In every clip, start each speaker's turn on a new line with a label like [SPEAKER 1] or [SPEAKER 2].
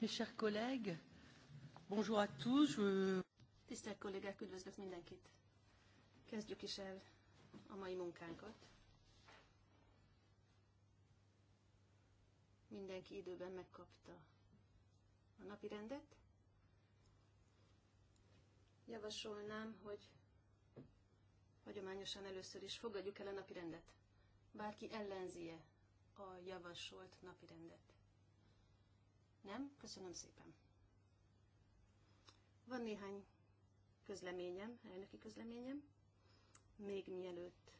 [SPEAKER 1] Mes chers collègues, bonjour à tous. Je... Tisztelt kollégák, üdvözlök mindenkit! Kezdjük is el a mai munkánkat. Mindenki időben megkapta a napi rendet. Javasolnám, hogy hagyományosan először is fogadjuk el a napi rendet. Bárki ellenzie a javasolt napi rendet. Nem? Köszönöm szépen. Van néhány közleményem, elnöki közleményem, még mielőtt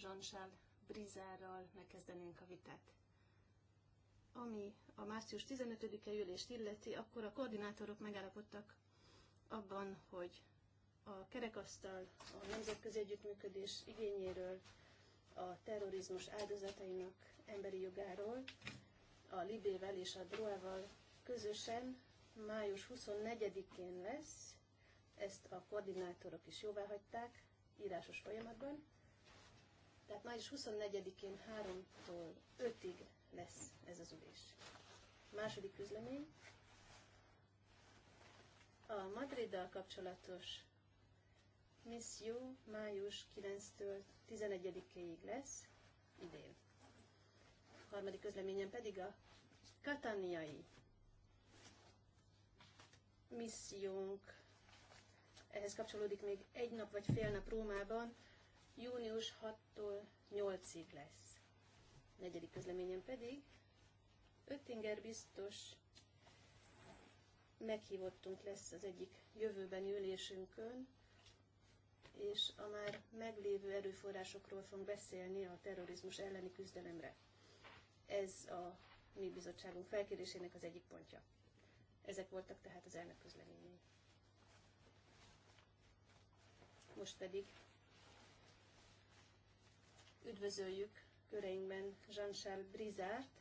[SPEAKER 1] Jean-Charles Brizárral megkezdenénk a vitát. Ami a március 15-e ülést illeti, akkor a koordinátorok megállapodtak abban, hogy a kerekasztal a nemzetközi együttműködés igényéről a terrorizmus áldozatainak emberi jogáról, a Libével és a Droával közösen május 24-én lesz, ezt a koordinátorok is jóvá hagyták írásos folyamatban. Tehát május 24-én 3-tól 5-ig lesz ez az ülés. Második üzlemény. A Madriddal kapcsolatos misszió május 9-től 11-ig lesz idén. A harmadik közleményem pedig a kataniai missziónk. Ehhez kapcsolódik még egy nap vagy fél nap Rómában, június 6-tól 8-ig lesz. A negyedik közleményem pedig Öttinger biztos meghívottunk lesz az egyik jövőben ülésünkön, és a már meglévő erőforrásokról fogunk beszélni a terrorizmus elleni küzdelemre. Ez a mi bizottságunk felkérésének az egyik pontja. Ezek voltak tehát az elnök közleményei. Most pedig üdvözöljük köreinkben Jean-Charles Brizárt,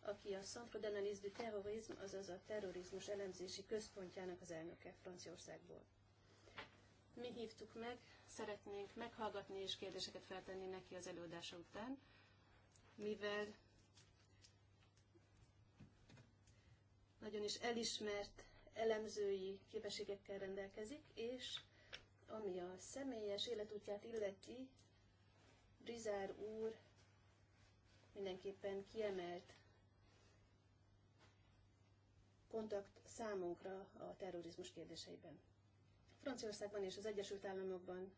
[SPEAKER 1] aki a Centre d'Analyse du Terrorisme, azaz a terrorizmus elemzési központjának az elnöke Franciaországból mi hívtuk meg, szeretnénk meghallgatni és kérdéseket feltenni neki az előadása után, mivel nagyon is elismert elemzői képességekkel rendelkezik, és ami a személyes életútját illeti, Brizár úr mindenképpen kiemelt kontakt számunkra a terrorizmus kérdéseiben. Franciaországban és az Egyesült Államokban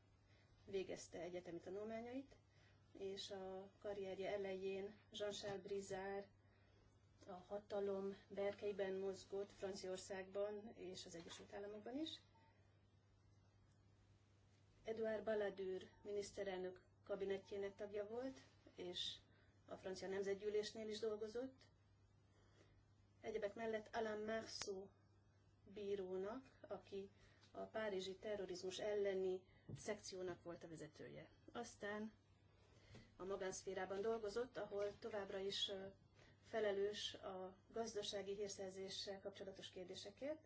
[SPEAKER 1] végezte egyetemi tanulmányait, és a karrierje elején Jean-Charles Brizard a hatalom berkeiben mozgott Franciaországban és az Egyesült Államokban is. Eduard Balladur miniszterelnök kabinetjének tagja volt, és a francia nemzetgyűlésnél is dolgozott. Egyebek mellett Alain Marceau bírónak, aki a Párizsi terrorizmus elleni szekciónak volt a vezetője. Aztán a magánszférában dolgozott, ahol továbbra is felelős a gazdasági hírszerzéssel kapcsolatos kérdésekért.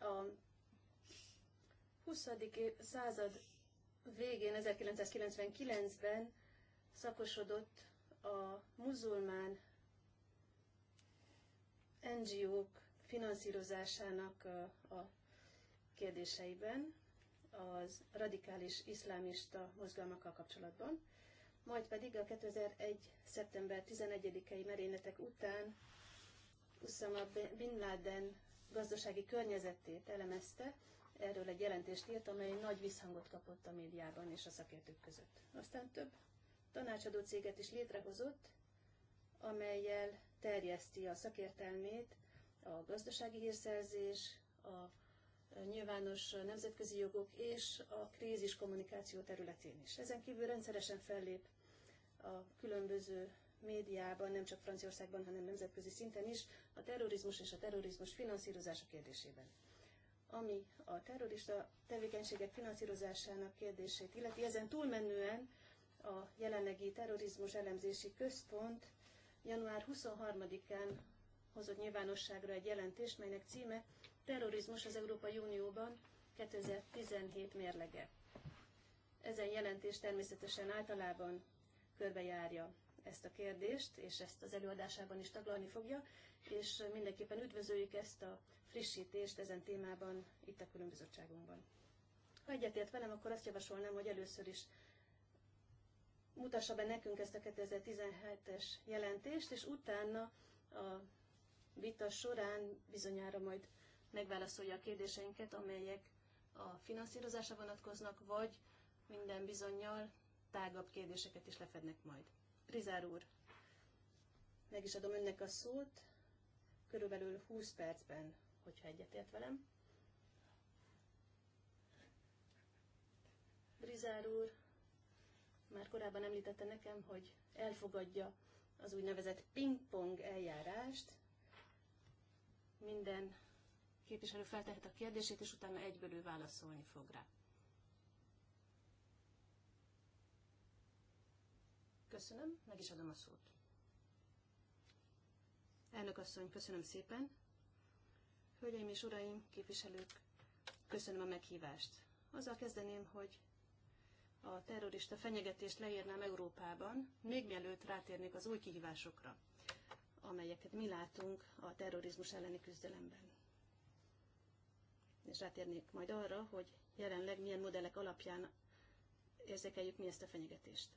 [SPEAKER 1] A 20. század végén, 1999-ben szakosodott a muzulmán NGO-k finanszírozásának a kérdéseiben az radikális iszlámista mozgalmakkal kapcsolatban, majd pedig a 2001. szeptember 11-i merényletek után Usama Bin Laden gazdasági környezetét elemezte, erről egy jelentést írt, amely nagy visszhangot kapott a médiában és a szakértők között. Aztán több tanácsadó céget is létrehozott, amelyel terjeszti a szakértelmét a gazdasági hírszerzés, a nyilvános nemzetközi jogok és a krízis kommunikáció területén is. Ezen kívül rendszeresen fellép a különböző médiában, nem csak Franciaországban, hanem nemzetközi szinten is, a terrorizmus és a terrorizmus finanszírozása kérdésében. Ami a terrorista tevékenységek finanszírozásának kérdését illeti, ezen túlmenően a jelenlegi terrorizmus elemzési központ január 23-án hozott nyilvánosságra egy jelentést, melynek címe Terrorizmus az Európai Unióban 2017 mérlege. Ezen jelentés természetesen általában körbejárja ezt a kérdést, és ezt az előadásában is taglalni fogja, és mindenképpen üdvözöljük ezt a frissítést ezen témában itt a különbizottságunkban. Ha egyetért velem, akkor azt javasolnám, hogy először is mutassa be nekünk ezt a 2017-es jelentést, és utána a vita során bizonyára majd megválaszolja a kérdéseinket, amelyek a finanszírozásra vonatkoznak, vagy minden bizonyal tágabb kérdéseket is lefednek majd. Prizár úr, meg is adom önnek a szót, körülbelül 20 percben, hogyha egyetért velem. Brizár úr már korábban említette nekem, hogy elfogadja az úgynevezett pingpong eljárást. Minden képviselő feltehet a kérdését, és utána egyből ő válaszolni fog rá. Köszönöm, meg is adom a szót. Elnök asszony, köszönöm szépen. Hölgyeim és uraim, képviselők, köszönöm a meghívást. Azzal kezdeném, hogy a terrorista fenyegetést leírnám Európában, még mielőtt rátérnék az új kihívásokra, amelyeket mi látunk a terrorizmus elleni küzdelemben és rátérnék majd arra, hogy jelenleg milyen modellek alapján érzékeljük mi ezt a fenyegetést.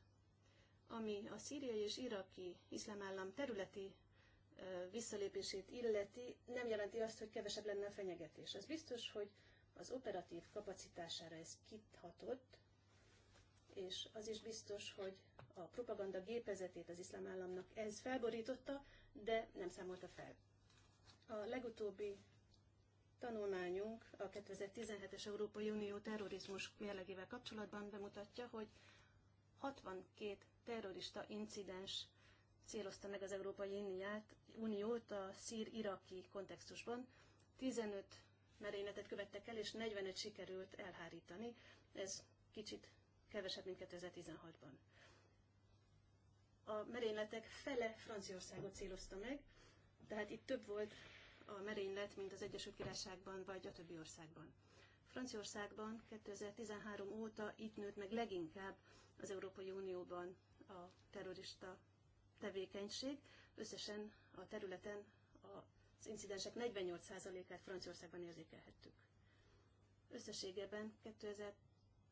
[SPEAKER 1] Ami a szíriai és iraki iszlám állam területi visszalépését illeti, nem jelenti azt, hogy kevesebb lenne a fenyegetés. Az biztos, hogy az operatív kapacitására ez kithatott, és az is biztos, hogy a propaganda gépezetét az iszlám államnak ez felborította, de nem számolta fel. A legutóbbi tanulmányunk a 2017-es Európai Unió terrorizmus mérlegével kapcsolatban bemutatja, hogy 62 terrorista incidens célozta meg az Európai Uniót a szír-iraki kontextusban. 15 merényletet követtek el, és 41 sikerült elhárítani. Ez kicsit kevesebb, mint 2016-ban. A merényletek fele Franciaországot célozta meg, tehát itt több volt a merénylet, mint az Egyesült Királyságban vagy a többi országban. Franciaországban 2013 óta itt nőtt meg leginkább az Európai Unióban a terrorista tevékenység. Összesen a területen az incidensek 48%-át Franciaországban érzékelhettük. Összességében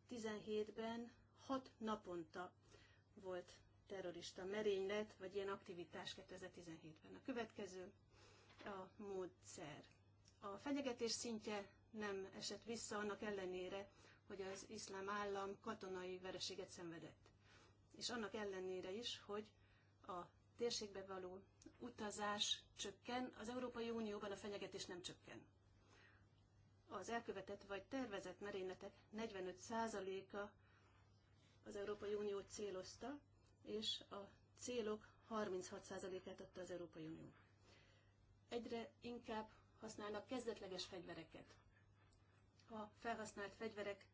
[SPEAKER 1] 2017-ben 6 naponta volt terrorista merénylet, vagy ilyen aktivitás 2017-ben. A következő a módszer. A fenyegetés szintje nem esett vissza annak ellenére, hogy az iszlám állam katonai vereséget szenvedett. És annak ellenére is, hogy a térségbe való utazás csökken, az Európai Unióban a fenyegetés nem csökken. Az elkövetett vagy tervezett merényletek 45%-a az Európai Unió célozta, és a célok 36%-át adta az Európai Unió egyre inkább használnak kezdetleges fegyvereket. A felhasznált fegyverek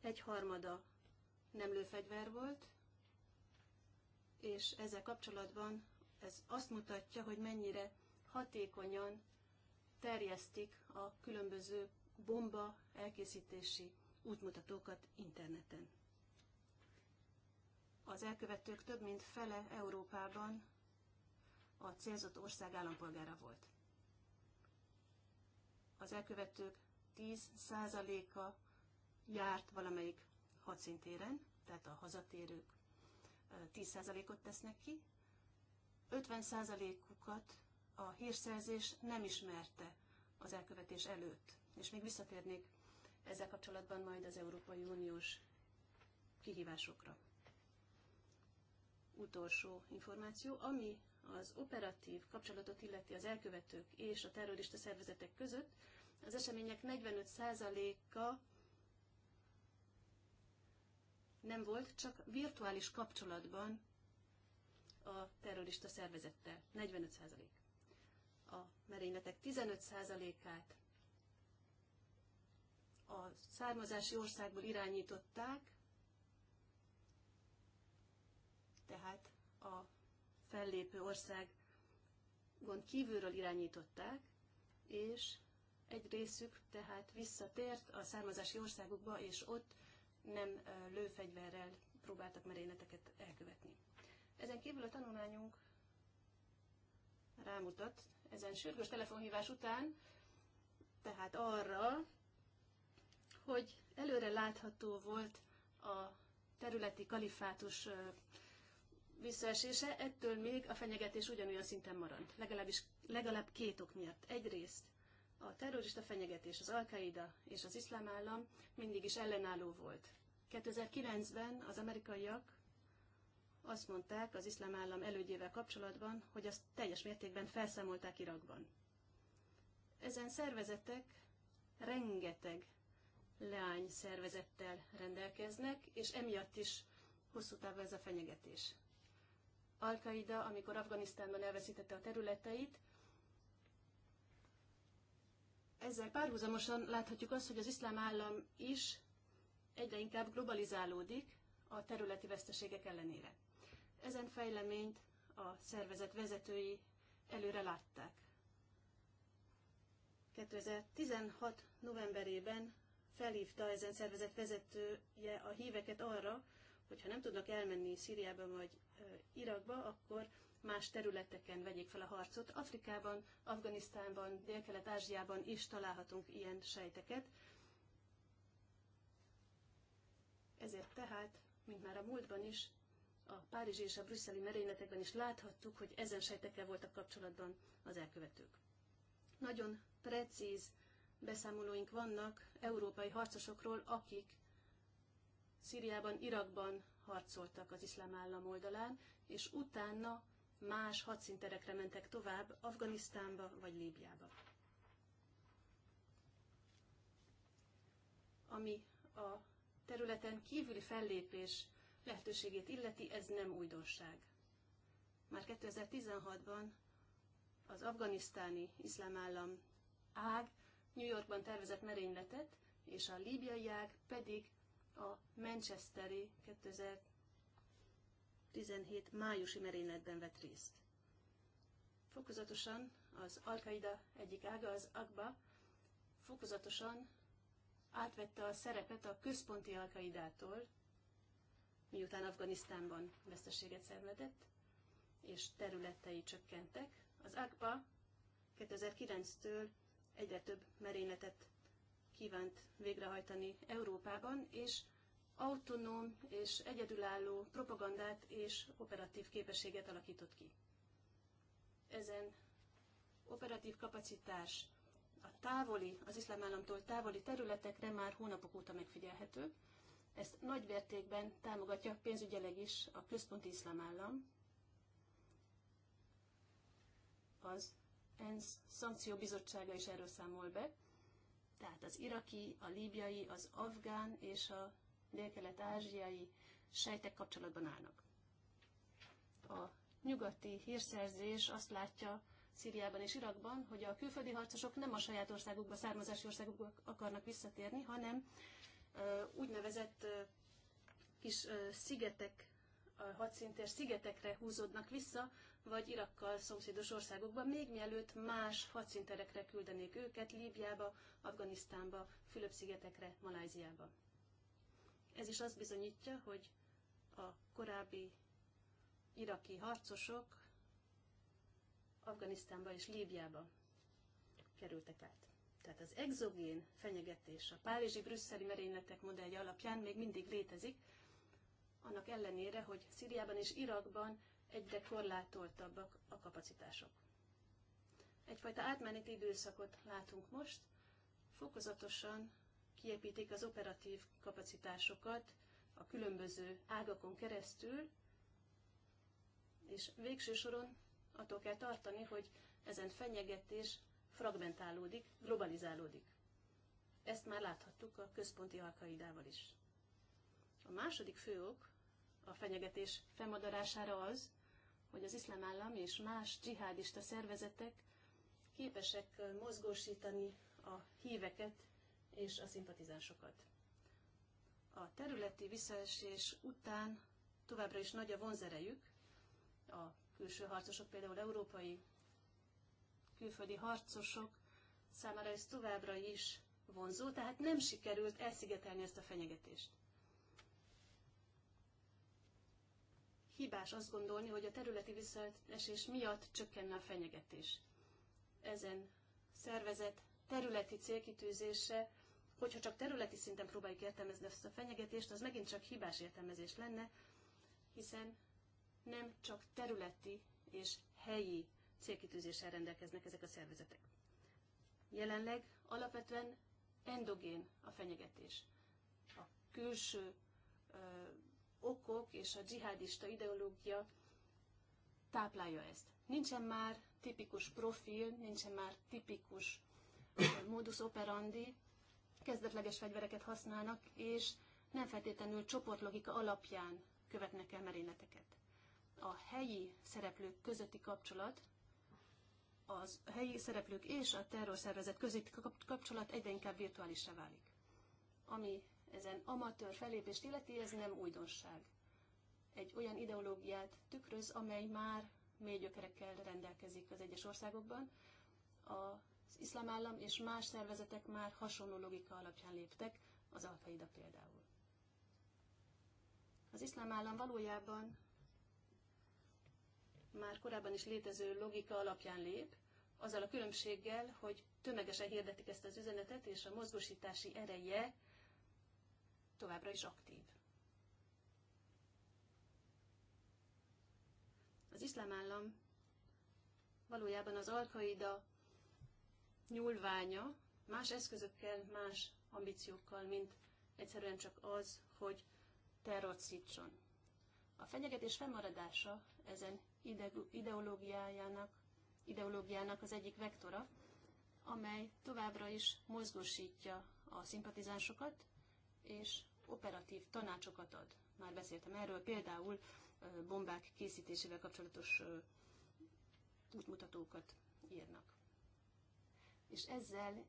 [SPEAKER 1] egyharmada nem lőfegyver volt, és ezzel kapcsolatban ez azt mutatja, hogy mennyire hatékonyan terjesztik a különböző bomba elkészítési útmutatókat interneten. Az elkövetők több mint fele Európában a célzott ország állampolgára volt az elkövetők 10%-a járt valamelyik hadszintéren, tehát a hazatérők 10%-ot tesznek ki, 50%-ukat a hírszerzés nem ismerte az elkövetés előtt. És még visszatérnék ezzel kapcsolatban majd az Európai Uniós kihívásokra. Utolsó információ, ami az operatív kapcsolatot illeti az elkövetők és a terrorista szervezetek között, az események 45%-a nem volt, csak virtuális kapcsolatban a terrorista szervezettel. 45%. A merényletek 15%-át a származási országból irányították, tehát a fellépő országon kívülről irányították, és egy részük tehát visszatért a származási országukba, és ott nem lőfegyverrel próbáltak merényleteket elkövetni. Ezen kívül a tanulmányunk rámutat, ezen sürgős telefonhívás után, tehát arra, hogy előre látható volt a területi kalifátus visszaesése, ettől még a fenyegetés ugyanolyan szinten marad. Legalábbis, legalább két ok miatt. Egyrészt a terrorista fenyegetés, az al és az iszlám állam mindig is ellenálló volt. 2009-ben az amerikaiak azt mondták az iszlám állam elődjével kapcsolatban, hogy azt teljes mértékben felszámolták Irakban. Ezen szervezetek rengeteg leány szervezettel rendelkeznek, és emiatt is hosszú távú ez a fenyegetés. Al-Qaida, amikor Afganisztánban elveszítette a területeit. Ezzel párhuzamosan láthatjuk azt, hogy az iszlám állam is egyre inkább globalizálódik a területi veszteségek ellenére. Ezen fejleményt a szervezet vezetői előre látták. 2016. novemberében felhívta ezen szervezet vezetője a híveket arra, hogyha nem tudnak elmenni Szíriába vagy Irakba, akkor más területeken vegyék fel a harcot. Afrikában, Afganisztánban, Dél-Kelet-Ázsiában is találhatunk ilyen sejteket. Ezért tehát, mint már a múltban is, a párizsi és a brüsszeli merényletekben is láthattuk, hogy ezen sejtekkel voltak kapcsolatban az elkövetők. Nagyon precíz beszámolóink vannak európai harcosokról, akik Szíriában, Irakban harcoltak az iszlám állam oldalán, és utána más hadszínterekre mentek tovább, Afganisztánba vagy Líbiába. Ami a területen kívüli fellépés lehetőségét illeti, ez nem újdonság. Már 2016-ban az afganisztáni iszlám állam ág New Yorkban tervezett merényletet, és a líbiai ág pedig a Manchesteri 2017 májusi merényletben vett részt. Fokozatosan az al egyik ága, az Akba, fokozatosan átvette a szerepet a központi al miután Afganisztánban veszteséget szenvedett, és területei csökkentek. Az Akba 2009-től egyre több merényletet kívánt végrehajtani Európában, és autonóm és egyedülálló propagandát és operatív képességet alakított ki. Ezen operatív kapacitás a távoli, az iszlám államtól távoli területekre már hónapok óta megfigyelhető. Ezt nagy mértékben támogatja pénzügyileg is a központi iszlám állam, az ENSZ szankcióbizottsága is erről számol be, tehát az iraki, a líbiai, az afgán és a délkelet-ázsiai sejtek kapcsolatban állnak. A nyugati hírszerzés azt látja Szíriában és Irakban, hogy a külföldi harcosok nem a saját országukba, származási országukba akarnak visszatérni, hanem úgynevezett kis szigetek, hadszintér szigetekre húzódnak vissza, vagy Irakkal szomszédos országokban még mielőtt más hadszínterekre küldenék őket, Líbiába, Afganisztánba, Fülöp-szigetekre, Maláziába. Ez is azt bizonyítja, hogy a korábbi iraki harcosok Afganisztánba és Líbiába kerültek át. Tehát az exogén fenyegetés a párizsi-brüsszeli merényletek modellje alapján még mindig létezik, annak ellenére, hogy Szíriában és Irakban egyre korlátoltabbak a kapacitások. Egyfajta átmeneti időszakot látunk most, fokozatosan kiepítik az operatív kapacitásokat a különböző ágakon keresztül, és végső soron attól kell tartani, hogy ezen fenyegetés fragmentálódik, globalizálódik. Ezt már láthattuk a központi alkaidával is. A második fő ok a fenyegetés fennmadarására az, hogy az iszlám állam és más dzsihádista szervezetek képesek mozgósítani a híveket és a szimpatizánsokat. A területi visszaesés után továbbra is nagy a vonzerejük, a külső harcosok, például európai külföldi harcosok számára ez továbbra is vonzó, tehát nem sikerült elszigetelni ezt a fenyegetést. hibás azt gondolni, hogy a területi visszaesés miatt csökkenne a fenyegetés. Ezen szervezet területi célkitűzése, hogyha csak területi szinten próbáljuk értelmezni ezt a fenyegetést, az megint csak hibás értelmezés lenne, hiszen nem csak területi és helyi célkitűzéssel rendelkeznek ezek a szervezetek. Jelenleg alapvetően endogén a fenyegetés. A külső okok és a dzsihádista ideológia táplálja ezt. Nincsen már tipikus profil, nincsen már tipikus modus operandi, kezdetleges fegyvereket használnak, és nem feltétlenül csoportlogika alapján követnek el merényleteket. A helyi szereplők közötti kapcsolat, az helyi szereplők és a terrorszervezet közötti kapcsolat egyre inkább virtuálisra válik. Ami ezen amatőr fellépést illeti, ez nem újdonság. Egy olyan ideológiát tükröz, amely már mély gyökerekkel rendelkezik az egyes országokban. Az iszlám állam és más szervezetek már hasonló logika alapján léptek, az al például. Az iszlám állam valójában már korábban is létező logika alapján lép, azzal a különbséggel, hogy tömegesen hirdetik ezt az üzenetet, és a mozgósítási ereje továbbra is aktív. Az iszlám állam valójában az alkaida nyúlványa más eszközökkel, más ambíciókkal, mint egyszerűen csak az, hogy terrort szítson. A fenyegetés fennmaradása ezen ideológiájának, ideológiának az egyik vektora, amely továbbra is mozgósítja a szimpatizánsokat, és operatív tanácsokat ad. Már beszéltem erről, például bombák készítésével kapcsolatos útmutatókat írnak. És ezzel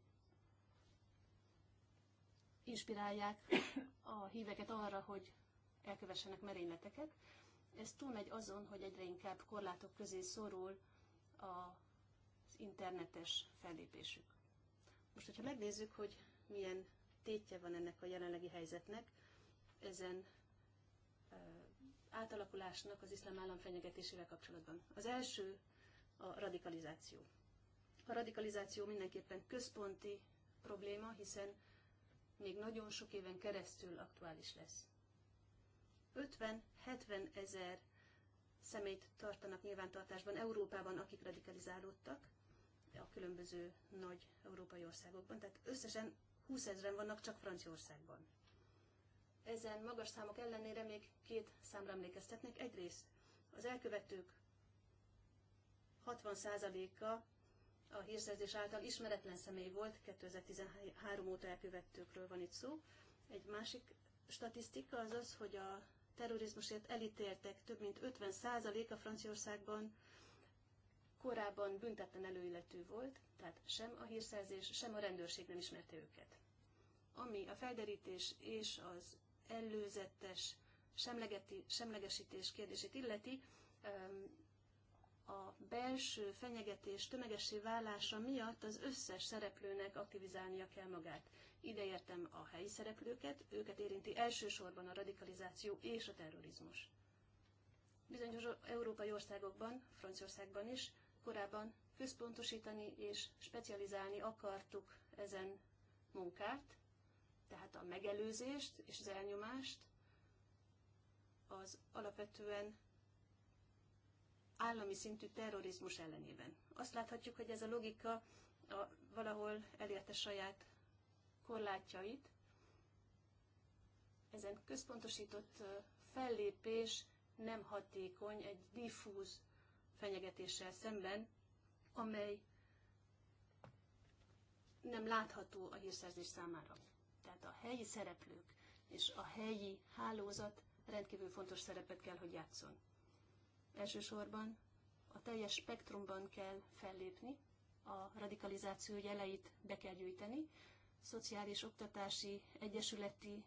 [SPEAKER 1] inspirálják a híveket arra, hogy elkövessenek merényleteket. Ez túlmegy azon, hogy egyre inkább korlátok közé szorul az internetes fellépésük. Most, hogyha megnézzük, hogy milyen tétje van ennek a jelenlegi helyzetnek, ezen átalakulásnak az iszlám állam fenyegetésével kapcsolatban. Az első a radikalizáció. A radikalizáció mindenképpen központi probléma, hiszen még nagyon sok éven keresztül aktuális lesz. 50-70 ezer szemét tartanak nyilvántartásban Európában, akik radikalizálódtak a különböző nagy európai országokban. Tehát összesen 20 ezeren vannak csak Franciaországban. Ezen magas számok ellenére még két számra emlékeztetnek. Egyrészt az elkövetők 60%-a a hírszerzés által ismeretlen személy volt, 2013 óta elkövetőkről van itt szó. Egy másik statisztika az az, hogy a terrorizmusért elítéltek több mint 50%-a Franciaországban korábban büntetlen előilletű volt, tehát sem a hírszerzés, sem a rendőrség nem ismerte őket. Ami a felderítés és az előzetes semlegesítés kérdését illeti, a belső fenyegetés tömegesé válása miatt az összes szereplőnek aktivizálnia kell magát. Ide értem a helyi szereplőket, őket érinti elsősorban a radikalizáció és a terrorizmus. Bizonyos európai országokban, Franciaországban is korábban központosítani és specializálni akartuk ezen munkát, tehát a megelőzést és az elnyomást, az alapvetően állami szintű terrorizmus ellenében. Azt láthatjuk, hogy ez a logika a, valahol elérte saját korlátjait. Ezen központosított fellépés nem hatékony egy diffúz fenyegetéssel szemben, amely nem látható a hírszerzés számára. Tehát a helyi szereplők és a helyi hálózat rendkívül fontos szerepet kell, hogy játszon. Elsősorban a teljes spektrumban kell fellépni, a radikalizáció jeleit be kell gyűjteni, szociális, oktatási, egyesületi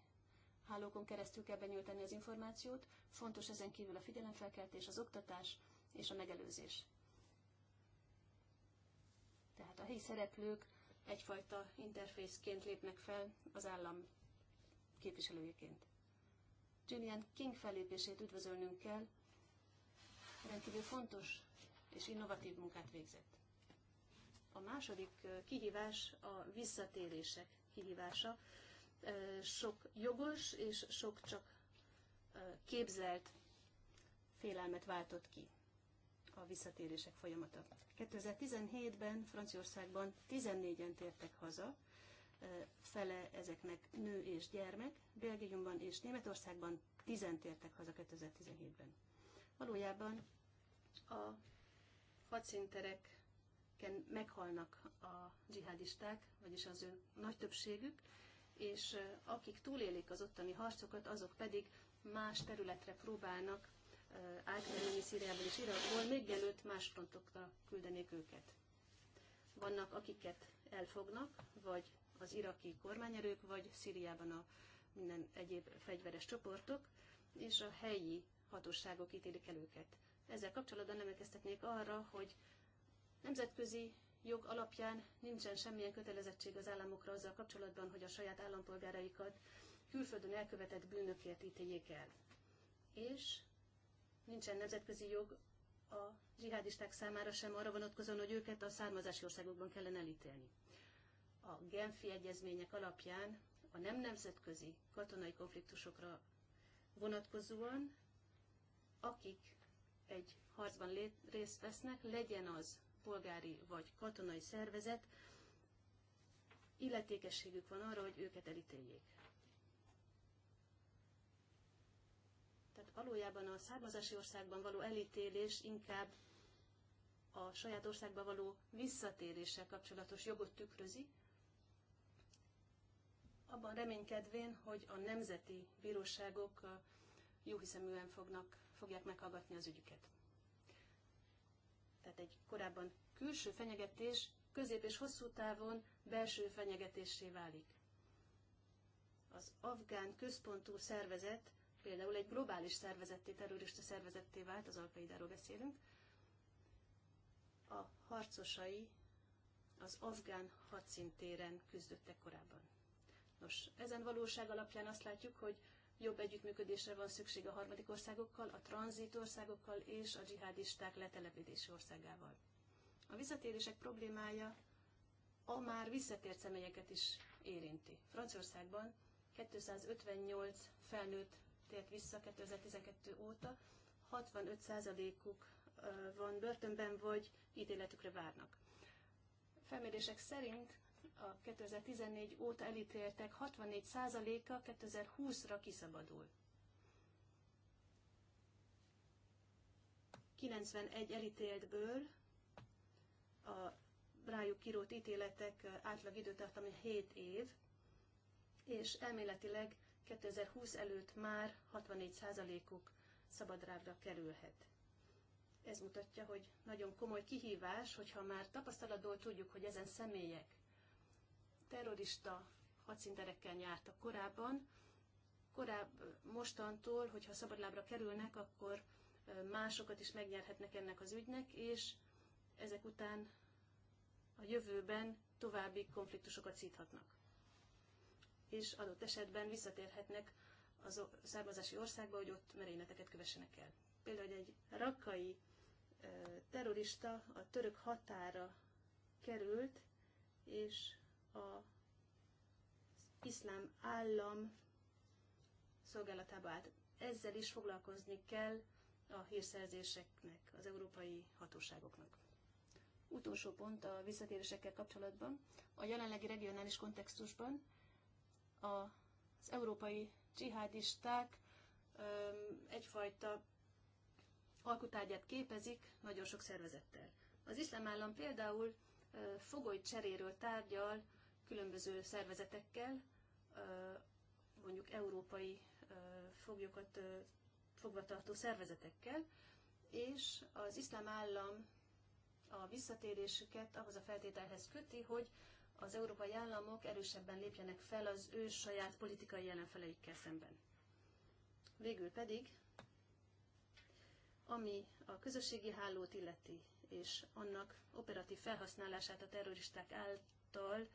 [SPEAKER 1] hálókon keresztül kell benyújtani az információt, fontos ezen kívül a figyelemfelkeltés, az oktatás és a megelőzés. Tehát a helyi szereplők egyfajta interfészként lépnek fel az állam képviselőjeként. Julian King fellépését üdvözölnünk kell, rendkívül fontos és innovatív munkát végzett. A második kihívás a visszatérések kihívása. Sok jogos és sok csak képzelt félelmet váltott ki a visszatérések folyamata. 2017-ben Franciaországban 14-en tértek haza, fele ezeknek nő és gyermek, Belgiumban és Németországban 10 tértek haza 2017-ben. Valójában a hadszíntereken meghalnak a dzsihadisták, vagyis az ő nagy többségük, és akik túlélik az ottani harcokat, azok pedig más területre próbálnak átkerülni Szíriából és Irakból, még mielőtt más frontokra küldenék őket. Vannak, akiket elfognak, vagy az iraki kormányerők, vagy Szíriában a minden egyéb fegyveres csoportok, és a helyi hatóságok ítélik el őket. Ezzel kapcsolatban nem emlékeztetnék arra, hogy nemzetközi jog alapján nincsen semmilyen kötelezettség az államokra azzal kapcsolatban, hogy a saját állampolgáraikat külföldön elkövetett bűnökért ítéljék el. És nincsen nemzetközi jog a zsihádisták számára sem arra vonatkozóan, hogy őket a származási országokban kellene elítélni. A Genfi egyezmények alapján a nem nemzetközi katonai konfliktusokra vonatkozóan, akik egy harcban lét, részt vesznek, legyen az polgári vagy katonai szervezet, illetékességük van arra, hogy őket elítéljék. valójában a származási országban való elítélés inkább a saját országba való visszatéréssel kapcsolatos jogot tükrözi, abban reménykedvén, hogy a nemzeti bíróságok jóhiszeműen fognak, fogják meghallgatni az ügyüket. Tehát egy korábban külső fenyegetés közép és hosszú távon belső fenyegetésé válik. Az afgán központú szervezet például egy globális szervezetté, terrorista szervezetté vált, az Alkaidáról beszélünk, a harcosai az afgán hadszintéren küzdöttek korábban. Nos, ezen valóság alapján azt látjuk, hogy jobb együttműködésre van szükség a harmadik országokkal, a tranzit országokkal és a dzsihádisták letelepedési országával. A visszatérések problémája a már visszatért személyeket is érinti. Franciaországban 258 felnőtt tért vissza 2012 óta, 65%-uk van börtönben, vagy ítéletükre várnak. Felmérések szerint a 2014 óta elítéltek 64%-a 2020-ra kiszabadul. 91 elítéltből a rájuk kirót ítéletek átlag időtartama 7 év, és elméletileg 2020 előtt már 64%-uk szabadrábra kerülhet. Ez mutatja, hogy nagyon komoly kihívás, hogyha már tapasztalatból tudjuk, hogy ezen személyek terrorista hadszinterekkel jártak korábban, korább, mostantól, hogyha szabadlábra kerülnek, akkor másokat is megnyerhetnek ennek az ügynek, és ezek után a jövőben további konfliktusokat szíthatnak és adott esetben visszatérhetnek az származási országba, hogy ott merényleteket kövessenek el. Például hogy egy rakai terrorista a török határa került, és a iszlám állam szolgálatába állt. Ezzel is foglalkozni kell a hírszerzéseknek, az európai hatóságoknak. Utolsó pont a visszatérésekkel kapcsolatban. A jelenlegi regionális kontextusban az európai dzsihádisták egyfajta alkutárgyát képezik nagyon sok szervezettel. Az iszlám állam például fogoly cseréről tárgyal különböző szervezetekkel, mondjuk európai foglyokat fogvatartó szervezetekkel, és az iszlám állam a visszatérésüket ahhoz a feltételhez köti, hogy az európai államok erősebben lépjenek fel az ő saját politikai ellenfeleikkel szemben. Végül pedig, ami a közösségi hálót illeti, és annak operatív felhasználását a terroristák által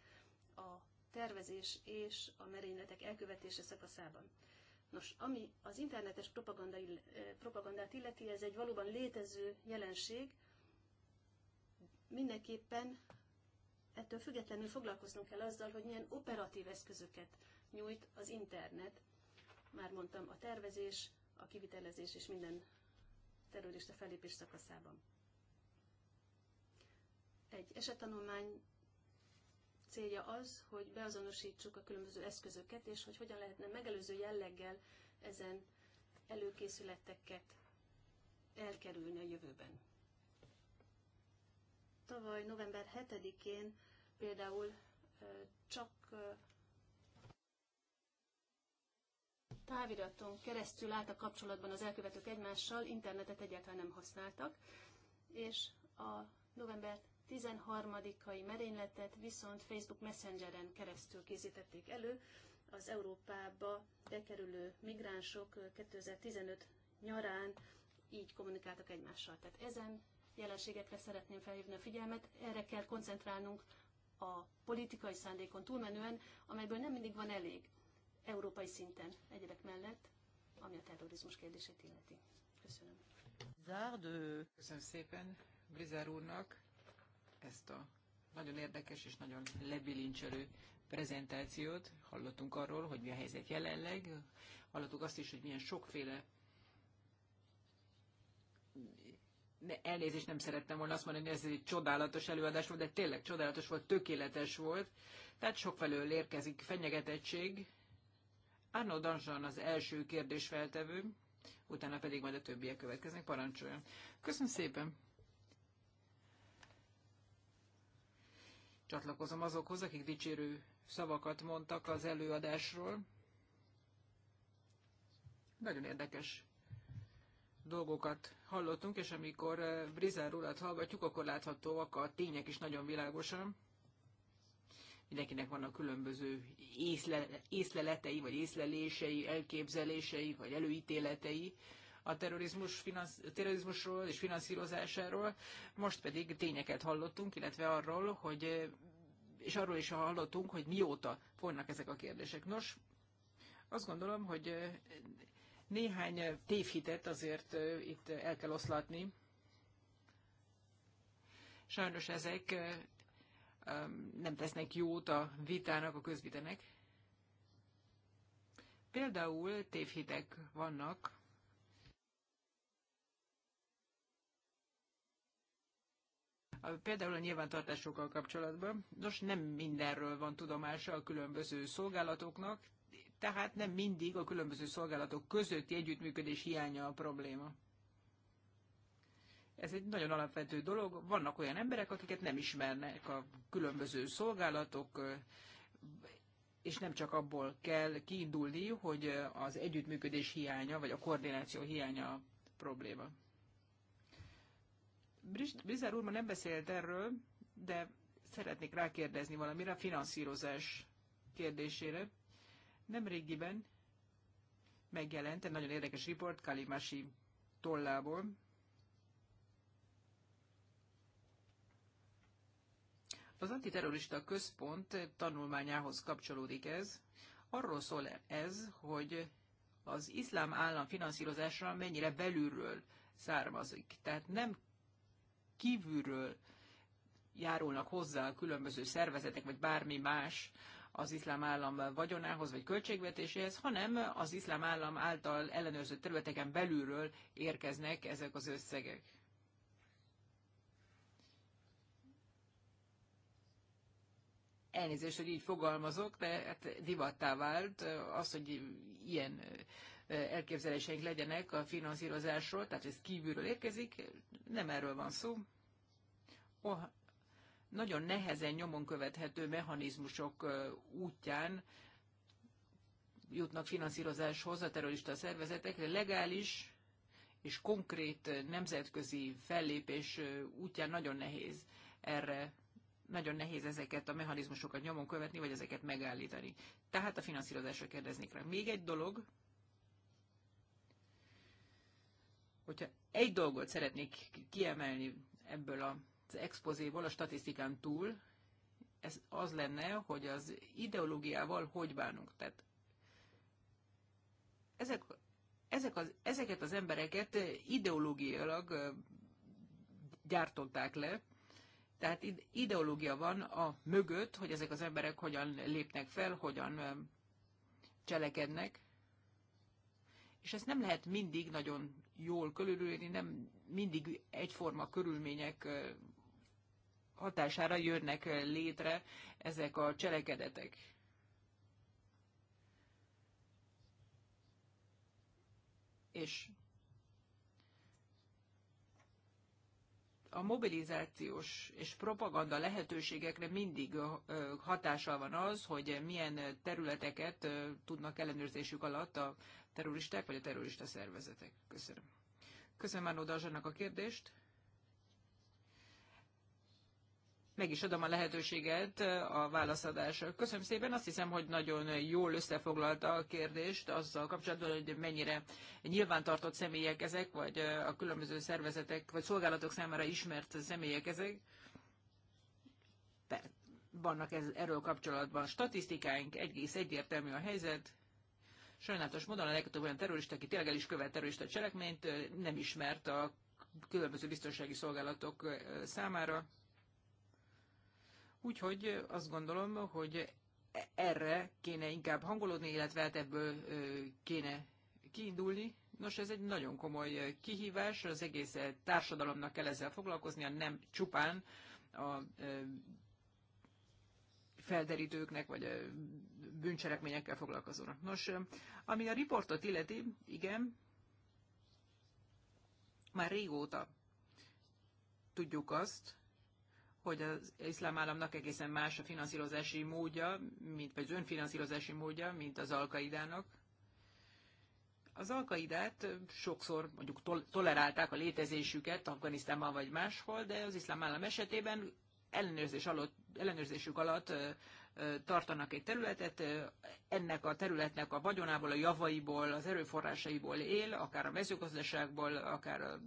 [SPEAKER 1] a tervezés és a merényletek elkövetése szakaszában. Nos, ami az internetes propaganda, eh, propagandát illeti, ez egy valóban létező jelenség, mindenképpen ettől függetlenül foglalkoznunk kell azzal, hogy milyen operatív eszközöket nyújt az internet. Már mondtam, a tervezés, a kivitelezés és minden terrorista felépés szakaszában. Egy esettanulmány célja az, hogy beazonosítsuk a különböző eszközöket, és hogy hogyan lehetne megelőző jelleggel ezen előkészületeket elkerülni a jövőben. Tavaly november 7-én például csak táviraton keresztül álltak kapcsolatban az elkövetők egymással, internetet egyáltalán nem használtak, és a november 13-ai merényletet viszont Facebook Messengeren keresztül készítették elő. Az Európába bekerülő migránsok 2015 nyarán így kommunikáltak egymással. Tehát ezen jelenségekre szeretném felhívni a figyelmet, erre kell koncentrálnunk a politikai szándékon túlmenően, amelyből nem mindig van elég európai szinten egyebek mellett, ami a terrorizmus kérdését illeti. Köszönöm.
[SPEAKER 2] Zárdő. Köszönöm szépen Brizár úrnak ezt a nagyon érdekes és nagyon lebilincselő prezentációt. Hallottunk arról, hogy mi a helyzet jelenleg, hallottuk azt is, hogy milyen sokféle elnézést nem szerettem volna azt mondani, hogy ez egy csodálatos előadás volt, de tényleg csodálatos volt, tökéletes volt. Tehát sokfelől érkezik fenyegetettség. Arno Danzsan az első kérdés feltevő, utána pedig majd a többiek következnek. Parancsoljon. Köszönöm szépen! Csatlakozom azokhoz, akik dicsérő szavakat mondtak az előadásról. Nagyon érdekes dolgokat hallottunk, és amikor eh, Brizár urat hallgatjuk, akkor láthatóak a tények is nagyon világosan. Mindenkinek vannak különböző észle, észleletei, vagy észlelései, elképzelései, vagy előítéletei a terrorizmus finansz, terrorizmusról és finanszírozásáról. Most pedig tényeket hallottunk, illetve arról, hogy eh, és arról is hallottunk, hogy mióta folynak ezek a kérdések. Nos, azt gondolom, hogy eh, néhány eh, tévhitet azért eh, itt eh, el kell oszlatni. Sajnos ezek nem tesznek jót a vitának, a közvitenek. Például tévhitek vannak, például a nyilvántartásokkal kapcsolatban. Nos, nem mindenről van tudomása a különböző szolgálatoknak, tehát nem mindig a különböző szolgálatok közötti együttműködés hiánya a probléma. Ez egy nagyon alapvető dolog. Vannak olyan emberek, akiket nem ismernek a különböző szolgálatok, és nem csak abból kell kiindulni, hogy az együttműködés hiánya, vagy a koordináció hiánya a probléma. Brizár úr ma nem beszélt erről, de szeretnék rákérdezni valamire a finanszírozás kérdésére. Nemrégiben megjelent egy nagyon érdekes riport Kalimasi tollából. Az antiterrorista központ tanulmányához kapcsolódik ez. Arról szól ez, hogy az iszlám állam finanszírozása mennyire belülről származik. Tehát nem kívülről járulnak hozzá a különböző szervezetek, vagy bármi más az iszlám állam vagyonához vagy költségvetéséhez, hanem az iszlám állam által ellenőrzött területeken belülről érkeznek ezek az összegek. Elnézést, hogy így fogalmazok, de hát divattá vált az, hogy ilyen elképzeléseink legyenek a finanszírozásról, tehát ez kívülről érkezik, nem erről van szó nagyon nehezen nyomon követhető mechanizmusok útján jutnak finanszírozáshoz a terrorista szervezetekre, legális és konkrét nemzetközi fellépés útján nagyon nehéz erre nagyon nehéz ezeket a mechanizmusokat nyomon követni, vagy ezeket megállítani. Tehát a finanszírozásra kérdeznék rá. Még egy dolog, hogyha egy dolgot szeretnék kiemelni ebből a expozéból, a statisztikán túl, ez az lenne, hogy az ideológiával hogy bánunk. Tehát ezek, ezek az, ezeket az embereket ideológiailag gyártották le, tehát ideológia van a mögött, hogy ezek az emberek hogyan lépnek fel, hogyan cselekednek, és ezt nem lehet mindig nagyon jól körülülni, nem mindig egyforma körülmények hatására jönnek létre ezek a cselekedetek. És a mobilizációs és propaganda lehetőségekre mindig hatással van az, hogy milyen területeket tudnak ellenőrzésük alatt a terroristák vagy a terrorista szervezetek. Köszönöm. Köszönöm Mánó a kérdést. meg is adom a lehetőséget a válaszadásra. Köszönöm szépen, azt hiszem, hogy nagyon jól összefoglalta a kérdést azzal kapcsolatban, hogy mennyire nyilvántartott személyek ezek, vagy a különböző szervezetek, vagy szolgálatok számára ismert személyek ezek. Per, vannak ez, erről kapcsolatban statisztikáink, egész egyértelmű a helyzet, sajnálatos módon a legtöbb olyan terrorista, aki tényleg el is követ terrorista cselekményt, nem ismert a különböző biztonsági szolgálatok számára. Úgyhogy azt gondolom, hogy erre kéne inkább hangolódni, illetve hát ebből kéne kiindulni. Nos, ez egy nagyon komoly kihívás, az egész társadalomnak kell ezzel foglalkoznia, nem csupán a felderítőknek, vagy a bűncselekményekkel foglalkozónak. Nos, ami a riportot illeti, igen, már régóta tudjuk azt, hogy az iszlám államnak egészen más a finanszírozási módja, mint vagy az önfinanszírozási módja, mint az alkaidának. Az alkaidát sokszor mondjuk tol- tolerálták a létezésüket Afganisztánban vagy máshol, de az iszlám állam esetében ellenőrzés alatt, ellenőrzésük alatt tartanak egy területet, ennek a területnek a vagyonából, a javaiból, az erőforrásaiból él, akár a mezőgazdaságból, akár a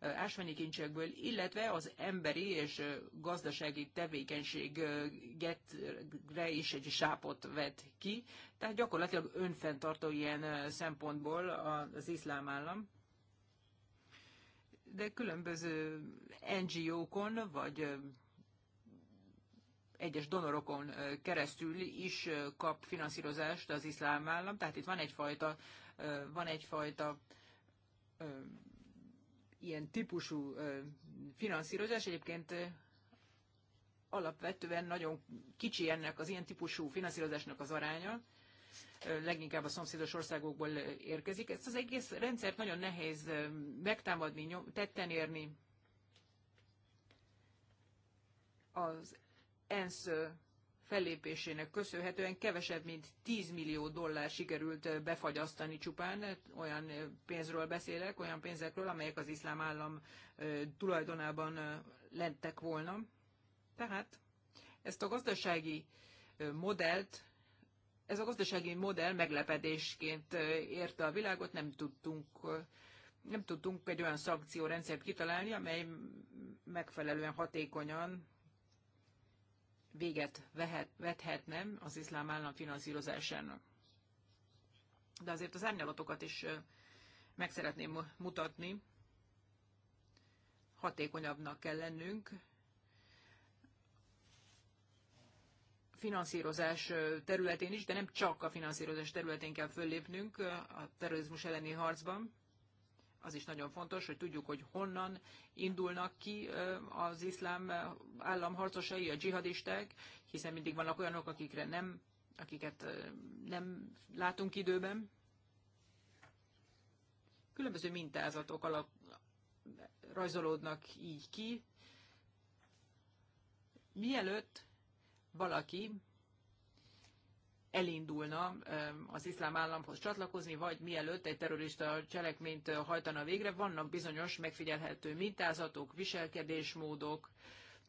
[SPEAKER 2] ásványi kincsekből, illetve az emberi és gazdasági tevékenységre is egy sápot vet ki, tehát gyakorlatilag önfenntartó ilyen szempontból az iszlám állam de különböző NGO-kon, vagy egyes donorokon keresztül is kap finanszírozást az iszlám állam, tehát itt van egyfajta, van egyfajta ilyen típusú finanszírozás. Egyébként alapvetően nagyon kicsi ennek az ilyen típusú finanszírozásnak az aránya, leginkább a szomszédos országokból érkezik. Ezt az egész rendszert nagyon nehéz megtámadni, tetten érni. Az ENSZ fellépésének köszönhetően kevesebb, mint 10 millió dollár sikerült befagyasztani csupán. Olyan pénzről beszélek, olyan pénzekről, amelyek az iszlám állam tulajdonában lentek volna. Tehát ezt a gazdasági modellt, ez a gazdasági modell meglepedésként érte a világot, nem tudtunk nem tudtunk egy olyan szankciórendszert kitalálni, amely megfelelően hatékonyan véget vehet, vethetne az iszlám állam finanszírozásának. De azért az árnyalatokat is meg szeretném mutatni. Hatékonyabbnak kell lennünk. Finanszírozás területén is, de nem csak a finanszírozás területén kell föllépnünk a terrorizmus elleni harcban az is nagyon fontos, hogy tudjuk, hogy honnan indulnak ki az iszlám állam harcosai, a dzsihadisták, hiszen mindig vannak olyanok, akikre nem, akiket nem látunk időben. Különböző mintázatok alak, rajzolódnak így ki. Mielőtt valaki elindulna az iszlám államhoz csatlakozni, vagy mielőtt egy terrorista cselekményt hajtana végre, vannak bizonyos megfigyelhető mintázatok, viselkedésmódok,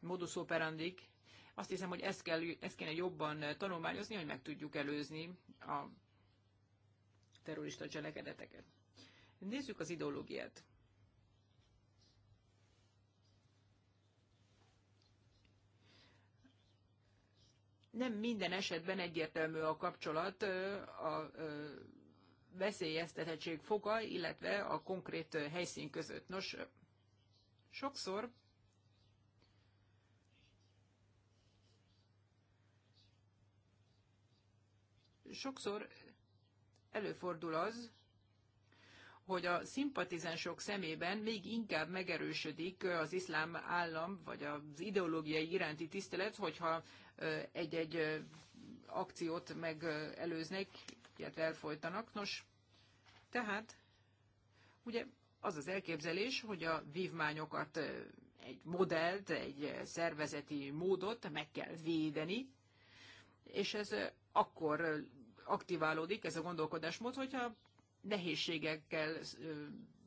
[SPEAKER 2] modus operandi. Azt hiszem, hogy ezt, kell, ezt kéne jobban tanulmányozni, hogy meg tudjuk előzni a terrorista cselekedeteket. Nézzük az ideológiát. nem minden esetben egyértelmű a kapcsolat a veszélyeztetettség foga, illetve a konkrét helyszín között. Nos, sokszor sokszor előfordul az, hogy a szimpatizánsok szemében még inkább megerősödik az iszlám állam, vagy az ideológiai iránti tisztelet, hogyha egy-egy akciót megelőznék, illetve elfolytanak. Nos, tehát ugye az az elképzelés, hogy a vívmányokat, egy modellt, egy szervezeti módot meg kell védeni, és ez akkor aktiválódik ez a gondolkodásmód, hogyha nehézségekkel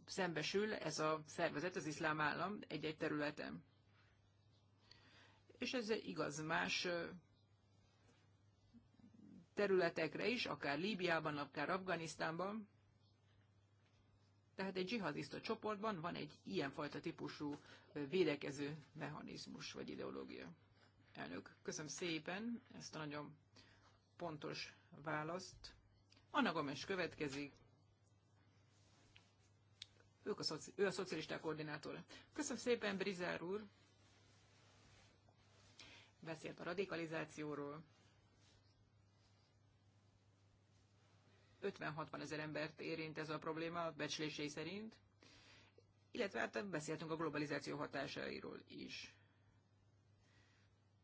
[SPEAKER 2] szembesül ez a szervezet, az iszlám állam egy-egy területen és ez igaz más területekre is, akár Líbiában, akár Afganisztánban. Tehát egy dzsihadista csoportban van egy ilyenfajta típusú védekező mechanizmus vagy ideológia. Elnök, köszönöm szépen ezt a nagyon pontos választ. Anna Gomes következik. Ők a szoci- ő a szocialista koordinátor. Köszönöm szépen, Brizár úr beszélt a radikalizációról. 50-60 ezer embert érint ez a probléma, becslései szerint, illetve hát beszéltünk a globalizáció hatásairól is.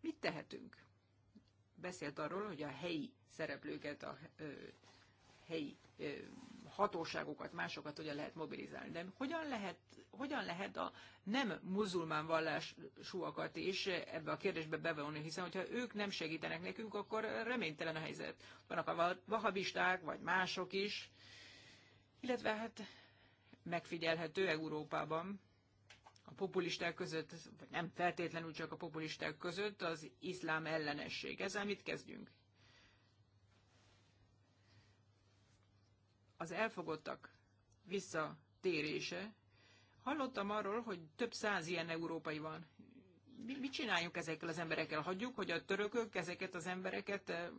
[SPEAKER 2] Mit tehetünk? Beszélt arról, hogy a helyi szereplőket, a ö, helyi ö, hatóságokat, másokat hogyan lehet mobilizálni. De hogyan lehet, hogyan lehet a nem muzulmán vallásúakat is ebbe a kérdésbe bevonni, hiszen hogyha ők nem segítenek nekünk, akkor reménytelen a helyzet. Vannak a vahabisták, vagy mások is, illetve hát megfigyelhető Európában, a populisták között, vagy nem feltétlenül csak a populisták között az iszlám ellenesség. Ezzel mit kezdjünk? az elfogottak visszatérése. Hallottam arról, hogy több száz ilyen európai van. Mi, mit csináljuk ezekkel az emberekkel? Hagyjuk, hogy a törökök ezeket az embereket eh,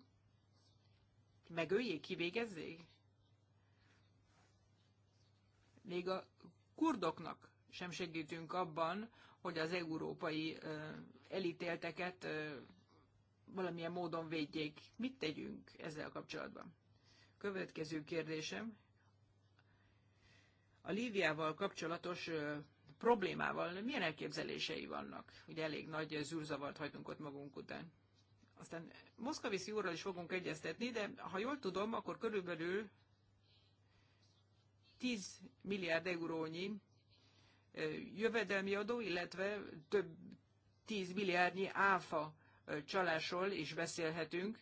[SPEAKER 2] megöljék, kivégezzék? Még a kurdoknak sem segítünk abban, hogy az európai eh, elítélteket eh, valamilyen módon védjék. Mit tegyünk ezzel kapcsolatban? Következő kérdésem. A Líviával kapcsolatos problémával milyen elképzelései vannak? Ugye elég nagy zűrzavart hagytunk ott magunk után. Aztán Moszkaviszi úrral is fogunk egyeztetni, de ha jól tudom, akkor körülbelül 10 milliárd eurónyi jövedelmi adó, illetve több 10 milliárdnyi áfa csalásról is beszélhetünk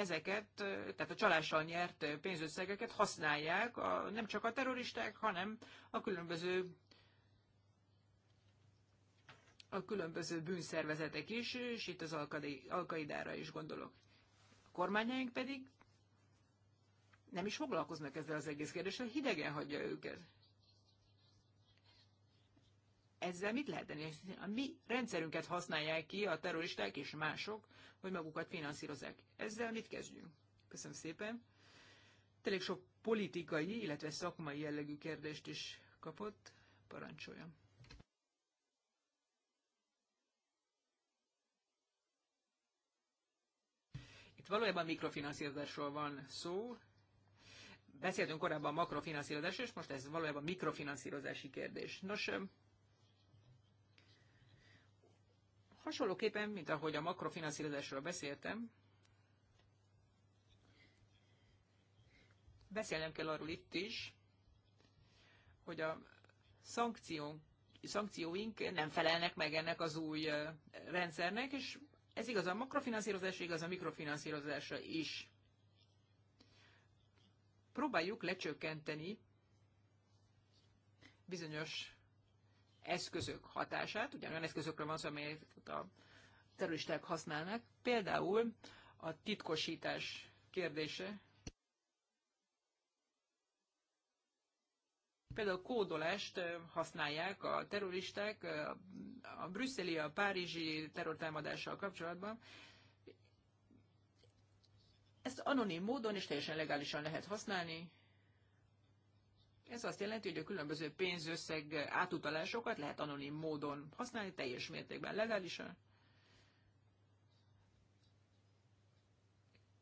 [SPEAKER 2] ezeket, tehát a csalással nyert pénzösszegeket használják a, nem csak a terroristák, hanem a különböző a különböző bűnszervezetek is, és itt az Alkaidára is gondolok. A kormányaink pedig nem is foglalkoznak ezzel az egész kérdéssel, hidegen hagyja őket ezzel mit lehet tenni? A mi rendszerünket használják ki a terroristák és mások, hogy magukat finanszírozzák. Ezzel mit kezdjünk? Köszönöm szépen. Tényleg sok politikai, illetve szakmai jellegű kérdést is kapott. Parancsoljon. Itt valójában mikrofinanszírozásról van szó. Beszéltünk korábban makrofinanszírozásról, és most ez valójában mikrofinanszírozási kérdés. Nos, Hasonlóképpen, mint ahogy a makrofinanszírozásról beszéltem, beszélnem kell arról itt is, hogy a szankció, szankcióink nem felelnek meg ennek az új rendszernek, és ez igaz a makrofinanszírozásra, igaz a mikrofinanszírozásra is. Próbáljuk lecsökkenteni bizonyos eszközök hatását, olyan eszközökről van szó, amelyeket a terroristák használnak, például a titkosítás kérdése, Például kódolást használják a terroristák a brüsszeli, a párizsi terrortámadással kapcsolatban. Ezt anonim módon és teljesen legálisan lehet használni, ez azt jelenti, hogy a különböző pénzösszeg átutalásokat lehet anonim módon használni, teljes mértékben legálisan.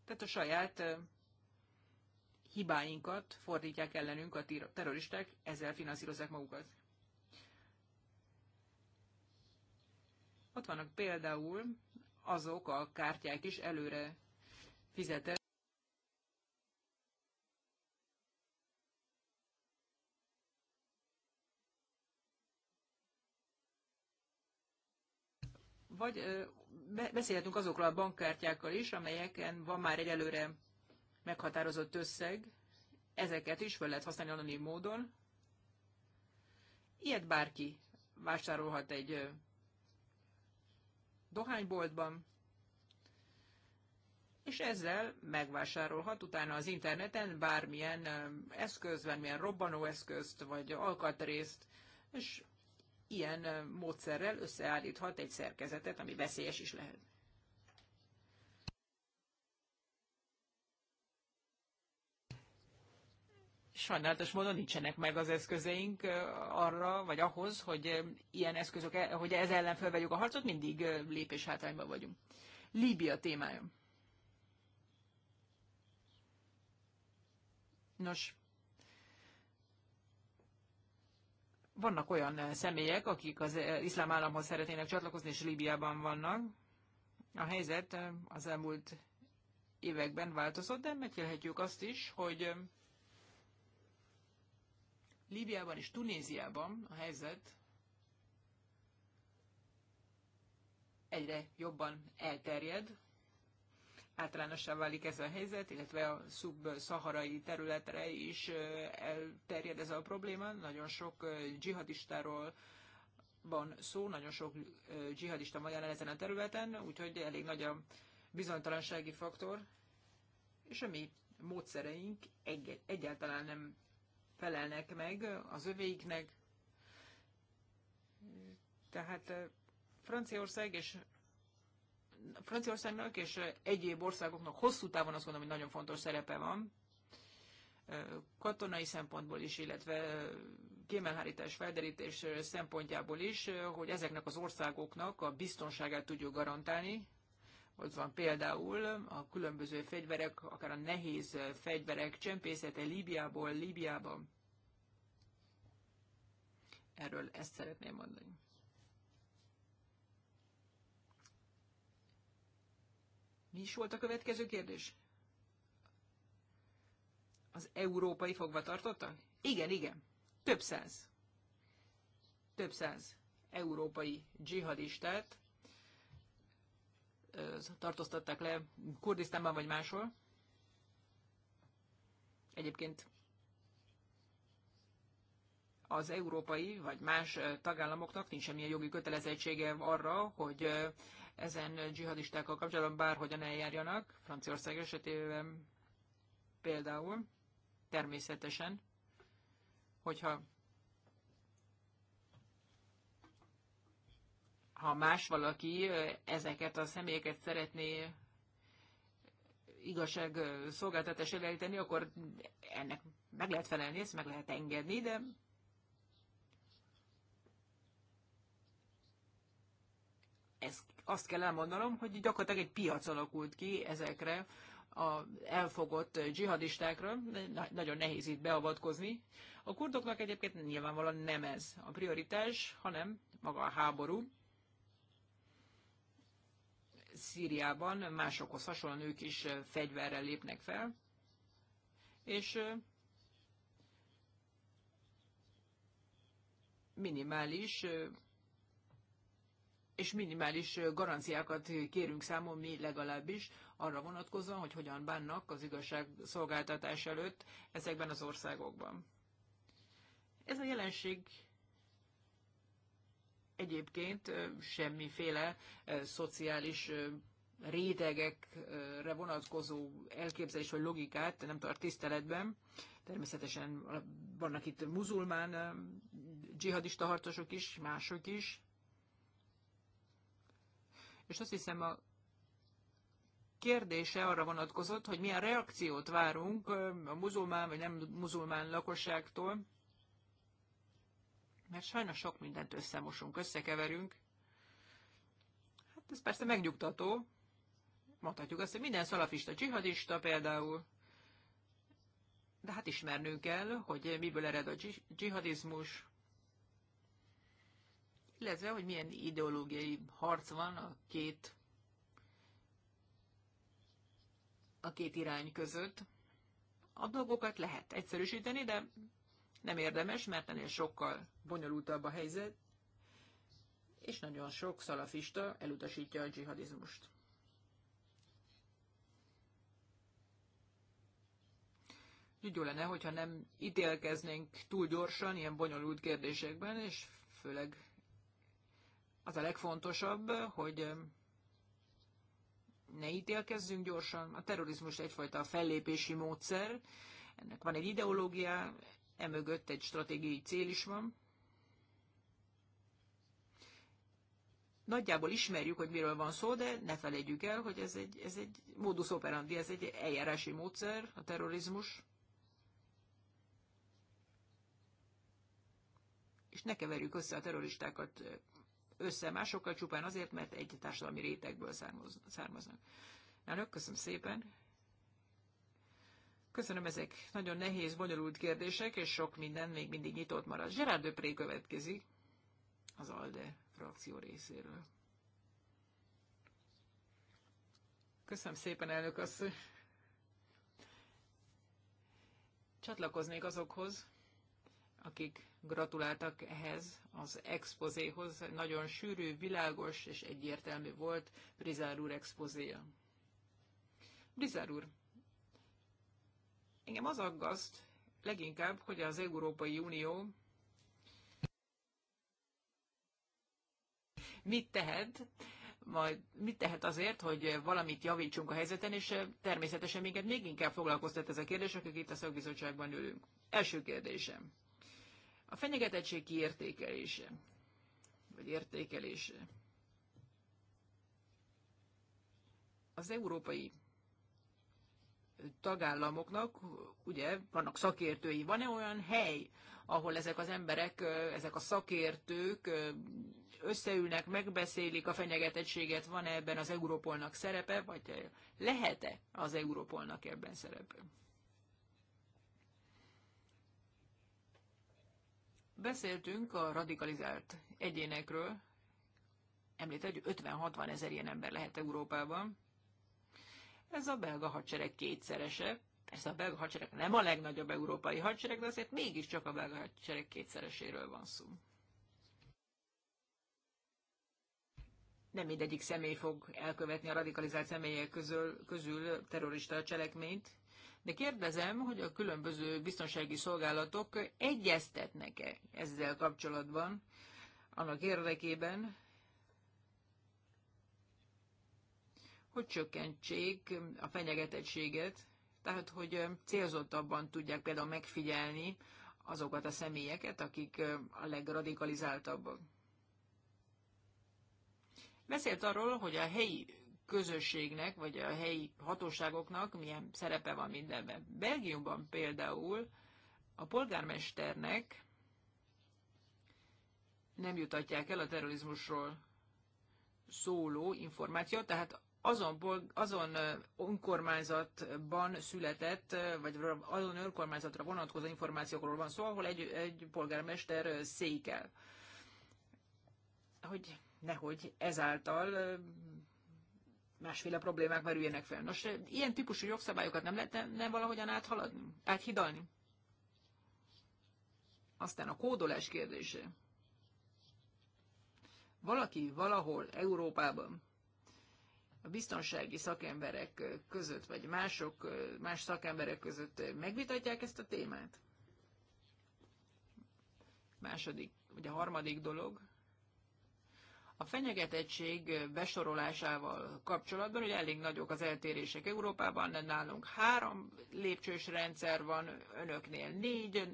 [SPEAKER 2] Tehát a saját hibáinkat fordítják ellenünk a terroristák, ezzel finanszírozzák magukat. Ott vannak például azok a kártyák is előre fizetett vagy beszélhetünk azokról a bankkártyákkal is, amelyeken van már egy előre meghatározott összeg, ezeket is fel lehet használni anonim módon. Ilyet bárki vásárolhat egy dohányboltban, és ezzel megvásárolhat utána az interneten bármilyen eszköz, bármilyen robbanóeszközt, vagy alkatrészt, és ilyen módszerrel összeállíthat egy szerkezetet, ami veszélyes is lehet. sajnálatos módon nincsenek meg az eszközeink arra, vagy ahhoz, hogy ilyen eszközök, hogy ez ellen felvegyük a harcot, mindig lépés hátrányban vagyunk. Líbia témája. Nos, vannak olyan eh, személyek, akik az eh, iszlám államhoz szeretnének csatlakozni, és Líbiában vannak. A helyzet eh, az elmúlt években változott, de megjelhetjük azt is, hogy Líbiában és Tunéziában a helyzet egyre jobban elterjed általánossá válik ez a helyzet, illetve a szub-szaharai területre is elterjed ez a probléma. Nagyon sok dzsihadistáról van szó, nagyon sok dzsihadista van jelen ezen a területen, úgyhogy elég nagy a bizonytalansági faktor, és a mi módszereink egy- egyáltalán nem felelnek meg az övéiknek. Tehát Franciaország és Franciaországnak és egyéb országoknak hosszú távon azt gondolom, hogy nagyon fontos szerepe van, katonai szempontból is, illetve kémelhárítás, felderítés szempontjából is, hogy ezeknek az országoknak a biztonságát tudjuk garantálni. Ott van például a különböző fegyverek, akár a nehéz fegyverek csempészete Líbiából, Líbiában. Erről ezt szeretném mondani. Mi is volt a következő kérdés? Az európai fogvatartottak? Igen, igen. Több száz. Több száz európai dzsihadistát tartóztatták le Kurdisztánban vagy máshol. Egyébként az európai vagy más tagállamoknak nincs semmilyen jogi kötelezettsége arra, hogy ezen dzsihadistákkal kapcsolatban bárhogyan eljárjanak, Franciaország esetében például, természetesen, hogyha ha más valaki ezeket a személyeket szeretné igazság szolgáltatás elejteni, akkor ennek meg lehet felelni, ezt meg lehet engedni, de ez, azt kell elmondanom, hogy gyakorlatilag egy piac alakult ki ezekre a elfogott dzsihadistákra, nagyon nehéz itt beavatkozni. A kurdoknak egyébként nyilvánvalóan nem ez a prioritás, hanem maga a háború. Szíriában másokhoz hasonlóan ők is fegyverrel lépnek fel, és minimális és minimális garanciákat kérünk számon mi legalábbis arra vonatkozóan, hogy hogyan bánnak az igazságszolgáltatás előtt ezekben az országokban. Ez a jelenség egyébként semmiféle szociális rétegekre vonatkozó elképzelés vagy logikát nem tart tiszteletben. Természetesen vannak itt muzulmán dzsihadista harcosok is, mások is, és azt hiszem a kérdése arra vonatkozott, hogy milyen reakciót várunk a muzulmán vagy nem muzulmán lakosságtól, mert sajnos sok mindent összemosunk, összekeverünk. Hát ez persze megnyugtató. Mondhatjuk azt, hogy minden szalafista csihadista például, de hát ismernünk kell, hogy miből ered a dzsihadizmus, illetve hogy milyen ideológiai harc van a két a két irány között. A dolgokat lehet egyszerűsíteni, de nem érdemes, mert ennél sokkal bonyolultabb a helyzet, és nagyon sok szalafista elutasítja a dzsihadizmust. Úgy jó lenne, hogyha nem ítélkeznénk túl gyorsan ilyen bonyolult kérdésekben, és főleg az a legfontosabb, hogy ne ítélkezzünk gyorsan. A terrorizmus egyfajta fellépési módszer, ennek van egy ideológia, emögött egy stratégiai cél is van. Nagyjából ismerjük, hogy miről van szó, de ne felejtjük el, hogy ez egy, ez egy modus operandi, ez egy eljárási módszer, a terrorizmus. És ne keverjük össze a terroristákat össze másokkal csupán azért, mert egy társadalmi rétegből származnak. Elnök, köszönöm szépen. Köszönöm, ezek nagyon nehéz, bonyolult kérdések, és sok minden még mindig nyitott marad. Gerard Döpré következik az ALDE frakció részéről. Köszönöm szépen, elnök asszony. Csatlakoznék azokhoz, akik gratuláltak ehhez az expozéhoz. Nagyon sűrű, világos és egyértelmű volt Brizár úr expozéja. Brizár úr, engem az aggaszt leginkább, hogy az Európai Unió mit tehet, majd mit tehet azért, hogy valamit javítsunk a helyzeten, és természetesen minket még inkább foglalkoztat ez a kérdés, akik itt a szakbizottságban ülünk. Első kérdésem. A fenyegetettség kiértékelése, vagy értékelése. Az európai tagállamoknak, ugye, vannak szakértői, van-e olyan hely, ahol ezek az emberek, ezek a szakértők összeülnek, megbeszélik a fenyegetettséget, van-e ebben az Európolnak szerepe, vagy lehet-e az Európolnak ebben szerepe? Beszéltünk a radikalizált egyénekről. Említ, hogy 50-60 ezer ilyen ember lehet Európában. Ez a belga hadsereg kétszerese. Persze a belga hadsereg nem a legnagyobb európai hadsereg, de azért mégiscsak a belga hadsereg kétszereséről van szó. nem mindegyik személy fog elkövetni a radikalizált személyek közül, közül terrorista cselekményt de kérdezem, hogy a különböző biztonsági szolgálatok egyeztetnek-e ezzel kapcsolatban, annak érdekében, hogy csökkentsék a fenyegetettséget, tehát hogy célzottabban tudják például megfigyelni azokat a személyeket, akik a legradikalizáltabbak. Beszélt arról, hogy a helyi közösségnek, vagy a helyi hatóságoknak milyen szerepe van mindenben. Belgiumban például a polgármesternek nem jutatják el a terrorizmusról szóló információt, tehát azon, azon önkormányzatban született, vagy azon önkormányzatra vonatkozó információkról van szó, ahol egy, egy polgármester székel. Hogy nehogy ezáltal másféle problémák merüljenek fel. Nos, e, ilyen típusú jogszabályokat nem lehetne valahogyan áthaladni, áthidalni? Aztán a kódolás kérdése. Valaki valahol Európában a biztonsági szakemberek között, vagy mások, más szakemberek között megvitatják ezt a témát? Második, vagy a harmadik dolog, a fenyegetettség besorolásával kapcsolatban hogy elég nagyok az eltérések Európában, de nálunk három lépcsős rendszer van, önöknél négy,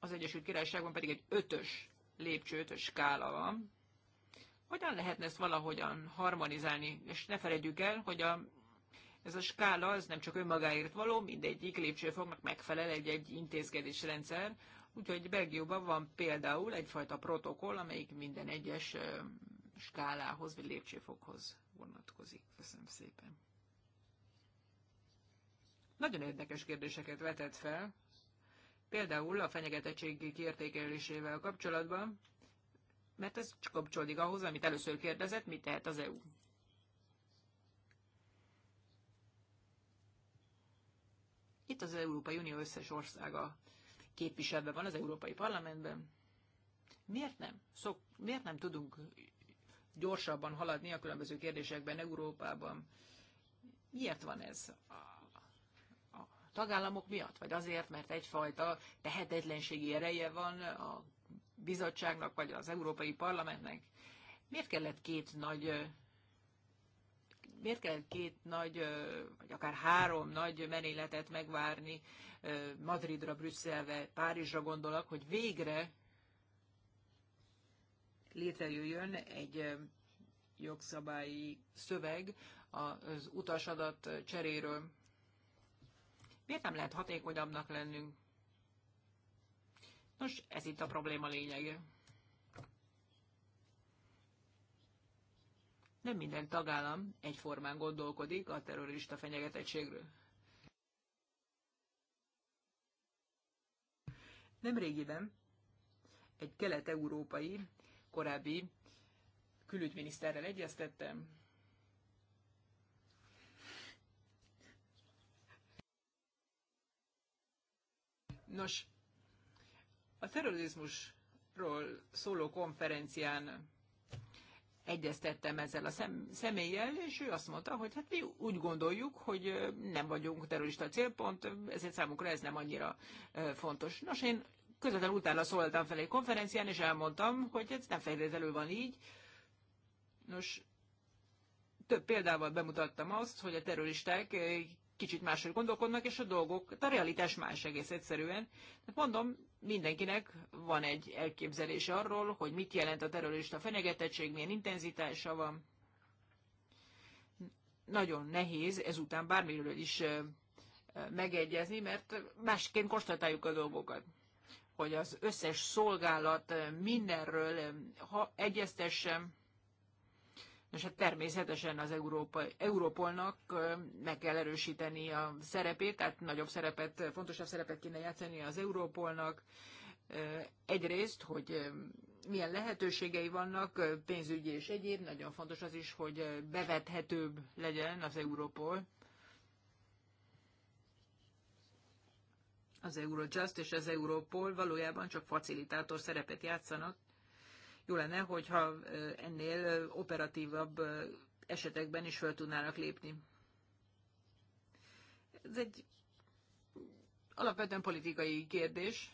[SPEAKER 2] az Egyesült Királyságban pedig egy ötös lépcső, ötös skála van. Hogyan lehetne ezt valahogyan harmonizálni? És ne felejtjük el, hogy a, ez a skála az nem csak önmagáért való, mindegyik lépcsőfoknak megfelel egy-egy intézkedésrendszer, Úgyhogy Belgióban van például egyfajta protokoll, amelyik minden egyes skálához vagy lépcsőfokhoz vonatkozik. Köszönöm szépen. Nagyon érdekes kérdéseket vetett fel, például a fenyegetettség kiértékelésével kapcsolatban, mert ez csak kapcsolódik ahhoz, amit először kérdezett, mit tehet az EU. Itt az Európai Unió összes országa képviselve van az Európai Parlamentben. Miért nem? Szok, miért nem tudunk gyorsabban haladni a különböző kérdésekben Európában? Miért van ez? A, a tagállamok miatt? Vagy azért, mert egyfajta tehetetlenségi ereje van a bizottságnak, vagy az Európai Parlamentnek? Miért kellett két nagy miért kell két nagy, vagy akár három nagy merényletet megvárni Madridra, Brüsszelbe, Párizsra gondolok, hogy végre létrejöjjön egy jogszabályi szöveg az utasadat cseréről. Miért nem lehet hatékonyabbnak lennünk? Nos, ez itt a probléma lényege. nem minden tagállam egyformán gondolkodik a terrorista fenyegetettségről. Nemrégiben egy kelet-európai korábbi külügyminiszterrel egyeztettem, Nos, a terrorizmusról szóló konferencián egyeztettem ezzel a szem, személlyel, és ő azt mondta, hogy hát mi úgy gondoljuk, hogy nem vagyunk terrorista célpont, ezért számukra ez nem annyira fontos. Nos, én közvetlenül utána szóltam fel egy konferencián, és elmondtam, hogy ez nem feltétlenül van így. Nos, több példával bemutattam azt, hogy a terroristák kicsit máshogy gondolkodnak, és a dolgok, a realitás más egész egyszerűen. Hát mondom, mindenkinek van egy elképzelés arról, hogy mit jelent a terrorista fenyegetettség, milyen intenzitása van. Nagyon nehéz ezután bármiről is megegyezni, mert másként konstatáljuk a dolgokat hogy az összes szolgálat mindenről ha egyeztessem, Nos, hát természetesen az Európa, Európolnak meg kell erősíteni a szerepét, tehát nagyobb szerepet, fontosabb szerepet kéne játszani az Európolnak. Egyrészt, hogy milyen lehetőségei vannak, pénzügyi és egyéb, nagyon fontos az is, hogy bevethetőbb legyen az Európol. Az Eurojust és az Európol valójában csak facilitátor szerepet játszanak, jó lenne, hogyha ennél operatívabb esetekben is fel tudnának lépni. Ez egy alapvetően politikai kérdés,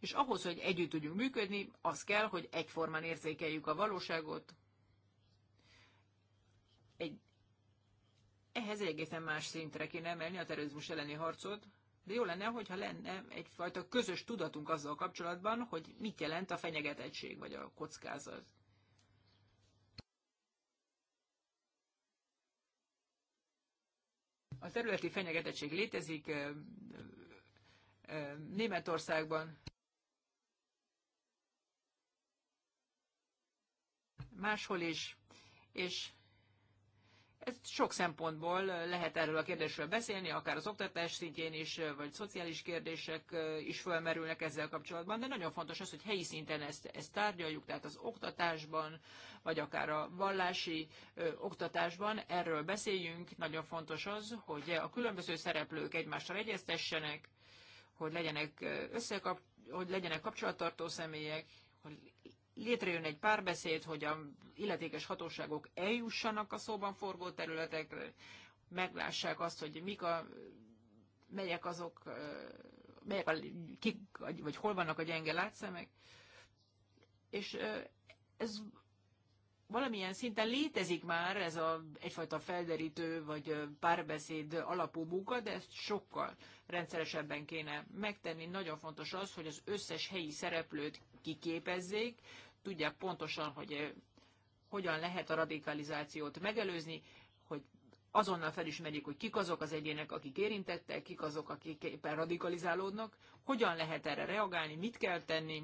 [SPEAKER 2] és ahhoz, hogy együtt tudjunk működni, az kell, hogy egyformán érzékeljük a valóságot. Egy, ehhez egészen más szintre kéne emelni a terrorizmus elleni harcot, de jó lenne, hogyha lenne egyfajta közös tudatunk azzal kapcsolatban, hogy mit jelent a fenyegetettség vagy a kockázat. A területi fenyegetettség létezik Németországban. Máshol is, és ez sok szempontból lehet erről a kérdésről beszélni, akár az oktatás szintjén is, vagy szociális kérdések is felmerülnek ezzel kapcsolatban, de nagyon fontos az, hogy helyi szinten ezt, ezt tárgyaljuk, tehát az oktatásban, vagy akár a vallási ö, oktatásban erről beszéljünk. Nagyon fontos az, hogy a különböző szereplők egymással egyeztessenek, hogy legyenek, összekap, hogy legyenek kapcsolattartó személyek, hogy létrejön egy párbeszéd, hogy a illetékes hatóságok eljussanak a szóban forgó területekre, meglássák azt, hogy mik a, melyek azok, melyek a, kik, vagy hol vannak a gyenge látszemek, és ez valamilyen szinten létezik már ez a, egyfajta felderítő vagy párbeszéd alapú buka, de ezt sokkal rendszeresebben kéne megtenni. Nagyon fontos az, hogy az összes helyi szereplőt kiképezzék, tudják pontosan, hogy eh, hogyan lehet a radikalizációt megelőzni, hogy azonnal felismerjük, hogy kik azok az egyének, akik érintettek, kik azok, akik éppen radikalizálódnak, hogyan lehet erre reagálni, mit kell tenni,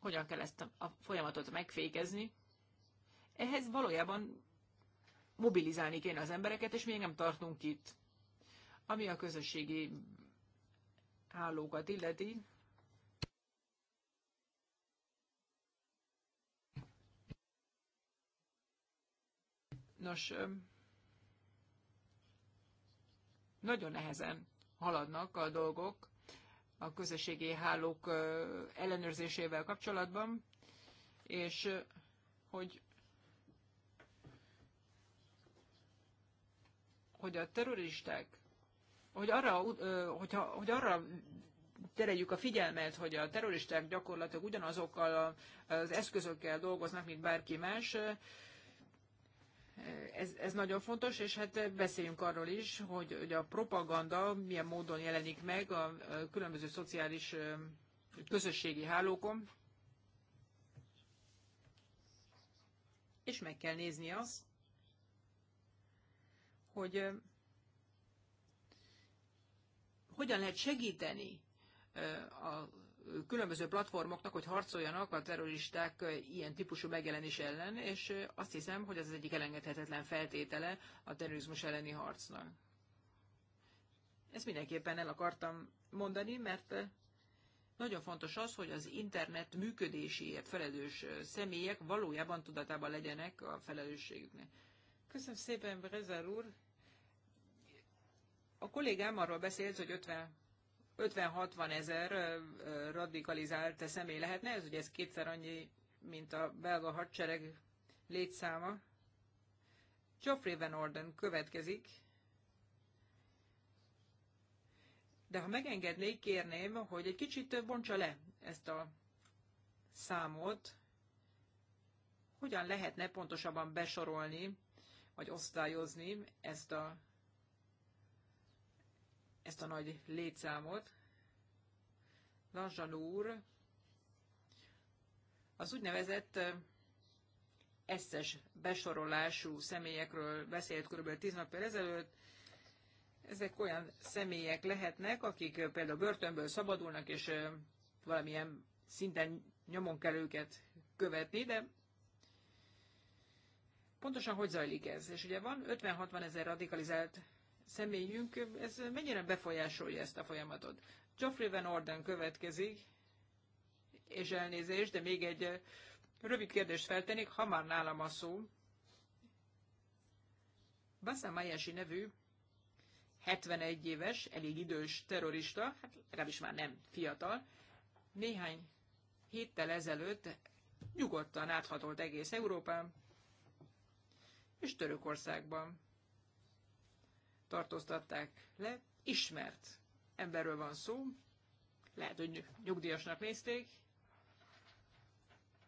[SPEAKER 2] hogyan kell ezt a folyamatot megfékezni. Ehhez valójában mobilizálni kéne az embereket, és még nem tartunk itt. Ami a közösségi hálókat illeti, Nos, nagyon nehezen haladnak a dolgok a közösségi hálók ellenőrzésével kapcsolatban, és hogy hogy a terroristák, hogy arra, hogyha, hogy arra tereljük a figyelmet, hogy a terroristák gyakorlatilag ugyanazokkal az eszközökkel dolgoznak, mint bárki más, ez, ez nagyon fontos, és hát beszéljünk arról is, hogy, hogy a propaganda milyen módon jelenik meg a, a különböző szociális közösségi hálókon, és meg kell nézni azt, hogy hogyan lehet segíteni a különböző platformoknak, hogy harcoljanak a terroristák ilyen típusú megjelenés ellen, és azt hiszem, hogy ez az egyik elengedhetetlen feltétele a terrorizmus elleni harcnak. Ezt mindenképpen el akartam mondani, mert nagyon fontos az, hogy az internet működéséért felelős személyek valójában tudatában legyenek a felelősségüknek. Köszönöm szépen, Brezer úr! A kollégám arról beszélt, hogy 50 50-60 ezer radikalizált személy lehetne, ez ugye ez kétszer annyi, mint a belga hadsereg létszáma. Geoffrey Van Orden következik. De ha megengednék, kérném, hogy egy kicsit bontsa le ezt a számot, hogyan lehetne pontosabban besorolni, vagy osztályozni ezt a ezt a nagy létszámot. Lanzsan úr az úgynevezett eszes besorolású személyekről beszélt kb. 10 nappal ezelőtt. Ezek olyan személyek lehetnek, akik például börtönből szabadulnak, és valamilyen szinten nyomon kell őket követni, de pontosan hogy zajlik ez? És ugye van 50-60 ezer radikalizált személyünk, ez mennyire befolyásolja ezt a folyamatot. Geoffrey Van Orden következik, és elnézést, de még egy eh, rövid kérdést feltennék, ha már nálam a szó. Bassa Mayashi nevű 71 éves, elég idős terrorista, hát legalábbis már nem fiatal, néhány héttel ezelőtt nyugodtan áthatolt egész Európán és Törökországban tartóztatták le. Ismert emberről van szó, lehet, hogy nyugdíjasnak nézték.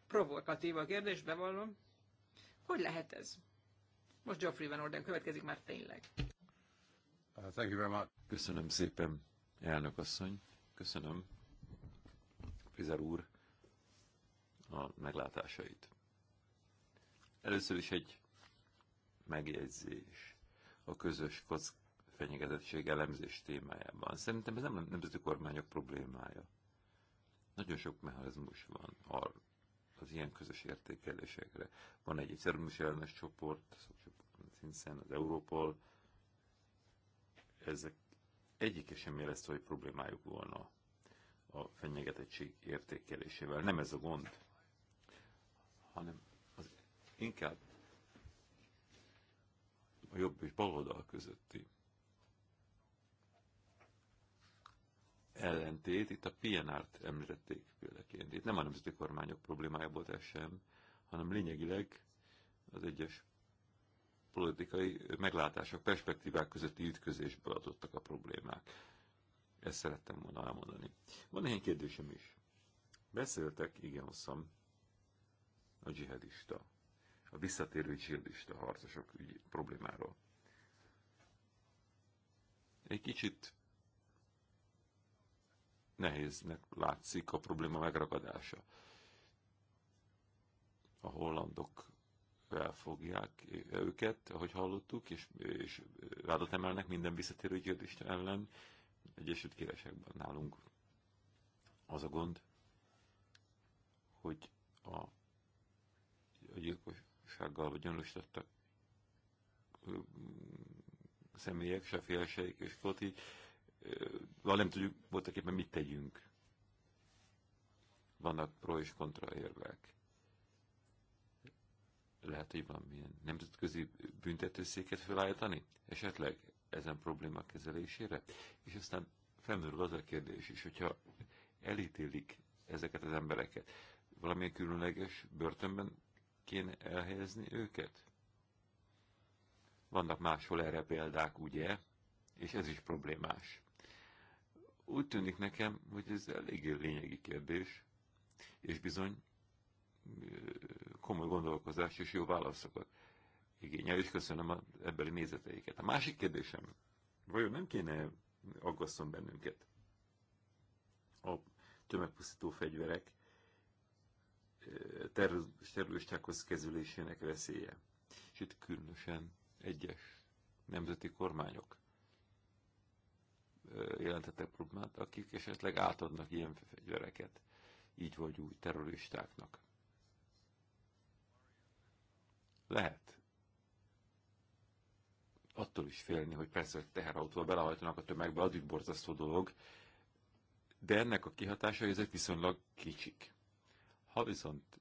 [SPEAKER 2] Provokatív a kérdés, bevallom. Hogy lehet ez? Most Geoffrey Van Orden következik már tényleg.
[SPEAKER 3] Uh, thank you very much. Köszönöm szépen, elnök asszony. Köszönöm, Fizer úr, a meglátásait. Először is egy megjegyzés a közös kock fenyegetettség elemzés témájában. Szerintem ez nem nemzeti kormányok problémája. Nagyon sok mechanizmus van arra az ilyen közös értékelésekre. Van egy szerelmes ellenes csoport, szinten az Európol, ezek egyike sem jelezte, hogy problémájuk volna a fenyegetettség értékelésével. Nem ez a gond, hanem az inkább a jobb és bal oldal közötti ellentét, itt a PNR-t említették példaként. Itt nem a nemzeti kormányok problémája volt ez sem, hanem lényegileg az egyes politikai meglátások, perspektívák közötti ütközésből adottak a problémák. Ezt szerettem volna elmondani. Van néhány kérdésem is. Beszéltek, igen hosszan, a dzsihadista a visszatérő dzsihadista harcosok ügy problémáról. Egy kicsit nehéznek látszik a probléma megragadása. A hollandok felfogják őket, ahogy hallottuk, és, és vádat emelnek minden visszatérő gyilkost ellen. Egyesült Királyságban nálunk az a gond, hogy a, a gyilkos vagy gyanúsítottak személyek, se félseik, és ott így nem tudjuk voltak éppen mit tegyünk. Vannak pro és kontra érvek. Lehet, hogy van milyen nemzetközi büntetőszéket felállítani, esetleg ezen probléma kezelésére. És aztán felmerül az a kérdés is, hogyha elítélik ezeket az embereket, valamilyen különleges börtönben kéne elhelyezni őket? Vannak máshol erre példák, ugye? És ez is problémás. Úgy tűnik nekem, hogy ez eléggé lényegi kérdés, és bizony komoly gondolkozás és jó válaszokat igényel, és köszönöm a ebbeli nézeteiket. A másik kérdésem, vajon nem kéne aggasszon bennünket a tömegpusztító fegyverek terroristákhoz kezelésének veszélye. És itt különösen egyes nemzeti kormányok jelentettek problémát, akik esetleg átadnak ilyen fegyvereket, így vagy úgy terroristáknak. Lehet. Attól is félni, hogy persze, hogy teherautóval belehajtanak a tömegbe, az borzasztó dolog, de ennek a kihatása ezek viszonylag kicsik. Ha viszont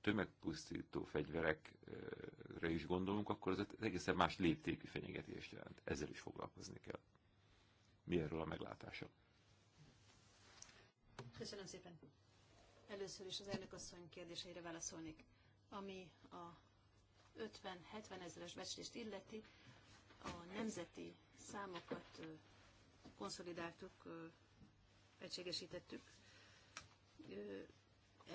[SPEAKER 3] tömegpusztító fegyverekre is gondolunk, akkor ez egészen más léptékű fenyegetést jelent. Ezzel is foglalkozni kell. Mi erről a meglátása?
[SPEAKER 1] Köszönöm szépen. Először is az asszony kérdéseire válaszolnék. Ami a 50-70 ezeres becslést illeti, a nemzeti számokat konszolidáltuk, egységesítettük,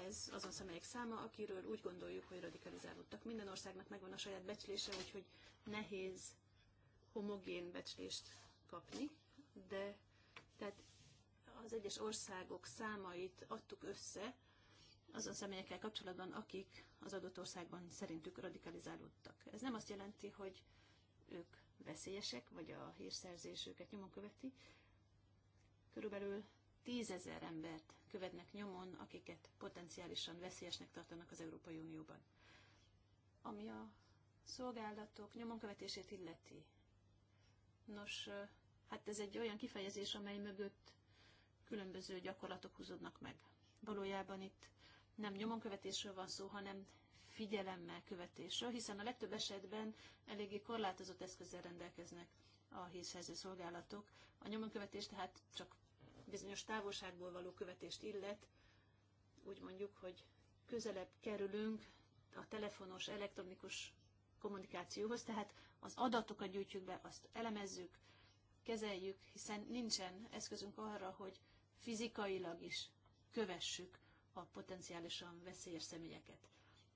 [SPEAKER 1] ez azon személyek száma, akiről úgy gondoljuk, hogy radikalizálódtak. Minden országnak megvan a saját becslése, úgyhogy nehéz homogén becslést kapni, de tehát az egyes országok számait adtuk össze azon személyekkel kapcsolatban, akik az adott országban szerintük radikalizálódtak. Ez nem azt jelenti, hogy ők veszélyesek, vagy a hírszerzés őket nyomon követi. Körülbelül tízezer embert követnek nyomon, akiket potenciálisan veszélyesnek tartanak az Európai Unióban. Ami a szolgálatok nyomonkövetését illeti. Nos, hát ez egy olyan kifejezés, amely mögött különböző gyakorlatok húzódnak meg. Valójában itt nem nyomonkövetésről van szó, hanem figyelemmel követésről, hiszen a legtöbb esetben eléggé korlátozott eszközzel rendelkeznek a hírszerző szolgálatok. A nyomonkövetés tehát csak bizonyos távolságból való követést illet, úgy mondjuk, hogy közelebb kerülünk a telefonos, elektronikus kommunikációhoz, tehát az adatokat gyűjtjük be, azt elemezzük, kezeljük, hiszen nincsen eszközünk arra, hogy fizikailag is kövessük a potenciálisan veszélyes személyeket.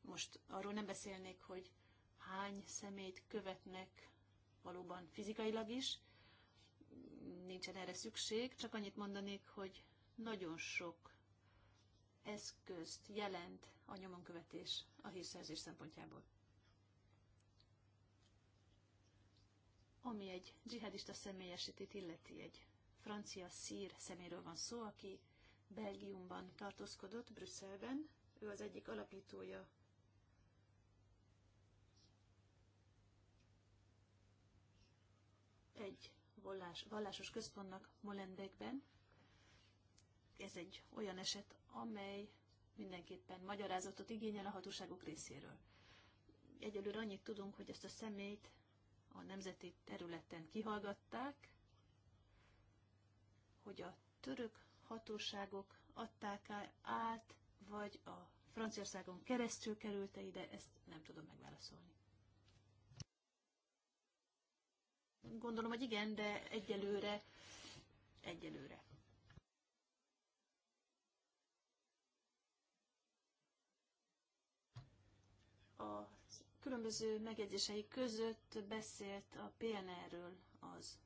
[SPEAKER 1] Most arról nem beszélnék, hogy hány személyt követnek valóban fizikailag is, nincsen erre szükség, csak annyit mondanék, hogy nagyon sok eszközt jelent a nyomonkövetés a hírszerzés szempontjából. Ami egy dzsihadista személyesítét illeti, egy francia szír szeméről van szó, aki Belgiumban tartózkodott, Brüsszelben. Ő az egyik alapítója egy vallás, vallásos központnak Molenbeekben. Ez egy olyan eset, amely mindenképpen magyarázatot igényel a hatóságok részéről. Egyelőre annyit tudunk, hogy ezt a szemét a nemzeti területen kihallgatták, hogy a török hatóságok adták át, vagy a Franciaországon keresztül került-e ide, ezt nem tudom megválaszolni. Gondolom, hogy igen, de egyelőre, egyelőre. A különböző megjegyzései között beszélt a PNR-ről, az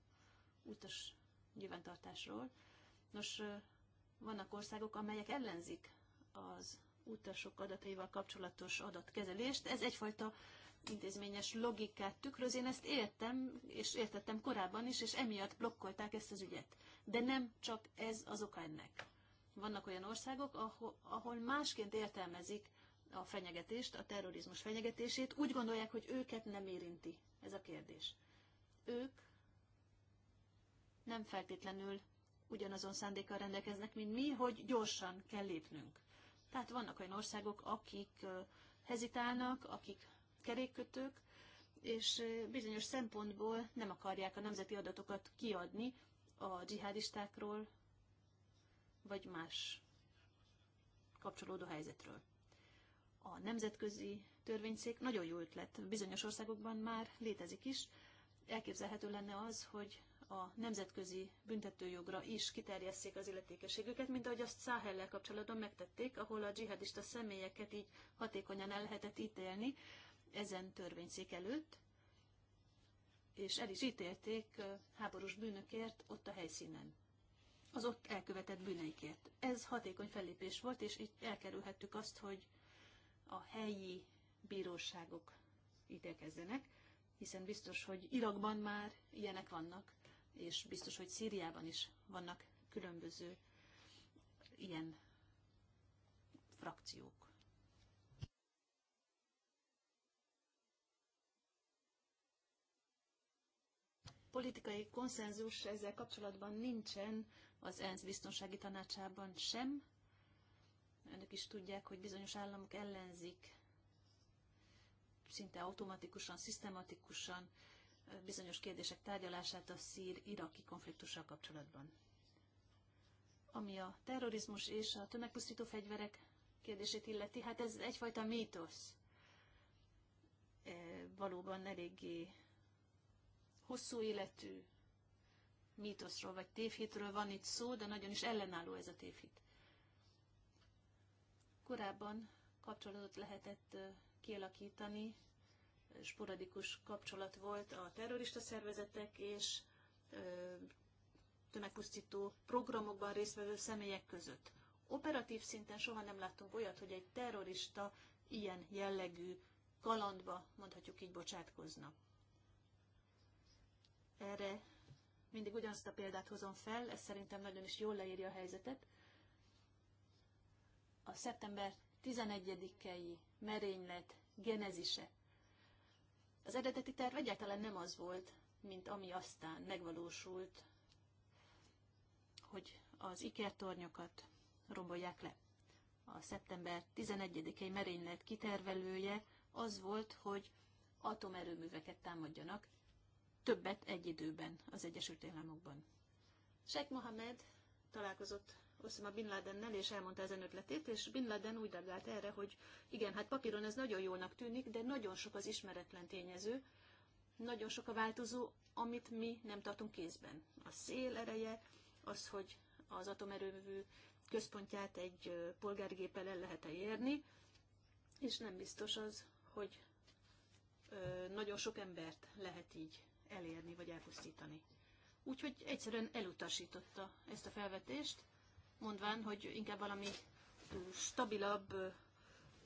[SPEAKER 1] utas nyilvántartásról. Nos, vannak országok, amelyek ellenzik az utasok adataival kapcsolatos adatkezelést. Ez egyfajta intézményes logikát tükröz. Én ezt értem, és értettem korábban is, és emiatt blokkolták ezt az ügyet. De nem csak ez az oka ennek. Vannak olyan országok, ahol, ahol másként értelmezik a fenyegetést, a terrorizmus fenyegetését, úgy gondolják, hogy őket nem érinti ez a kérdés. Ők nem feltétlenül ugyanazon szándékkal rendelkeznek, mint mi, hogy gyorsan kell lépnünk. Tehát vannak olyan országok, akik hezitálnak, akik kerékkötők, és bizonyos szempontból nem akarják a nemzeti adatokat kiadni a dzsihadistákról, vagy más kapcsolódó helyzetről. A nemzetközi törvényszék nagyon jó ötlet. Bizonyos országokban már létezik is. Elképzelhető lenne az, hogy a nemzetközi büntetőjogra is kiterjesszék az illetékességüket, mint ahogy azt Száhellel kapcsolatban megtették, ahol a dzsihadista személyeket így hatékonyan el lehetett ítélni, ezen törvényszék előtt, és el is ítélték háborús bűnökért ott a helyszínen. Az ott elkövetett bűneikért. Ez hatékony fellépés volt, és itt elkerülhettük azt, hogy a helyi bíróságok ítélkezzenek, hiszen biztos, hogy Irakban már ilyenek vannak, és biztos, hogy Szíriában is vannak különböző ilyen frakciók. politikai konszenzus ezzel kapcsolatban nincsen az ENSZ biztonsági tanácsában sem. Önök is tudják, hogy bizonyos államok ellenzik szinte automatikusan, szisztematikusan bizonyos kérdések tárgyalását a szír-iraki konfliktussal kapcsolatban. Ami a terrorizmus és a tömegpusztító fegyverek kérdését illeti, hát ez egyfajta mítosz. E, valóban eléggé hosszú életű mítoszról vagy tévhitről van itt szó, de nagyon is ellenálló ez a tévhit. Korábban kapcsolatot lehetett kialakítani, sporadikus kapcsolat volt a terrorista szervezetek és tömegpusztító programokban résztvevő személyek között. Operatív szinten soha nem láttunk olyat, hogy egy terrorista ilyen jellegű kalandba, mondhatjuk így, bocsátkozna erre mindig ugyanazt a példát hozom fel, ez szerintem nagyon is jól leírja a helyzetet. A szeptember 11-i merénylet genezise. Az eredeti terv egyáltalán nem az volt, mint ami aztán megvalósult, hogy az ikertornyokat rombolják le. A szeptember 11-i merénylet kitervelője az volt, hogy atomerőműveket támadjanak, többet egy időben az Egyesült Államokban. Sheikh Mohamed találkozott Osama Bin Ladennel, és elmondta ezen ötletét, és Bin Laden úgy reagált erre, hogy igen, hát papíron ez nagyon jónak tűnik, de nagyon sok az ismeretlen tényező, nagyon sok a változó, amit mi nem tartunk kézben. A szél ereje, az, hogy az atomerőmű központját egy polgárgéppel el lehet -e érni, és nem biztos az, hogy nagyon sok embert lehet így elérni vagy elpusztítani. Úgyhogy egyszerűen elutasította ezt a felvetést, mondván, hogy inkább valami stabilabb,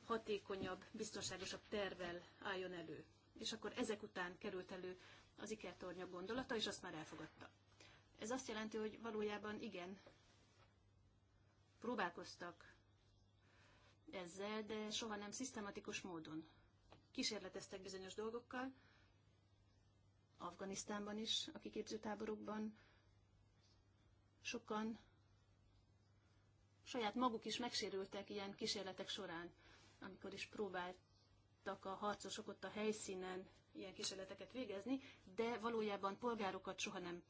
[SPEAKER 1] hatékonyabb, biztonságosabb tervel álljon elő. És akkor ezek után került elő az ikertornyok gondolata, és azt már elfogadta. Ez azt jelenti, hogy valójában igen, próbálkoztak ezzel, de soha nem szisztematikus módon. Kísérleteztek bizonyos dolgokkal, Afganisztánban is, a kiképzőtáborokban sokan saját maguk is megsérültek ilyen kísérletek során, amikor is próbáltak a harcosok ott a helyszínen ilyen kísérleteket végezni, de valójában polgárokat soha nem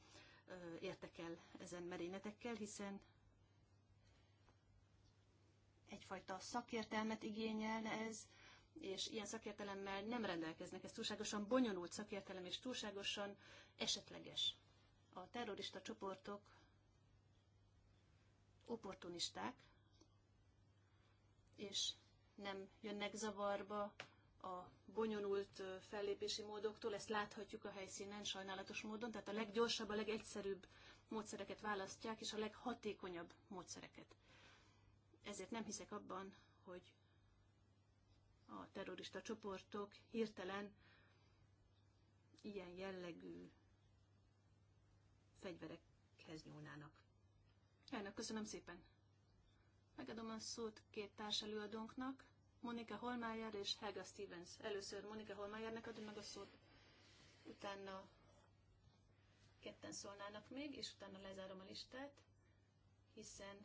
[SPEAKER 1] értek el ezen merényletekkel, hiszen egyfajta szakértelmet igényelne ez, és ilyen szakértelemmel nem rendelkeznek. Ez túlságosan bonyolult szakértelem, és túlságosan esetleges. A terrorista csoportok opportunisták, és nem jönnek zavarba a bonyolult fellépési módoktól, ezt láthatjuk a helyszínen sajnálatos módon, tehát a leggyorsabb, a legegyszerűbb módszereket választják, és a leghatékonyabb módszereket. Ezért nem hiszek abban, hogy a terrorista csoportok hirtelen ilyen jellegű fegyverekhez nyúlnának. Elnök, köszönöm szépen! Megadom a szót két társelőadónknak, Monika Holmájer és Helga Stevens. Először Monika Holmájernek adom meg a szót, utána ketten szólnának még, és utána lezárom a listát, hiszen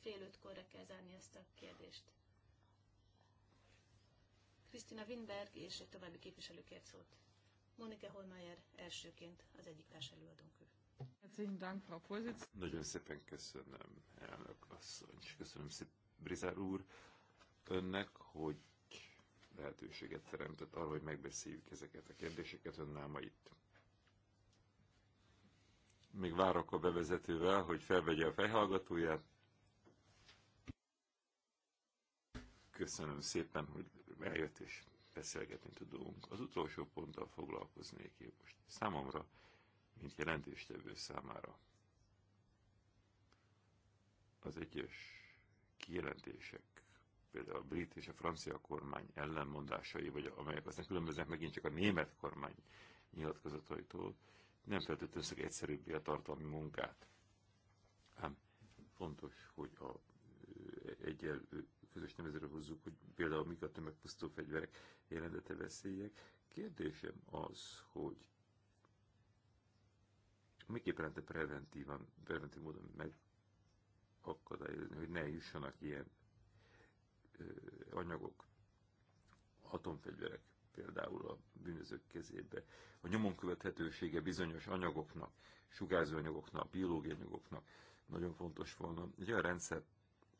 [SPEAKER 1] fél ötkorra kell zárni ezt a kérdést. Krisztina Winberg és egy további képviselő kért szót. Monika Holmeyer elsőként az egyik társelőadónk
[SPEAKER 2] ő.
[SPEAKER 3] Nagyon szépen köszönöm, elnök asszony, és köszönöm szépen, Brizár úr, önnek, hogy lehetőséget teremtett arra, hogy megbeszéljük ezeket a kérdéseket önnál ma itt. Még várok a bevezetővel, hogy felvegye a fejhallgatóját. Köszönöm szépen, hogy eljött és beszélgetni tudunk. Az utolsó ponttal foglalkoznék én most. Számomra, mint jelentéstevő számára, az egyes kijelentések, például a brit és a francia kormány ellenmondásai, vagy amelyek aztán különböznek megint csak a német kormány nyilatkozataitól, nem feltétlenül szok egyszerűbbé a tartalmi munkát. Ám fontos, hogy a egyel, közös nevezőre hozzuk, hogy például mik a tömegpusztó fegyverek jelentete veszélyek. Kérdésem az, hogy miképpen lehetne preventívan, preventív módon megakadályozni, hogy ne jussanak ilyen ö, anyagok, atomfegyverek például a bűnözők kezébe. A nyomon követhetősége bizonyos anyagoknak, sugárzó anyagoknak, biológiai anyagoknak nagyon fontos volna. Egy olyan rendszer,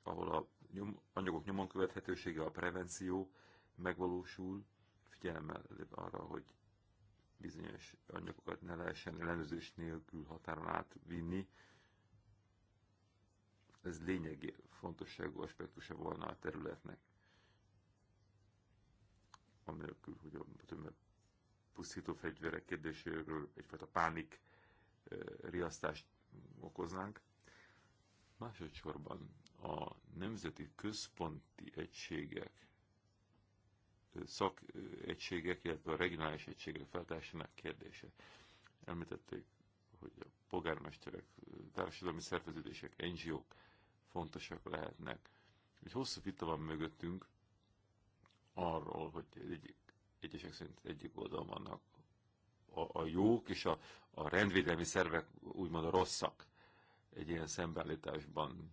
[SPEAKER 3] ahol a nyom, anyagok nyomon követhetősége, a prevenció megvalósul, figyelemmel arra, hogy bizonyos anyagokat ne lehessen ellenőrzés nélkül határon átvinni. Ez lényegi fontosságú aspektusa volna a területnek. Anélkül, hogy a pusztító fegyverek kérdéséről egyfajta pánik eh, riasztást okoznánk. Másodszorban a nemzeti központi egységek, szakegységek, illetve a regionális egységek feltársának kérdése. Említették, hogy a polgármesterek, társadalmi szerveződések, NGO-k fontosak lehetnek. Egy hosszú vita van mögöttünk arról, hogy egyik, egyesek szerint egyik oldalon vannak a, a jók, és a, a rendvédelmi szervek úgymond a rosszak egy ilyen szembeállításban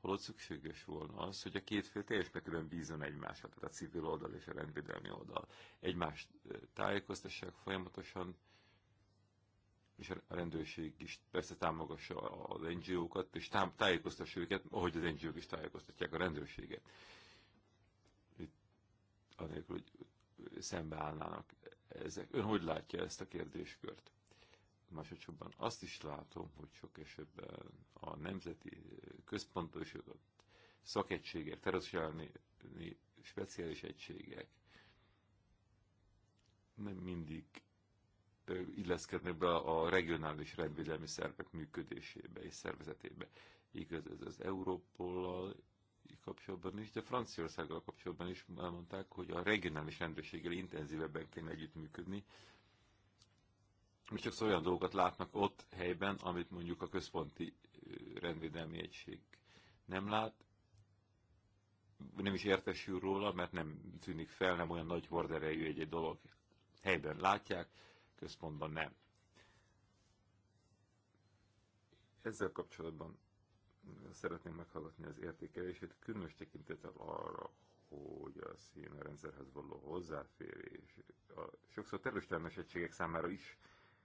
[SPEAKER 3] holott szükséges volna az, hogy a két fél teljes mértékben bízon egymásra, tehát a civil oldal és a rendvédelmi oldal. Egymást tájékoztassák folyamatosan, és a rendőrség is persze támogassa az NGO-kat, és tám- tájékoztassa őket, ahogy az NGO-k is tájékoztatják a rendőrséget. Itt, anélkül, hogy szembeállnának ezek. Ön hogy látja ezt a kérdéskört? másodszorban azt is látom, hogy sok esetben a nemzeti központosított szakegységek, terrorszolgálni speciális egységek nem mindig illeszkednek be a regionális rendvédelmi szervek működésébe és szervezetébe. Igaz, ez az Európollal kapcsolatban is, de Franciaországgal kapcsolatban is elmondták, hogy a regionális rendőrséggel intenzívebben kéne együttműködni, mi csak olyan dolgokat látnak ott helyben, amit mondjuk a központi rendvédelmi egység nem lát, nem is értesül róla, mert nem tűnik fel, nem olyan nagy horderejű egy-egy dolog. Helyben látják, központban nem. Ezzel kapcsolatban szeretném meghallgatni az értékelését, különös tekintettel arra, hogy a színrendszerhez való hozzáférés a sokszor terüstelmes egységek számára is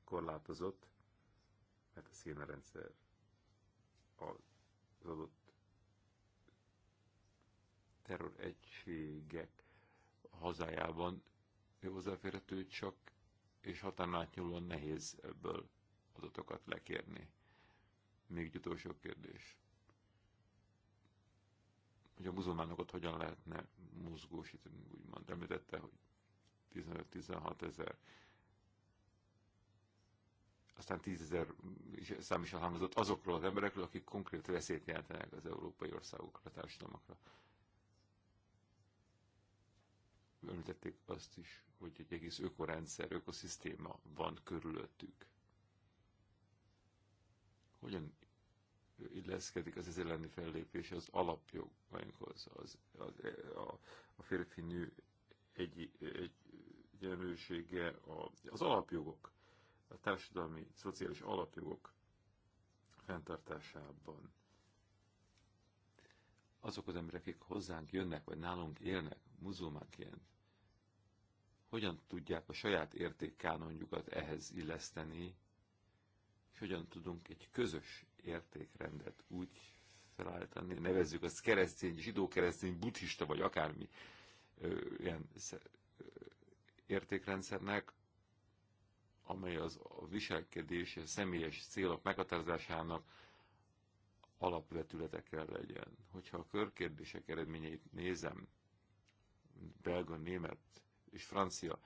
[SPEAKER 3] korlátozott, mert a színrendszer az adott terror egységek hazájában hozzáférhető csak, és határon átnyúlóan nehéz ebből adatokat lekérni. Még egy utolsó kérdés. Hogy a muzulmánokat hogyan lehetne mozgósítani, úgymond. Említette, hogy 15-16 ezer aztán tízezer szám is elhangzott azokról az emberekről, akik konkrét veszélyt jelentenek az európai országokra, a társadalmakra. Említették azt is, hogy egy egész ökorendszer, ökoszisztéma van körülöttük. Hogyan illeszkedik az ez elleni fellépés az alapjogainkhoz, az, az, a, a férfi-nő egy, egy egyenlősége, a, az alapjogok a társadalmi, szociális alapjogok fenntartásában azok az emberek, akik hozzánk jönnek, vagy nálunk élnek muzulmánként, hogyan tudják a saját értékkánonjukat ehhez illeszteni, és hogyan tudunk egy közös értékrendet úgy felállítani, nevezzük azt keresztény, zsidó keresztény, buddhista, vagy akármi ö, ilyen ö, értékrendszernek, amely az a viselkedés a személyes célok meghatározásának alapvetülete kell legyen. Hogyha a körkérdések eredményeit nézem, belga, német és francia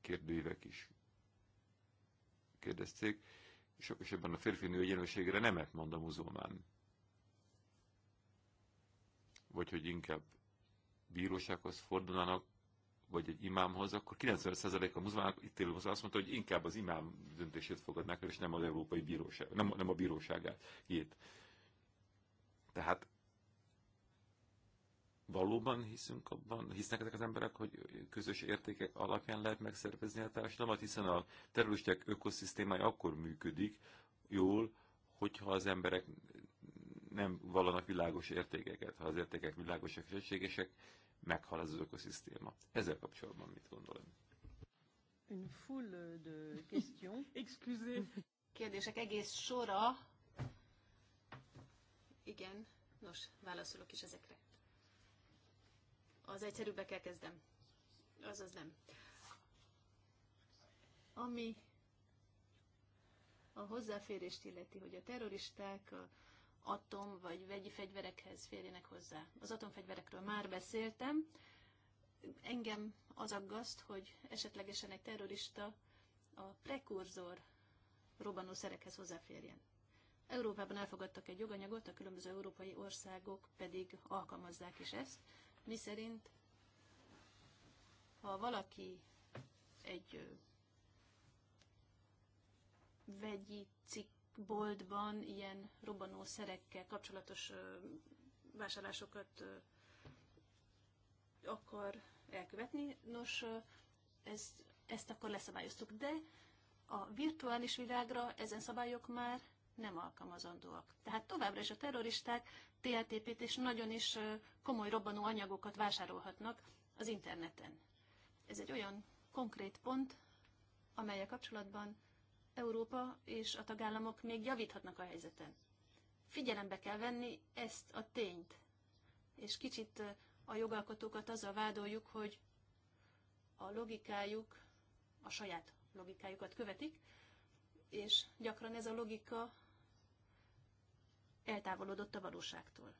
[SPEAKER 3] kérdőívek is kérdezték, sok esetben a férfinő egyenlőségre nemet mond a muzulmán. Vagy hogy inkább bírósághoz fordulnának, vagy egy imámhoz, akkor 95% a muzulmánok itt élő azt mondta, hogy inkább az imám döntését fogadnák el, és nem az Európai Bíróság, nem, nem a bíróságát. Ilyet. Tehát valóban hiszünk abban, hisznek ezek az emberek, hogy közös értékek alapján lehet megszervezni a társadalmat, hiszen a terroristák ökoszisztémája akkor működik jól, hogyha az emberek nem vallanak világos értékeket, ha az értékek világosak és egységesek, meghal az ökoszisztéma. Ezzel kapcsolatban mit ön?
[SPEAKER 1] Une foule de questions. Excusez. Kérdések egész sora. Igen, nos, válaszolok is ezekre. Az egyszerűbbekkel kezdem. az nem. Ami a hozzáférést illeti, hogy a terroristák, a atom vagy vegyi fegyverekhez férjenek hozzá. Az atomfegyverekről már beszéltem. Engem az aggaszt, hogy esetlegesen egy terrorista a prekurzor robbanószerekhez hozzáférjen. Európában elfogadtak egy joganyagot, a különböző európai országok pedig alkalmazzák is ezt, miszerint ha valaki egy vegyi cikk boltban ilyen szerekkel kapcsolatos vásárlásokat akar elkövetni. Nos, ez, ezt akkor leszabályoztuk, de a virtuális világra ezen szabályok már nem alkalmazandóak. Tehát továbbra is a terroristák TLTP-t és nagyon is komoly robbanó anyagokat vásárolhatnak az interneten. Ez egy olyan konkrét pont, amelyek kapcsolatban Európa és a tagállamok még javíthatnak a helyzeten. Figyelembe kell venni ezt a tényt, és kicsit a jogalkotókat azzal vádoljuk, hogy a logikájuk, a saját logikájukat követik, és gyakran ez a logika eltávolodott a valóságtól.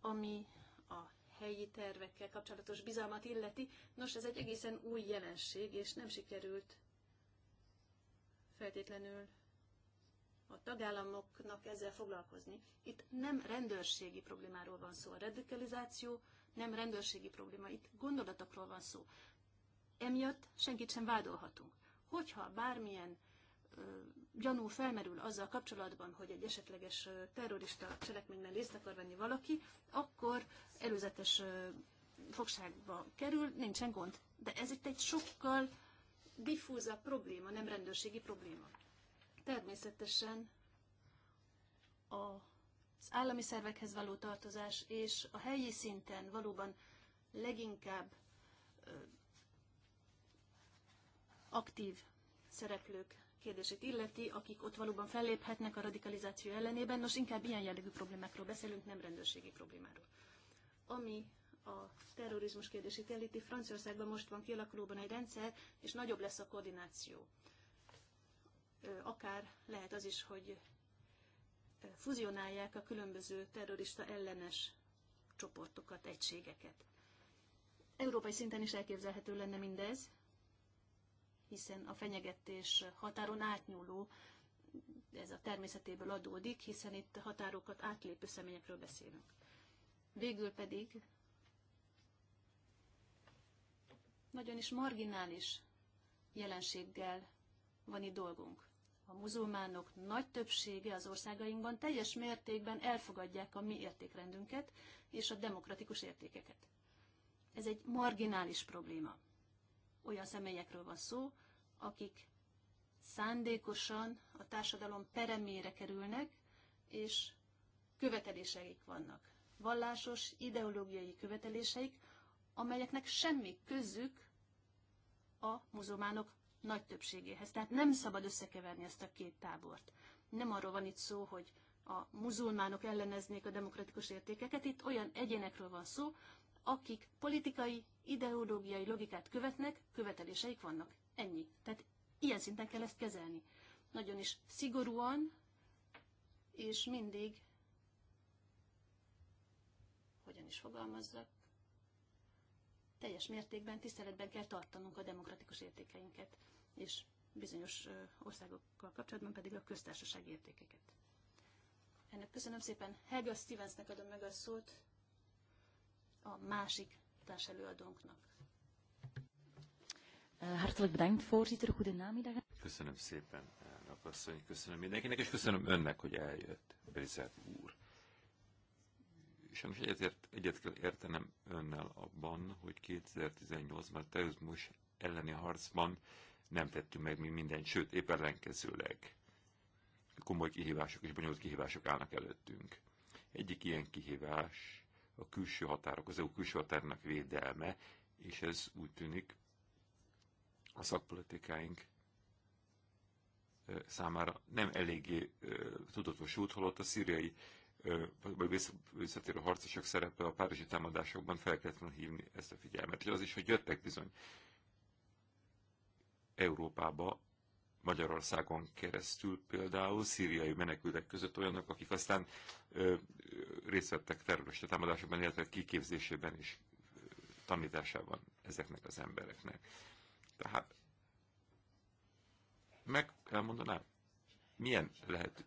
[SPEAKER 1] Ami a helyi tervekkel kapcsolatos bizalmat illeti, nos, ez egy egészen új jelenség, és nem sikerült feltétlenül a tagállamoknak ezzel foglalkozni. Itt nem rendőrségi problémáról van szó. A radikalizáció nem rendőrségi probléma, itt gondolatokról van szó. Emiatt senkit sem vádolhatunk. Hogyha bármilyen ö, gyanú felmerül azzal kapcsolatban, hogy egy esetleges ö, terrorista cselekményben részt akar venni valaki, akkor előzetes ö, fogságba kerül, nincsen gond. De ez itt egy sokkal diffúz a probléma, nem rendőrségi probléma. Természetesen az állami szervekhez való tartozás és a helyi szinten valóban leginkább aktív szereplők kérdését illeti, akik ott valóban felléphetnek a radikalizáció ellenében. Nos, inkább ilyen jellegű problémákról beszélünk, nem rendőrségi problémáról. Ami a terrorizmus kérdését jelíti. Franciaországban most van kialakulóban egy rendszer, és nagyobb lesz a koordináció. Akár lehet az is, hogy fuzionálják a különböző terrorista ellenes csoportokat, egységeket. Európai szinten is elképzelhető lenne mindez, hiszen a fenyegetés határon átnyúló, ez a természetéből adódik, hiszen itt határokat átlépő személyekről beszélünk. Végül pedig nagyon is marginális jelenséggel van itt dolgunk. A muzulmánok nagy többsége az országainkban teljes mértékben elfogadják a mi értékrendünket és a demokratikus értékeket. Ez egy marginális probléma. Olyan személyekről van szó, akik szándékosan a társadalom peremére kerülnek, és követeléseik vannak. Vallásos, ideológiai követeléseik, amelyeknek semmi közük a muzulmánok nagy többségéhez. Tehát nem szabad összekeverni ezt a két tábort. Nem arról van itt szó, hogy a muzulmánok elleneznék a demokratikus értékeket, itt olyan egyénekről van szó, akik politikai, ideológiai logikát követnek, követeléseik vannak. Ennyi. Tehát ilyen szinten kell ezt kezelni. Nagyon is szigorúan, és mindig, hogyan is fogalmazzak, teljes mértékben tiszteletben kell tartanunk a demokratikus értékeinket, és bizonyos országokkal kapcsolatban pedig a köztársaság értékeket. Ennek köszönöm szépen. Helga Stevensnek adom meg a szót a másik társelőadónknak. Eh, hartelijk bedankt, voorzitter. Goedenamiddag.
[SPEAKER 3] Köszönöm szépen, elnök asszony. Köszönöm mindenkinek, és köszönöm önnek, hogy eljött, Brizet úr. Sajnos ezért egyet kell értenem önnel abban, hogy 2018-ban a terrorizmus elleni harcban nem tettünk meg mi mindent, sőt, épp ellenkezőleg komoly kihívások és bonyolult kihívások állnak előttünk. Egyik ilyen kihívás a külső határok, az EU külső határnak védelme, és ez úgy tűnik a szakpolitikáink számára nem eléggé tudatosult, holott a szíriai vagy visszatérő harcosok szerepe a párizsi támadásokban fel kellett volna hívni ezt a figyelmet. És az is, hogy jöttek bizony Európába, Magyarországon keresztül például szíriai menekültek között olyanok, akik aztán ö, részt vettek terrorista támadásokban, illetve kiképzésében és tanításában ezeknek az embereknek. Tehát meg elmondanám, milyen lehet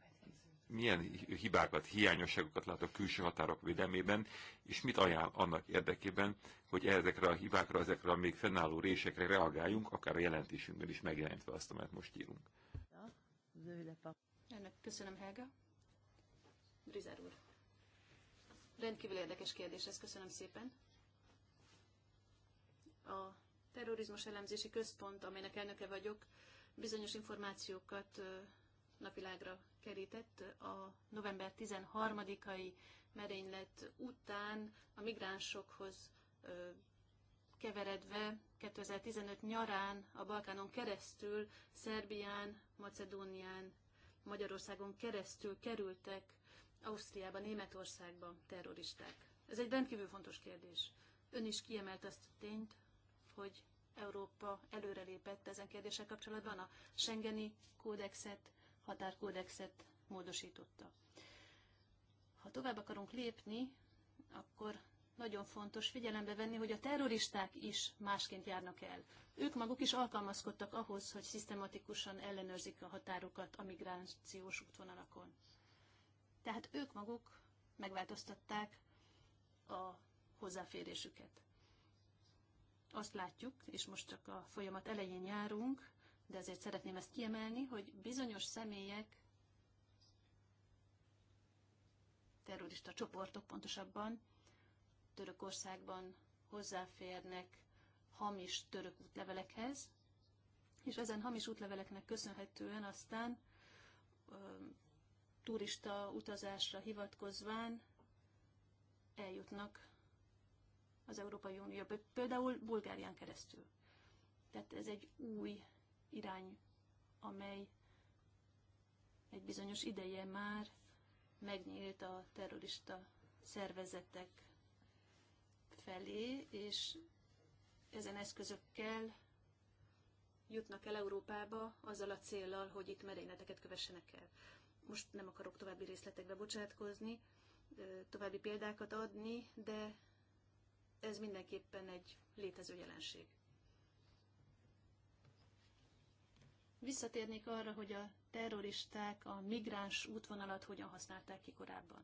[SPEAKER 3] milyen hibákat, hiányosságokat lát a külső határok védelmében, és mit ajánl annak érdekében, hogy ezekre a hibákra, ezekre a még fennálló résekre reagáljunk, akár a jelentésünkben is megjelentve azt, amit most írunk.
[SPEAKER 1] Ennek köszönöm, Helga. Brizer úr. Rendkívül érdekes kérdés, ezt köszönöm szépen. A terrorizmus elemzési központ, amelynek elnöke vagyok, bizonyos információkat napvilágra kerített a november 13-ai merénylet után a migránsokhoz keveredve 2015 nyarán a Balkánon keresztül, Szerbián, Macedónián, Magyarországon keresztül kerültek Ausztriába, Németországba terroristák. Ez egy rendkívül fontos kérdés. Ön is kiemelt azt a tényt, hogy Európa előrelépett ezen kérdések kapcsolatban, a Schengeni kódexet határkódexet módosította. Ha tovább akarunk lépni, akkor nagyon fontos figyelembe venni, hogy a terroristák is másként járnak el. Ők maguk is alkalmazkodtak ahhoz, hogy szisztematikusan ellenőrzik a határokat a migrációs útvonalakon. Tehát ők maguk megváltoztatták a hozzáférésüket. Azt látjuk, és most csak a folyamat elején járunk, de azért szeretném ezt kiemelni, hogy bizonyos személyek, terrorista csoportok pontosabban, Törökországban hozzáférnek hamis török útlevelekhez, és ezen hamis útleveleknek köszönhetően aztán turista utazásra hivatkozván eljutnak az Európai Unióba, például Bulgárián keresztül. Tehát ez egy új irány, amely egy bizonyos ideje már megnyílt a terrorista szervezetek felé, és ezen eszközökkel jutnak el Európába azzal a céllal, hogy itt merényleteket kövessenek el. Most nem akarok további részletekbe bocsátkozni, további példákat adni, de ez mindenképpen egy létező jelenség. Visszatérnék arra, hogy a terroristák a migráns útvonalat hogyan használták ki korábban.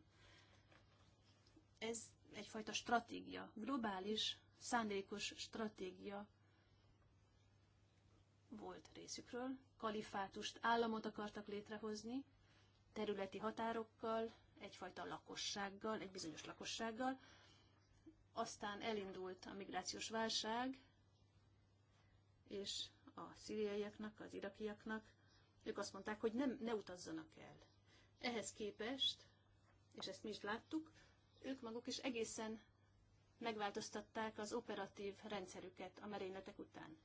[SPEAKER 1] Ez egyfajta stratégia, globális, szándékos stratégia volt részükről. Kalifátust, államot akartak létrehozni, területi határokkal, egyfajta lakossággal, egy bizonyos lakossággal. Aztán elindult a migrációs válság, és a szíriaiaknak, az irakiaknak, ők azt mondták, hogy nem, ne utazzanak el. Ehhez képest, és ezt mi is láttuk, ők maguk is egészen megváltoztatták az operatív rendszerüket a merényletek után.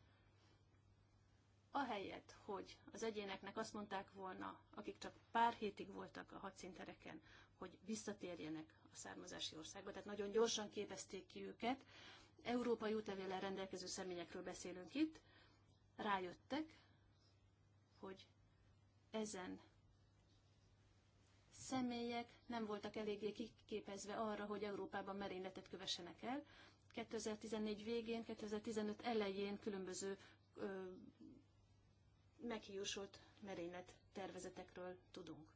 [SPEAKER 1] Ahelyett, hogy az egyéneknek azt mondták volna, akik csak pár hétig voltak a hadszintereken, hogy visszatérjenek a származási országba, tehát nagyon gyorsan képezték ki őket, európai útlevéllel rendelkező személyekről beszélünk itt, rájöttek, hogy ezen személyek nem voltak eléggé kiképezve arra, hogy Európában merényletet kövessenek el. 2014 végén, 2015 elején különböző ö, meghiúsult merénylet tervezetekről tudunk.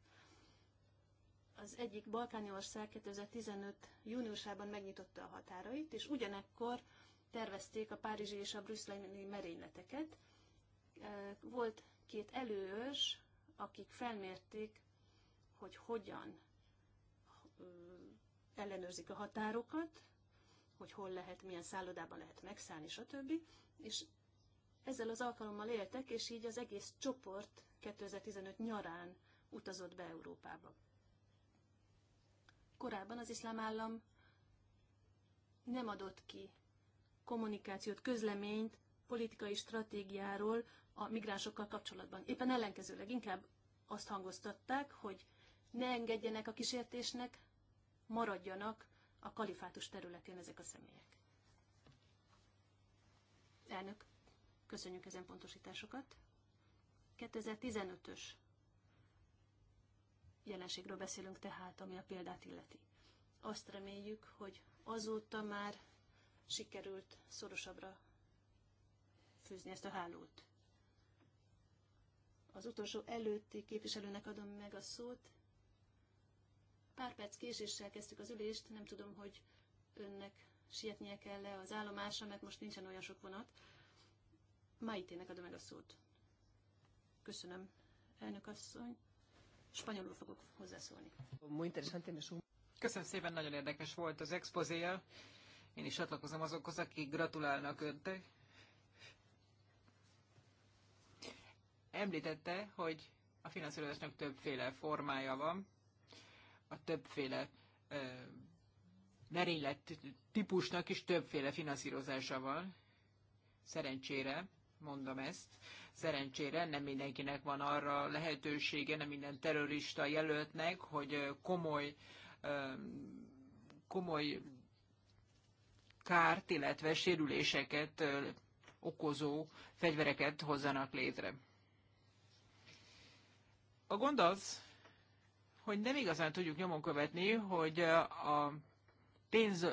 [SPEAKER 1] Az egyik balkáni ország 2015 júniusában megnyitotta a határait, és ugyanekkor tervezték a párizsi és a brüsszeli merényleteket. Volt két előös, akik felmérték, hogy hogyan ellenőrzik a határokat, hogy hol lehet, milyen szállodában lehet megszállni, stb. És ezzel az alkalommal éltek, és így az egész csoport 2015 nyarán utazott be Európába. Korábban az iszlám állam nem adott ki kommunikációt, közleményt politikai stratégiáról a migránsokkal kapcsolatban. Éppen ellenkezőleg inkább azt hangoztatták, hogy ne engedjenek a kísértésnek, maradjanak a kalifátus területén ezek a személyek. Elnök, köszönjük ezen pontosításokat. 2015-ös jelenségről beszélünk tehát, ami a példát illeti. Azt reméljük, hogy azóta már sikerült szorosabbra fűzni ezt a hálót. Az utolsó előtti képviselőnek adom meg a szót. Pár perc késéssel kezdtük az ülést, nem tudom, hogy önnek sietnie kell-e az állomásra, mert most nincsen olyan sok vonat. Maitének adom meg a szót. Köszönöm, elnök asszony. Spanyolul fogok hozzászólni.
[SPEAKER 2] Köszönöm szépen, nagyon érdekes volt az expozéja. Én is csatlakozom azokhoz, akik gratulálnak öntek. Említette, hogy a finanszírozásnak többféle formája van, a többféle ö, merénylet típusnak is többféle finanszírozása van. Szerencsére, mondom ezt, szerencsére nem mindenkinek van arra lehetősége, nem minden terrorista jelöltnek, hogy komoly, komoly kárt, illetve sérüléseket okozó fegyvereket hozzanak létre. A gond az, hogy nem igazán tudjuk nyomon követni, hogy a pénz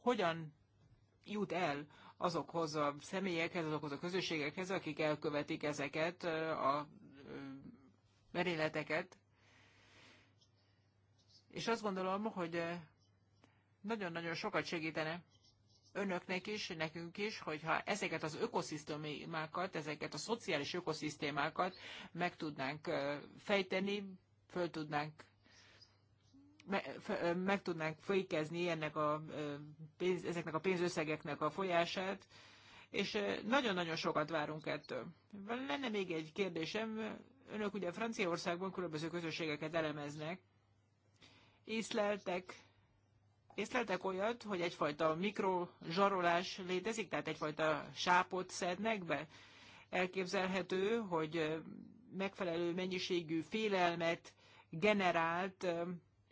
[SPEAKER 2] hogyan jut el azokhoz a személyekhez, azokhoz a közösségekhez, akik elkövetik ezeket a merényleteket. És azt gondolom, hogy nagyon-nagyon sokat segítene, önöknek is, nekünk is, hogyha ezeket az ökoszisztémákat, ezeket a szociális ökoszisztémákat meg tudnánk fejteni, föl tudnánk meg tudnánk fékezni ennek a pénz, ezeknek a pénzösszegeknek a folyását, és nagyon-nagyon sokat várunk ettől. Lenne még egy kérdésem, önök ugye Franciaországban különböző közösségeket elemeznek, észleltek észleltek olyat, hogy egyfajta mikrozsarolás létezik, tehát egyfajta sápot szednek be? Elképzelhető, hogy megfelelő mennyiségű félelmet generált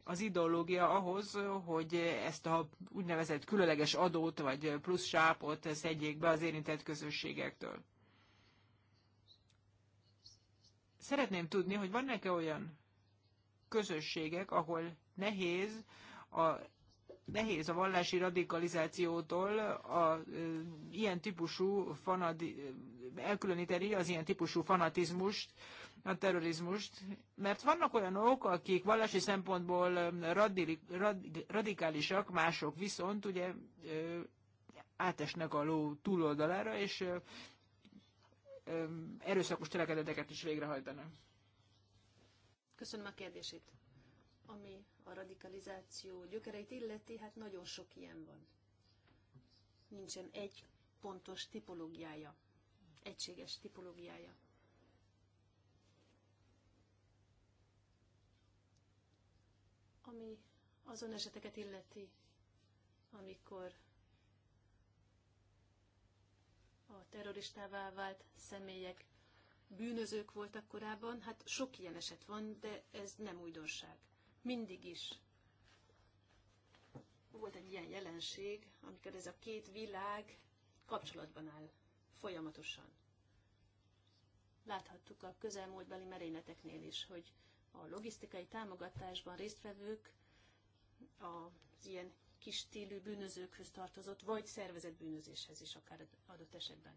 [SPEAKER 2] az ideológia ahhoz, hogy ezt a úgynevezett különleges adót vagy plusz sápot szedjék be az érintett közösségektől. Szeretném tudni, hogy vannak-e olyan közösségek, ahol nehéz a nehéz a vallási radikalizációtól a ilyen típusú fanadi, elkülöníteni az ilyen típusú fanatizmust, a terrorizmust, mert vannak olyanok, akik vallási szempontból radi, rad, radikálisak, mások viszont ugye átesnek a ló túloldalára, és erőszakos cselekedeteket is végrehajtanak.
[SPEAKER 1] Köszönöm a kérdését. Ami a radikalizáció gyökereit illeti, hát nagyon sok ilyen van. Nincsen egy pontos tipológiája, egységes tipológiája. Ami azon eseteket illeti, amikor a terroristává vált személyek bűnözők voltak korábban, hát sok ilyen eset van, de ez nem újdonság mindig is volt egy ilyen jelenség, amikor ez a két világ kapcsolatban áll folyamatosan. Láthattuk a közelmúltbeli merényleteknél is, hogy a logisztikai támogatásban résztvevők az ilyen kis stílű bűnözőkhöz tartozott, vagy szervezett bűnözéshez is akár adott esetben.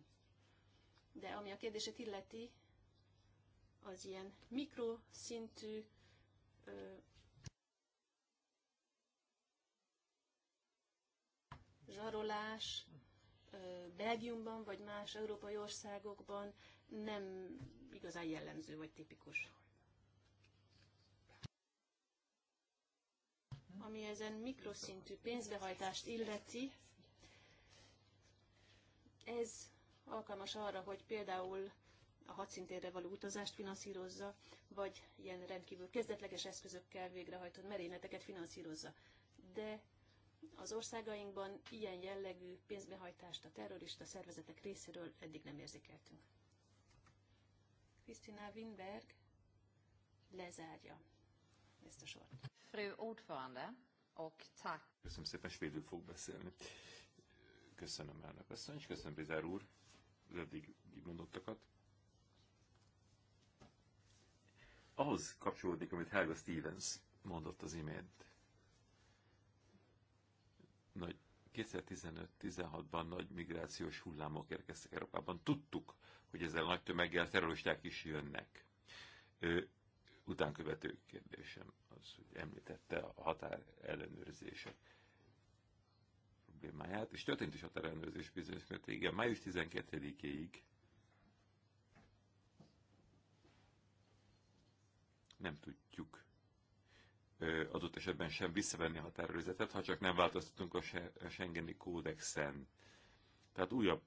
[SPEAKER 1] De ami a kérdését illeti, az ilyen mikroszintű zsarolás Belgiumban vagy más európai országokban nem igazán jellemző vagy tipikus. Ami ezen mikroszintű pénzbehajtást illeti, ez alkalmas arra, hogy például a hadszintérre való utazást finanszírozza, vagy ilyen rendkívül kezdetleges eszközökkel végrehajtott merényleteket finanszírozza. De az országainkban ilyen jellegű pénzbehajtást a terrorista szervezetek részéről eddig nem érzékeltünk. Krisztina Winberg lezárja ezt a sort. Frő ordförande, och
[SPEAKER 3] Köszönöm szépen, svédül fog beszélni. Köszönöm elnök asszony, és köszönöm Bizár úr az eddig mondottakat. Ahhoz kapcsolódik, amit Helga Stevens mondott az imént nagy 2015-16-ban nagy migrációs hullámok érkeztek Európában. Tudtuk, hogy ezzel nagy tömeggel terroristák is jönnek. Ö, utánkövető kérdésem az, hogy említette a határellenőrzések problémáját, és történt is határellenőrzés bizonyos igen. Május 12-ig nem tudjuk, adott esetben sem visszavenni a határőrizetet, ha csak nem változtatunk a Schengeni kódexen. Tehát újabb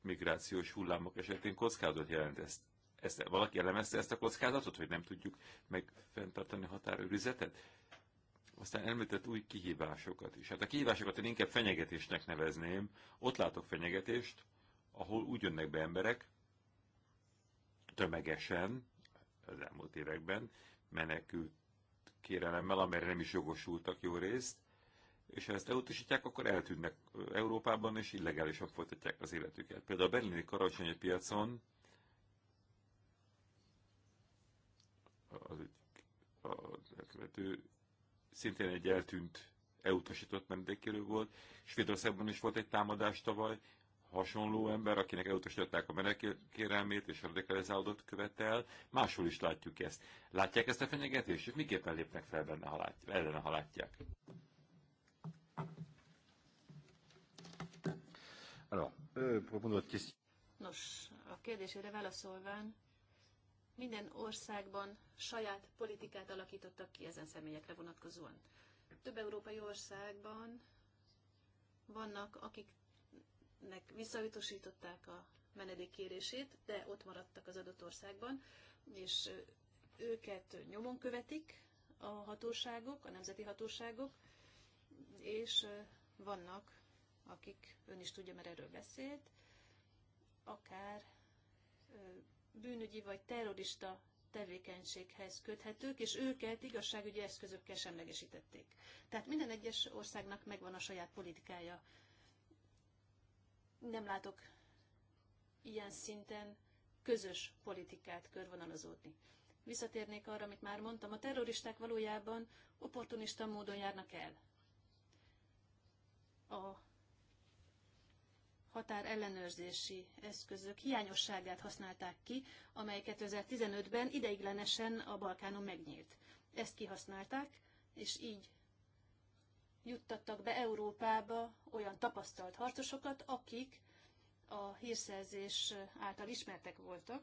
[SPEAKER 3] migrációs hullámok esetén kockázatot jelent ezt. ezt valaki elemezte ezt a kockázatot, hogy nem tudjuk megfenntartani a határőrizetet? Aztán említett új kihívásokat is. Hát a kihívásokat én inkább fenyegetésnek nevezném. Ott látok fenyegetést, ahol úgy jönnek be emberek, tömegesen, az elmúlt években, menekült kérelemmel, amelyre nem is jogosultak jó részt, és ha ezt elutasítják, akkor eltűnnek Európában, és illegálisan folytatják az életüket. Például a berlini karácsonyi piacon az, az elkövető szintén egy eltűnt elutasított menedékkérő volt. Svédországban is volt egy támadás tavaly, hasonló ember, akinek elutasították a menekérelmét és a radikalizálódott követel, máshol is látjuk ezt. Látják ezt a fenyegetést, és miképpen lépnek fel benne, ha látják, ellene, ha látják? Euh,
[SPEAKER 1] Nos, a kérdésére válaszolván, minden országban saját politikát alakítottak ki ezen személyekre vonatkozóan. Több európai országban vannak, akik akiknek visszautasították a menedékkérését, de ott maradtak az adott országban, és őket nyomon követik a hatóságok, a nemzeti hatóságok, és vannak, akik, ön is tudja, mert erről beszélt, akár bűnügyi vagy terrorista tevékenységhez köthetők, és őket igazságügyi eszközökkel semlegesítették. Tehát minden egyes országnak megvan a saját politikája nem látok ilyen szinten közös politikát körvonalazódni. Visszatérnék arra, amit már mondtam, a terroristák valójában opportunista módon járnak el. A határ ellenőrzési eszközök hiányosságát használták ki, amely 2015-ben ideiglenesen a Balkánon megnyílt. Ezt kihasználták, és így juttattak be Európába olyan tapasztalt harcosokat, akik a hírszerzés által ismertek voltak,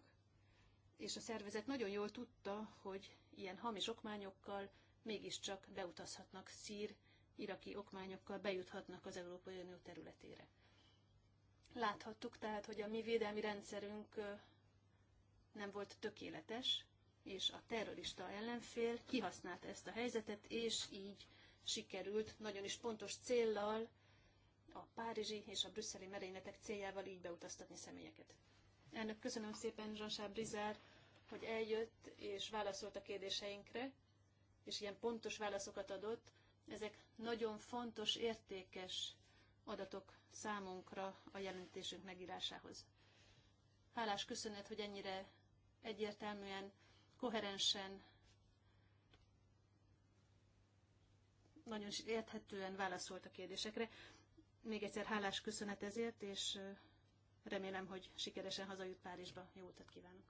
[SPEAKER 1] és a szervezet nagyon jól tudta, hogy ilyen hamis okmányokkal mégiscsak beutazhatnak szír, iraki okmányokkal bejuthatnak az Európai Unió területére. Láthattuk tehát, hogy a mi védelmi rendszerünk nem volt tökéletes, és a terrorista ellenfél kihasználta ezt a helyzetet, és így sikerült nagyon is pontos céllal a párizsi és a brüsszeli merényletek céljával így beutaztatni személyeket. Elnök, köszönöm szépen Jean-Charles Brizard, hogy eljött és válaszolt a kérdéseinkre, és ilyen pontos válaszokat adott. Ezek nagyon fontos, értékes adatok számunkra a jelentésünk megírásához. Hálás köszönet, hogy ennyire egyértelműen, koherensen nagyon érthetően válaszolt a kérdésekre. Még egyszer hálás köszönet ezért, és remélem, hogy sikeresen hazajut Párizsba. Jó utat kívánok!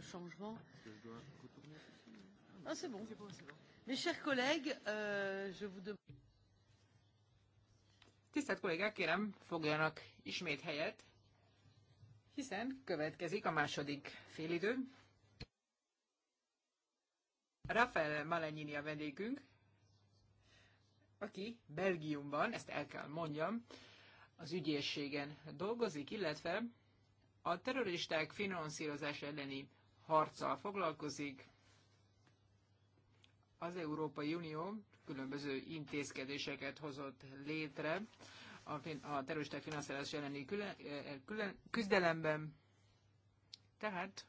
[SPEAKER 1] de changement. Ah, c'est bon. Mes chers collègues, euh,
[SPEAKER 2] je vous demande. Tisztelt kollégák, kérem, foglaljanak ismét helyet, hiszen következik a második félidő. Rafael Malenyini a vendégünk, aki Belgiumban, ezt el kell mondjam, az ügyészségen dolgozik, illetve a terroristák finanszírozás elleni harccal foglalkozik. Az Európai Unió különböző intézkedéseket hozott létre a, a terroristák finanszírozás elleni külön, eh, külön, küzdelemben. Tehát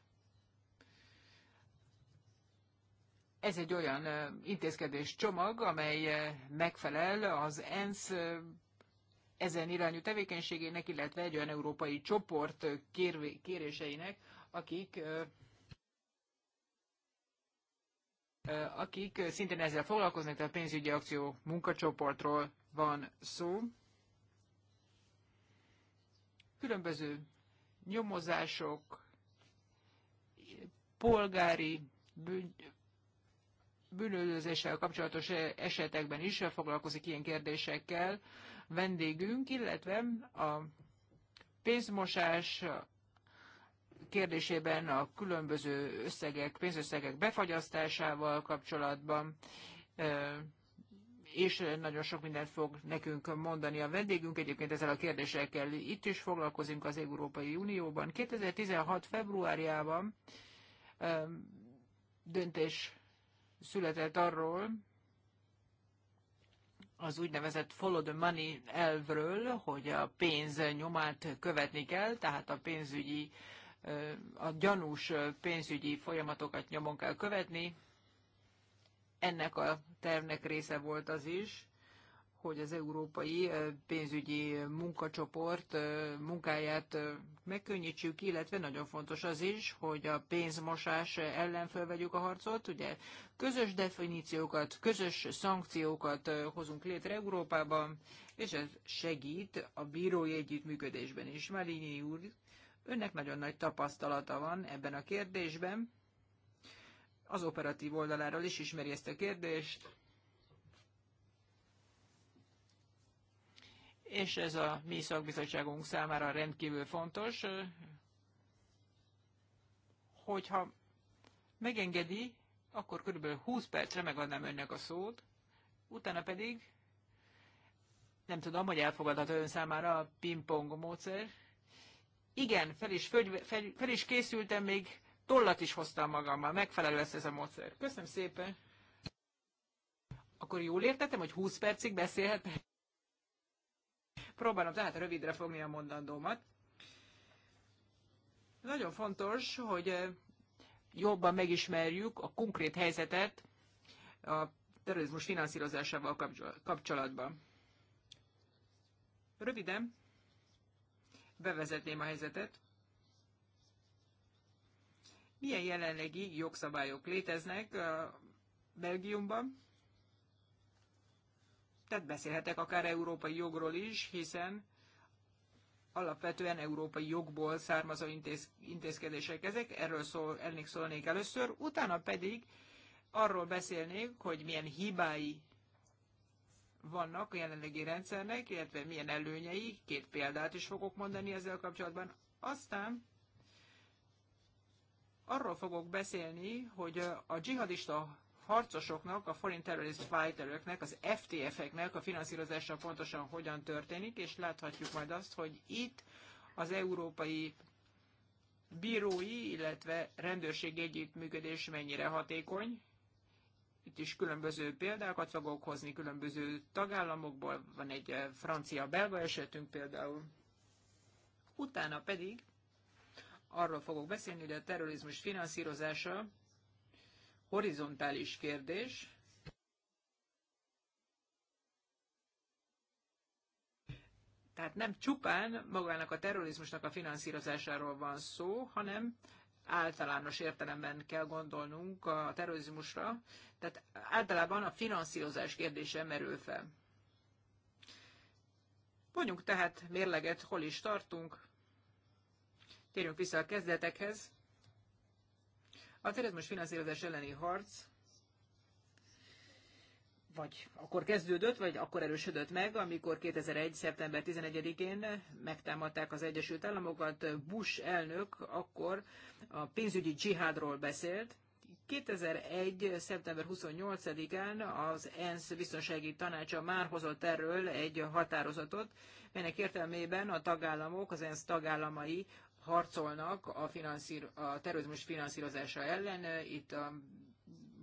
[SPEAKER 2] ez egy olyan eh, intézkedés csomag, amely eh, megfelel az ENSZ ezen irányú tevékenységének, illetve egy olyan európai csoport kéréseinek, akik akik szintén ezzel foglalkoznak, tehát a pénzügyi akció munkacsoportról van szó. Különböző nyomozások, polgári bűn, bűnözéssel kapcsolatos esetekben is foglalkozik ilyen kérdésekkel vendégünk, illetve a pénzmosás, kérdésében a különböző összegek, pénzösszegek befagyasztásával kapcsolatban, és nagyon sok mindent fog nekünk mondani a vendégünk. Egyébként ezzel a kérdésekkel itt is foglalkozunk az Európai Unióban. 2016. februárjában döntés született arról, az úgynevezett follow the money elvről, hogy a pénz nyomát követni kell, tehát a pénzügyi a gyanús pénzügyi folyamatokat nyomon kell követni. Ennek a tervnek része volt az is, hogy az európai pénzügyi munkacsoport munkáját megkönnyítsük, illetve nagyon fontos az is, hogy a pénzmosás ellen felvegyük a harcot. Ugye közös definíciókat, közös szankciókat hozunk létre Európában, és ez segít a bírói együttműködésben is. Málini úr Önnek nagyon nagy tapasztalata van ebben a kérdésben. Az operatív oldaláról is ismeri ezt a kérdést. És ez a mi szakbizottságunk számára rendkívül fontos, hogyha megengedi, akkor körülbelül 20 percre megadnám önnek a szót, utána pedig nem tudom, hogy elfogadható ön számára a pingpong módszer, igen, fel is, fel, fel, fel is készültem, még tollat is hoztam magammal. Megfelelő lesz ez a módszer. Köszönöm szépen. Akkor jól értettem, hogy 20 percig beszélhetek? Próbálom tehát rövidre fogni a mondandómat. Nagyon fontos, hogy eh, jobban megismerjük a konkrét helyzetet a terrorizmus finanszírozásával kapcsolatban. Röviden, bevezetném a helyzetet. Milyen jelenlegi jogszabályok léteznek Belgiumban? Tehát beszélhetek akár európai jogról is, hiszen alapvetően európai jogból származó intéz, intézkedések ezek, erről szól, ennek szólnék először, utána pedig arról beszélnék, hogy milyen hibái vannak a jelenlegi rendszernek, illetve milyen előnyei, két példát is fogok mondani ezzel kapcsolatban. Aztán arról fogok beszélni, hogy a dzsihadista harcosoknak, a Foreign Terrorist Fightereknek, az FTF-eknek a finanszírozása pontosan hogyan történik, és láthatjuk majd azt, hogy itt az európai bírói, illetve rendőrség együttműködés mennyire hatékony, itt is különböző példákat fogok hozni különböző tagállamokból, van egy eh, francia-belga esetünk például. Utána pedig arról fogok beszélni, hogy a terrorizmus finanszírozása horizontális kérdés, Tehát nem csupán magának a terrorizmusnak a finanszírozásáról van szó, hanem általános értelemben kell gondolnunk a terrorizmusra, tehát általában a finanszírozás kérdése merül fel. Vonjunk tehát mérleget, hol is tartunk. Térjünk vissza a kezdetekhez. A terrorizmus finanszírozás elleni harc vagy akkor kezdődött, vagy akkor erősödött meg, amikor 2001. szeptember 11-én megtámadták az Egyesült Államokat. Bush elnök akkor a pénzügyi dzsihádról beszélt. 2001. szeptember 28-án az ENSZ biztonsági tanácsa már hozott erről egy határozatot, melynek értelmében a tagállamok, az ENSZ tagállamai harcolnak a, finanszír, a terrorizmus finanszírozása ellen. Itt a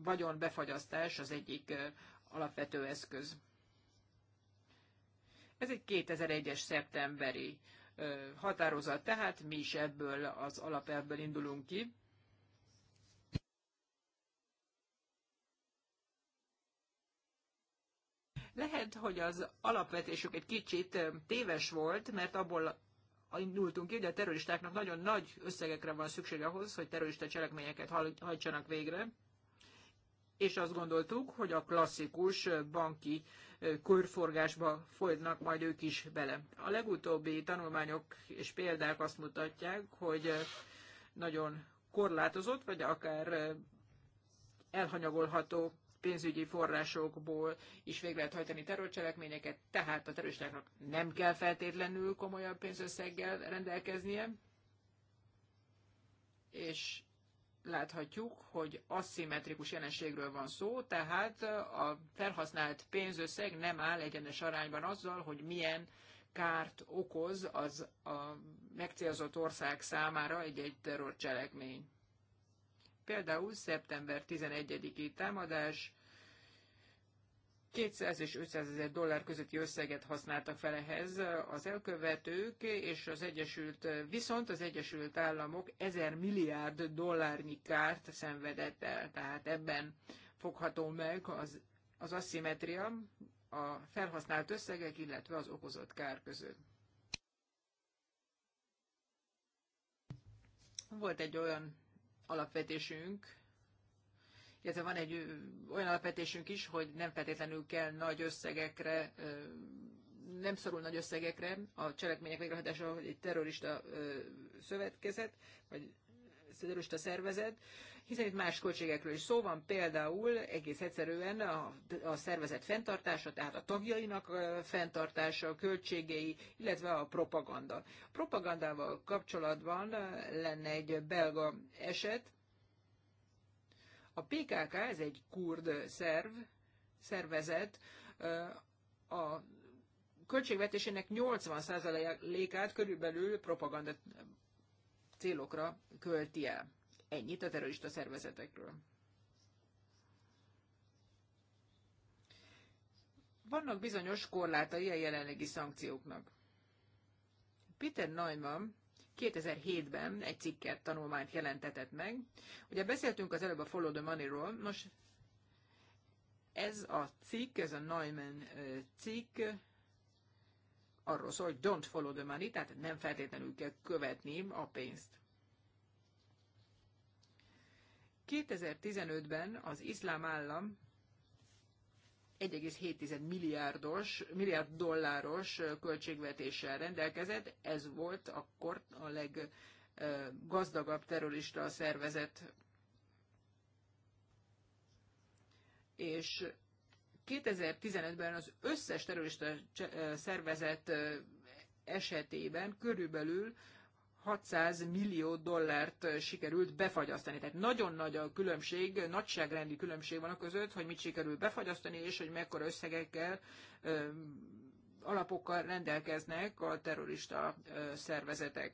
[SPEAKER 2] vagyon befagyasztás az egyik alapvető eszköz. Ez egy 2001-es szeptemberi határozat, tehát mi is ebből az alapelvből indulunk ki. Lehet, hogy az alapvetésük egy kicsit téves volt, mert abból indultunk ki, hogy a terroristáknak nagyon nagy összegekre van szükség ahhoz, hogy terrorista cselekményeket hajtsanak végre és azt gondoltuk, hogy a klasszikus banki körforgásba folynak majd ők is bele. A legutóbbi tanulmányok és példák azt mutatják, hogy nagyon korlátozott, vagy akár elhanyagolható pénzügyi forrásokból is végre lehet hajtani terrorcselekményeket, tehát a terroristáknak nem kell feltétlenül komolyabb pénzösszeggel rendelkeznie, és láthatjuk, hogy aszimmetrikus jelenségről van szó, tehát a felhasznált pénzösszeg nem áll egyenes arányban azzal, hogy milyen kárt okoz az a megcélzott ország számára egy-egy terrorcselekmény. Például szeptember 11-i támadás 200 és 500 ezer dollár közötti összeget használtak fel ehhez az elkövetők, és az Egyesült, viszont az Egyesült Államok 1000 milliárd dollárnyi kárt szenvedett el. Tehát ebben fogható meg az, az asszimetria a felhasznált összegek, illetve az okozott kár között. Volt egy olyan alapvetésünk, illetve van egy olyan alapvetésünk is, hogy nem feltétlenül kell nagy összegekre, nem szorul nagy összegekre a cselekmények végrehajtása, hogy egy terrorista szövetkezet, vagy terrorista szervezet, hiszen itt más költségekről is szó van, például egész egyszerűen a, a szervezet fenntartása, tehát a tagjainak fenntartása, a költségei, illetve a propaganda. A propagandával kapcsolatban lenne egy belga eset, a PKK, ez egy kurd szerv, szervezet, a költségvetésének 80%-át körülbelül propaganda célokra költi el. Ennyit a terrorista szervezetekről. Vannak bizonyos korlátai a jelenlegi szankcióknak. Peter Neumann 2007-ben egy cikket, tanulmányt jelentetett meg. Ugye beszéltünk az előbb a Follow the Money-ról, nos, ez a cikk, ez a Neumann cikk, arról szól, hogy don't follow the money, tehát nem feltétlenül kell követni a pénzt. 2015-ben az iszlám állam 1,7 milliárdos, milliárd dolláros költségvetéssel rendelkezett, ez volt akkor a leggazdagabb terrorista szervezet. És 2015-ben az összes terrorista szervezet esetében körülbelül 600 millió dollárt sikerült befagyasztani. Tehát nagyon nagy a különbség, nagyságrendi különbség van a között, hogy mit sikerült befagyasztani, és hogy mekkora összegekkel, alapokkal rendelkeznek a terrorista szervezetek.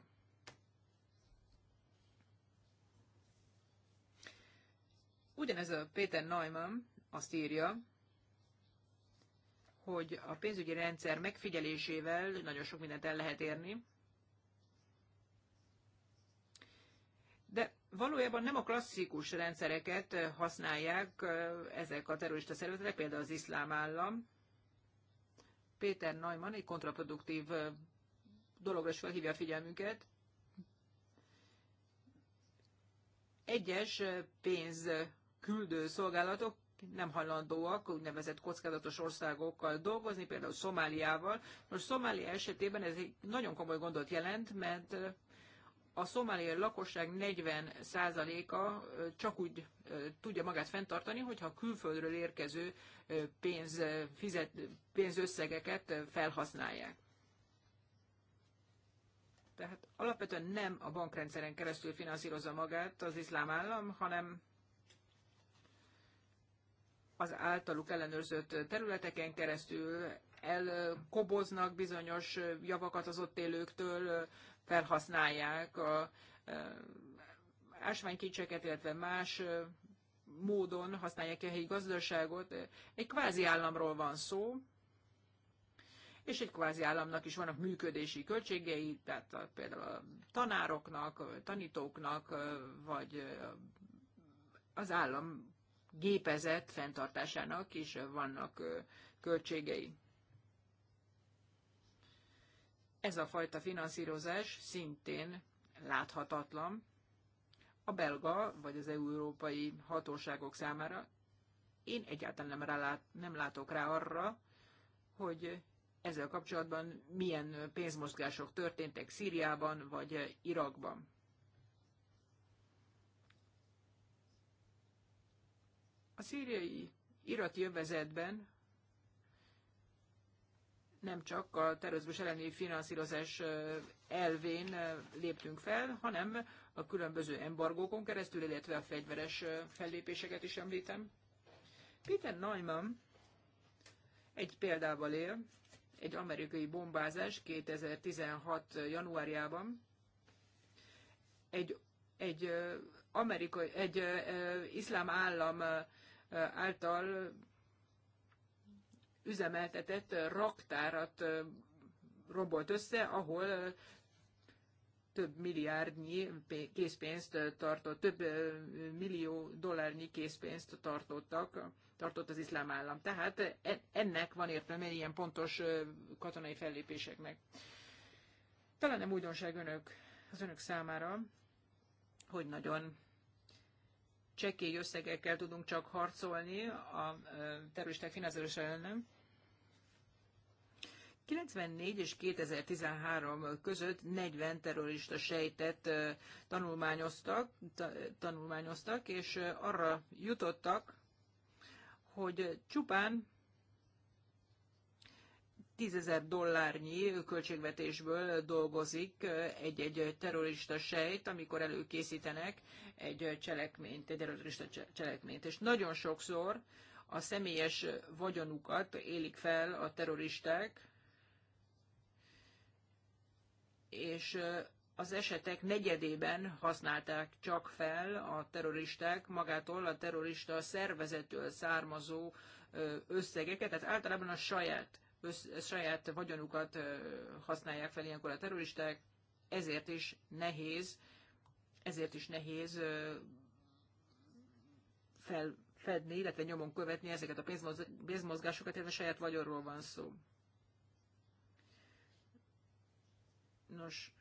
[SPEAKER 2] Ugyanez a Péter Neumann azt írja, hogy a pénzügyi rendszer megfigyelésével nagyon sok mindent el lehet érni, valójában nem a klasszikus rendszereket használják ezek a terrorista szervezetek, például az iszlám állam. Péter Najman egy kontraproduktív dologra is felhívja a figyelmünket. Egyes pénz küldő szolgálatok nem hallandóak úgynevezett kockázatos országokkal dolgozni, például Szomáliával. Most Szomália esetében ez egy nagyon komoly gondot jelent, mert a szomáliai lakosság 40%-a csak úgy tudja magát fenntartani, hogyha külföldről érkező pénz, fizet, pénzösszegeket felhasználják. Tehát alapvetően nem a bankrendszeren keresztül finanszírozza magát az iszlám állam, hanem az általuk ellenőrzött területeken keresztül elkoboznak bizonyos javakat az ott élőktől, felhasználják a ásványkincseket, illetve más módon használják a helyi gazdaságot. Egy kvázi államról van szó, és egy kvázi államnak is vannak működési költségei, tehát a, például a tanároknak, a tanítóknak, vagy az állam gépezet fenntartásának is vannak költségei. Ez a fajta finanszírozás szintén láthatatlan a belga vagy az európai hatóságok számára. Én egyáltalán nem, rá, nem látok rá arra, hogy ezzel kapcsolatban milyen pénzmozgások történtek Szíriában vagy Irakban. A szíriai irati övezetben nem csak a terrorizmus elleni finanszírozás elvén léptünk fel, hanem a különböző embargókon keresztül, illetve a fegyveres fellépéseket is említem. Peter Neumann egy példával él, egy amerikai bombázás 2016. januárjában. Egy, egy, amerikai, egy iszlám állam által üzemeltetett raktárat robolt össze, ahol több milliárdnyi készpénzt tartott, több millió dollárnyi készpénzt tartottak, tartott az iszlám állam. Tehát e, ennek van értelme ilyen pontos katonai fellépéseknek. Talán nem újdonság önök, az önök számára, hogy nagyon csekély összegekkel tudunk csak harcolni a terroristák finanszírozása ellen. 94 és 2013 között 40 terrorista sejtet tanulmányoztak, tanulmányoztak, és arra jutottak, hogy csupán ezer dollárnyi költségvetésből dolgozik egy-egy terrorista sejt, amikor előkészítenek egy cselekményt, egy terrorista cselekményt. És nagyon sokszor a személyes vagyonukat élik fel a terroristák, és az esetek negyedében használták csak fel a terroristák magától a terrorista szervezettől származó összegeket, tehát általában a saját, össz, saját vagyonukat használják fel ilyenkor a terroristák, ezért is nehéz, ezért is nehéz felfedni, illetve nyomon követni ezeket a pénzmozgásokat, illetve saját vagyonról van szó. Nos,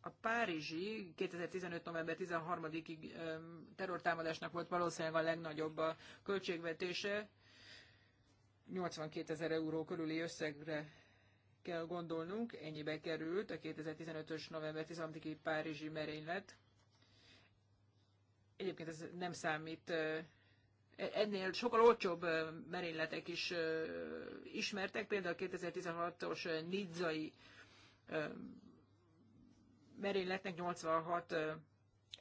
[SPEAKER 2] a párizsi 2015. november 13-ig terrortámadásnak volt valószínűleg a legnagyobb a költségvetése. 82 ezer euró körüli összegre kell gondolnunk, ennyibe került a 2015-ös november 13-i párizsi merénylet. Egyébként ez nem számít, e-, ennél sokkal olcsóbb merényletek is ismertek, például a 2016-os nidzai merényletnek 86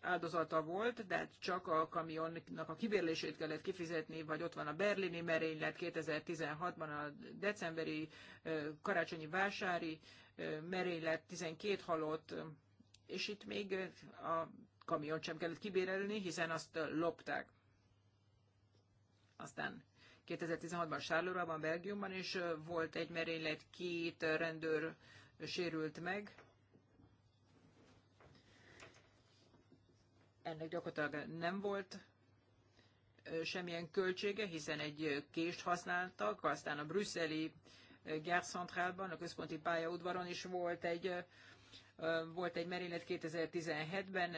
[SPEAKER 2] áldozata volt, de hát csak a kamionnak a kibérlését kellett kifizetni, vagy ott van a berlini merénylet 2016-ban, a decemberi karácsonyi vásári merénylet 12 halott, és itt még a kamion sem kellett kibérelni, hiszen azt lopták. Aztán 2016-ban Sárlóraban, Belgiumban is volt egy merénylet, két rendőr sérült meg. Ennek gyakorlatilag nem volt semmilyen költsége, hiszen egy kést használtak, aztán a brüsszeli Gare a központi pályaudvaron is volt egy volt egy merénylet 2017-ben,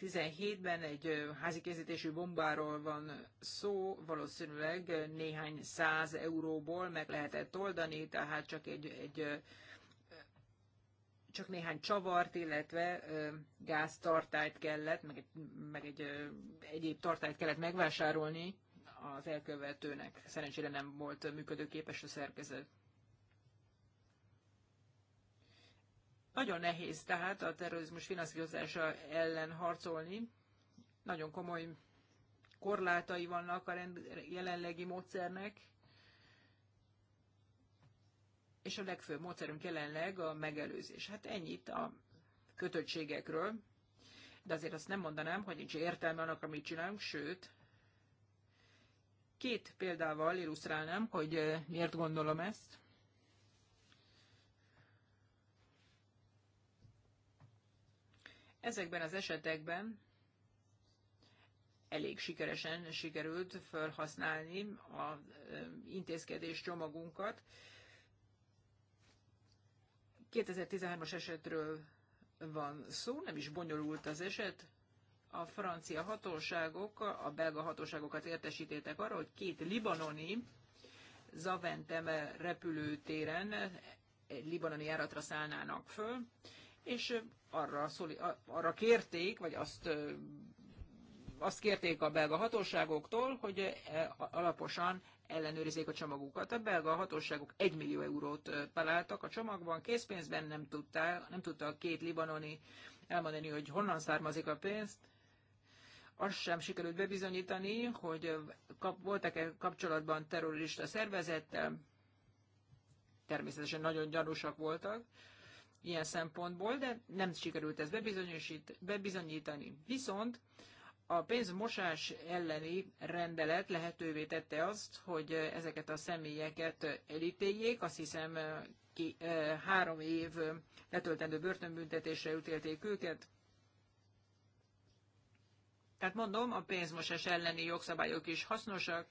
[SPEAKER 2] 17-ben egy házi készítésű bombáról van szó, valószínűleg néhány száz euróból meg lehetett oldani, tehát csak egy, egy csak néhány csavart, illetve gáztartályt kellett, meg egy, meg egy egyéb tartályt kellett megvásárolni az elkövetőnek. Szerencsére nem volt működőképes a szerkezet. Nagyon nehéz tehát a terrorizmus finanszírozása ellen harcolni. Nagyon komoly korlátai vannak a jelenlegi módszernek, és a legfőbb módszerünk jelenleg a megelőzés. Hát ennyit a kötöttségekről, de azért azt nem mondanám, hogy nincs értelme annak, amit csinálunk, sőt, két példával illusztrálnám, hogy miért gondolom ezt. Ezekben az esetekben elég sikeresen sikerült felhasználni az intézkedés csomagunkat, 2013-as esetről van szó, nem is bonyolult az eset. A francia hatóságok, a belga hatóságokat értesítettek arra, hogy két libanoni zaventeme repülőtéren egy libanoni járatra szállnának föl, és arra, szóli, arra kérték, vagy azt azt kérték a belga hatóságoktól, hogy eh, alaposan ellenőrizzék a csomagukat. A belga hatóságok 1 millió eurót eh, találtak a csomagban, készpénzben nem tudta, nem tudta a két libanoni elmondani, hogy honnan származik a pénzt. Azt sem sikerült bebizonyítani, hogy eh, kap, voltak-e kapcsolatban terrorista szervezettel. Természetesen nagyon gyanúsak voltak ilyen szempontból, de nem sikerült ezt bebizonyítani. Viszont a pénzmosás elleni rendelet lehetővé tette azt, hogy ezeket a személyeket elítéljék. Azt hiszem ki, három év letöltendő börtönbüntetésre ütélték őket. Tehát mondom, a pénzmosás elleni jogszabályok is hasznosak,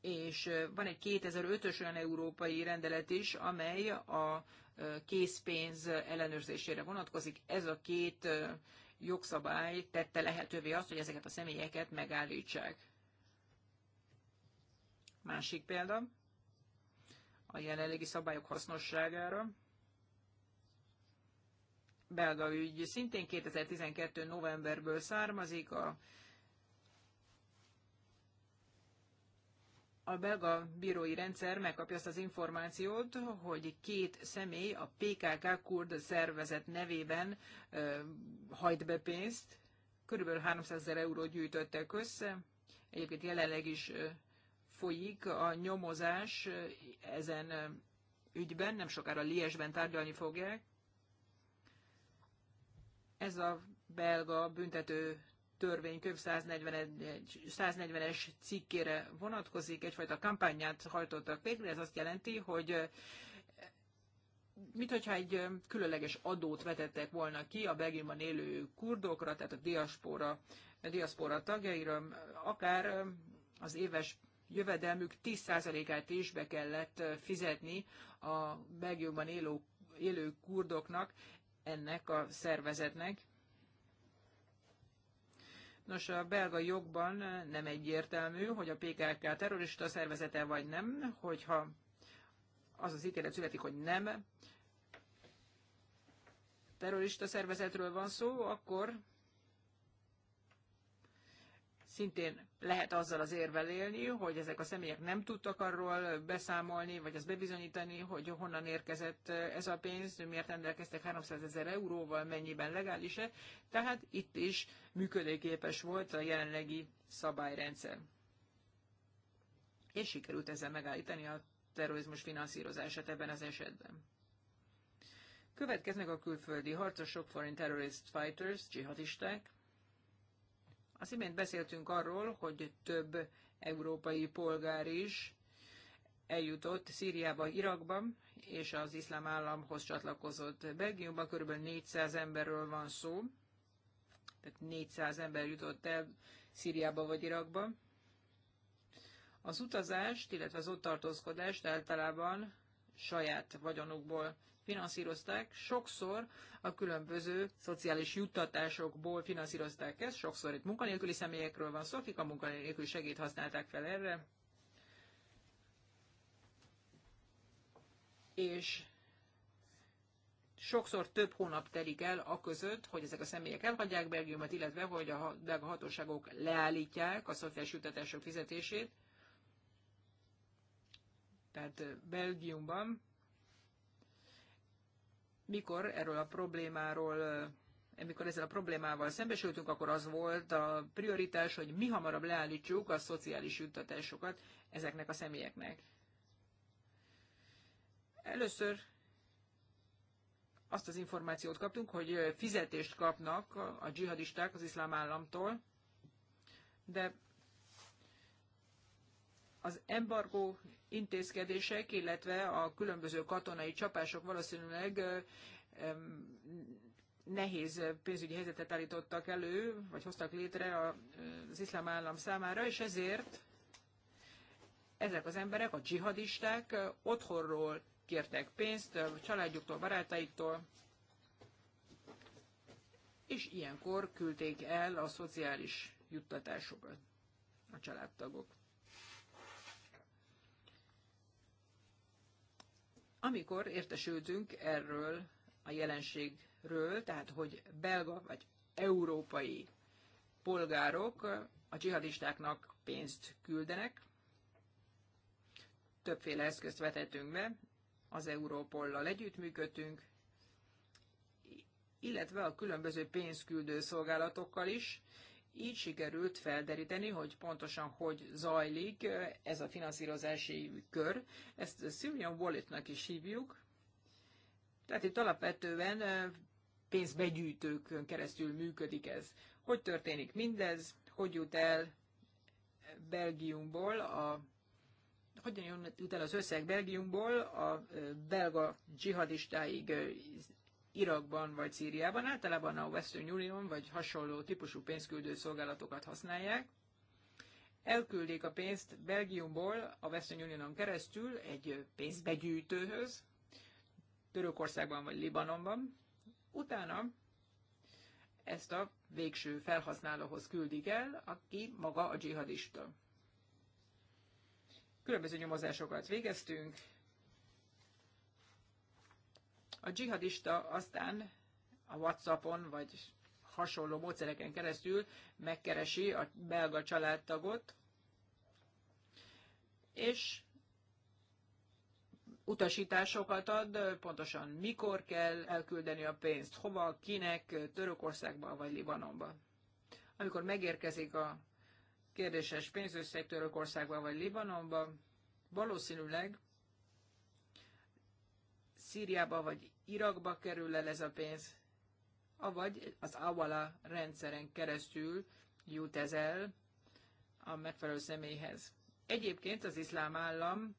[SPEAKER 2] és van egy 2005-ös olyan európai rendelet is, amely a készpénz ellenőrzésére vonatkozik. Ez a két jogszabály tette lehetővé azt, hogy ezeket a személyeket megállítsák. Másik példa a jelenlegi szabályok hasznosságára. Belga ügy szintén 2012. novemberből származik, a a belga bírói rendszer megkapja azt az információt, hogy két személy a PKK kurd szervezet nevében ö, hajt be pénzt. Körülbelül 300 ezer eurót gyűjtöttek össze. Egyébként jelenleg is ö, folyik a nyomozás ö, ezen ö, ügyben, nem sokára Liesben tárgyalni fogják. Ez a belga büntető törvénykönyv 141, 140-es cikkére vonatkozik, egyfajta kampányát hajtottak végre, ez azt jelenti, hogy mint hogyha egy különleges adót vetettek volna ki a Belgiumban élő kurdokra, tehát a diaspora, a diaspora tagjaira, akár az éves jövedelmük 10%-át is be kellett fizetni a Belgiumban élő, élő kurdoknak, ennek a szervezetnek. Nos, a belga jogban nem egyértelmű, hogy a PKK terrorista szervezete vagy nem, hogyha az az ítélet születik, hogy nem terrorista szervezetről van szó, akkor szintén lehet azzal az érvel élni, hogy ezek a személyek nem tudtak arról beszámolni, vagy azt bebizonyítani, hogy honnan érkezett eh, ez a pénz, miért rendelkeztek 300 ezer euróval, mennyiben legális-e. Tehát itt is működőképes volt a jelenlegi szabályrendszer. És sikerült ezzel megállítani a terrorizmus finanszírozását ebben az esetben. Következnek a külföldi harcosok, foreign terrorist fighters, dzsihadisták, az imént beszéltünk arról, hogy több európai polgár is eljutott Szíriába, Irakban, és az iszlám államhoz csatlakozott Belgiumban. Körülbelül 400 emberről van szó, tehát 400 ember jutott el Szíriába vagy Irakba. Az utazást, illetve az ott tartózkodást általában saját vagyonukból finanszírozták, sokszor a különböző szociális juttatásokból finanszírozták ezt, sokszor itt munkanélküli személyekről van szó, akik a munkanélküli segít használták fel erre, és sokszor több hónap telik el a között, hogy ezek a személyek elhagyják Belgiumot, illetve hogy a belga hatóságok leállítják a szociális juttatások fizetését. Tehát Belgiumban mikor erről a problémáról amikor eh, ezzel a problémával szembesültünk, akkor az volt a prioritás, hogy mi hamarabb leállítsuk a szociális juttatásokat ezeknek a személyeknek. Először azt az információt kaptunk, hogy eh, fizetést kapnak a dzsihadisták az iszlám államtól, de az embargó intézkedések, illetve a különböző katonai csapások valószínűleg nehéz pénzügyi helyzetet állítottak elő, vagy hoztak létre az iszlám állam számára, és ezért ezek az emberek, a dzsihadisták otthonról kértek pénzt, a családjuktól, barátaiktól, és ilyenkor küldték el a szociális juttatásokat a családtagok. Amikor értesültünk erről a jelenségről, tehát hogy belga vagy európai polgárok a dzsihadistáknak pénzt küldenek, többféle eszközt vetettünk be, az Európollal együttműködtünk, illetve a különböző pénzküldő szolgálatokkal is, így sikerült felderíteni, hogy pontosan hogy zajlik ez a finanszírozási kör. Ezt Simeon Walletnak is hívjuk. Tehát itt alapvetően pénzbegyűjtőkön keresztül működik ez. Hogy történik mindez? Hogy jut el Belgiumból a hogyan jut el az összeg Belgiumból a belga dzsihadistáig Irakban vagy Szíriában, általában a Western Union vagy hasonló típusú pénzküldő szolgálatokat használják. Elküldik a pénzt Belgiumból a Western Unionon keresztül egy pénzbegyűjtőhöz, Törökországban vagy Libanonban. Utána ezt a végső felhasználóhoz küldik el, aki maga a dzsihadista. Különböző nyomozásokat végeztünk, a dzsihadista aztán a Whatsappon vagy hasonló módszereken keresztül megkeresi a belga családtagot, és utasításokat ad, pontosan mikor kell elküldeni a pénzt, hova, kinek, Törökországba vagy Libanonba. Amikor megérkezik a kérdéses pénzösszeg Törökországba vagy Libanonba, valószínűleg Szíriába vagy Irakba kerül el ez a pénz, avagy az Awala rendszeren keresztül jut ez el a megfelelő személyhez. Egyébként az iszlám állam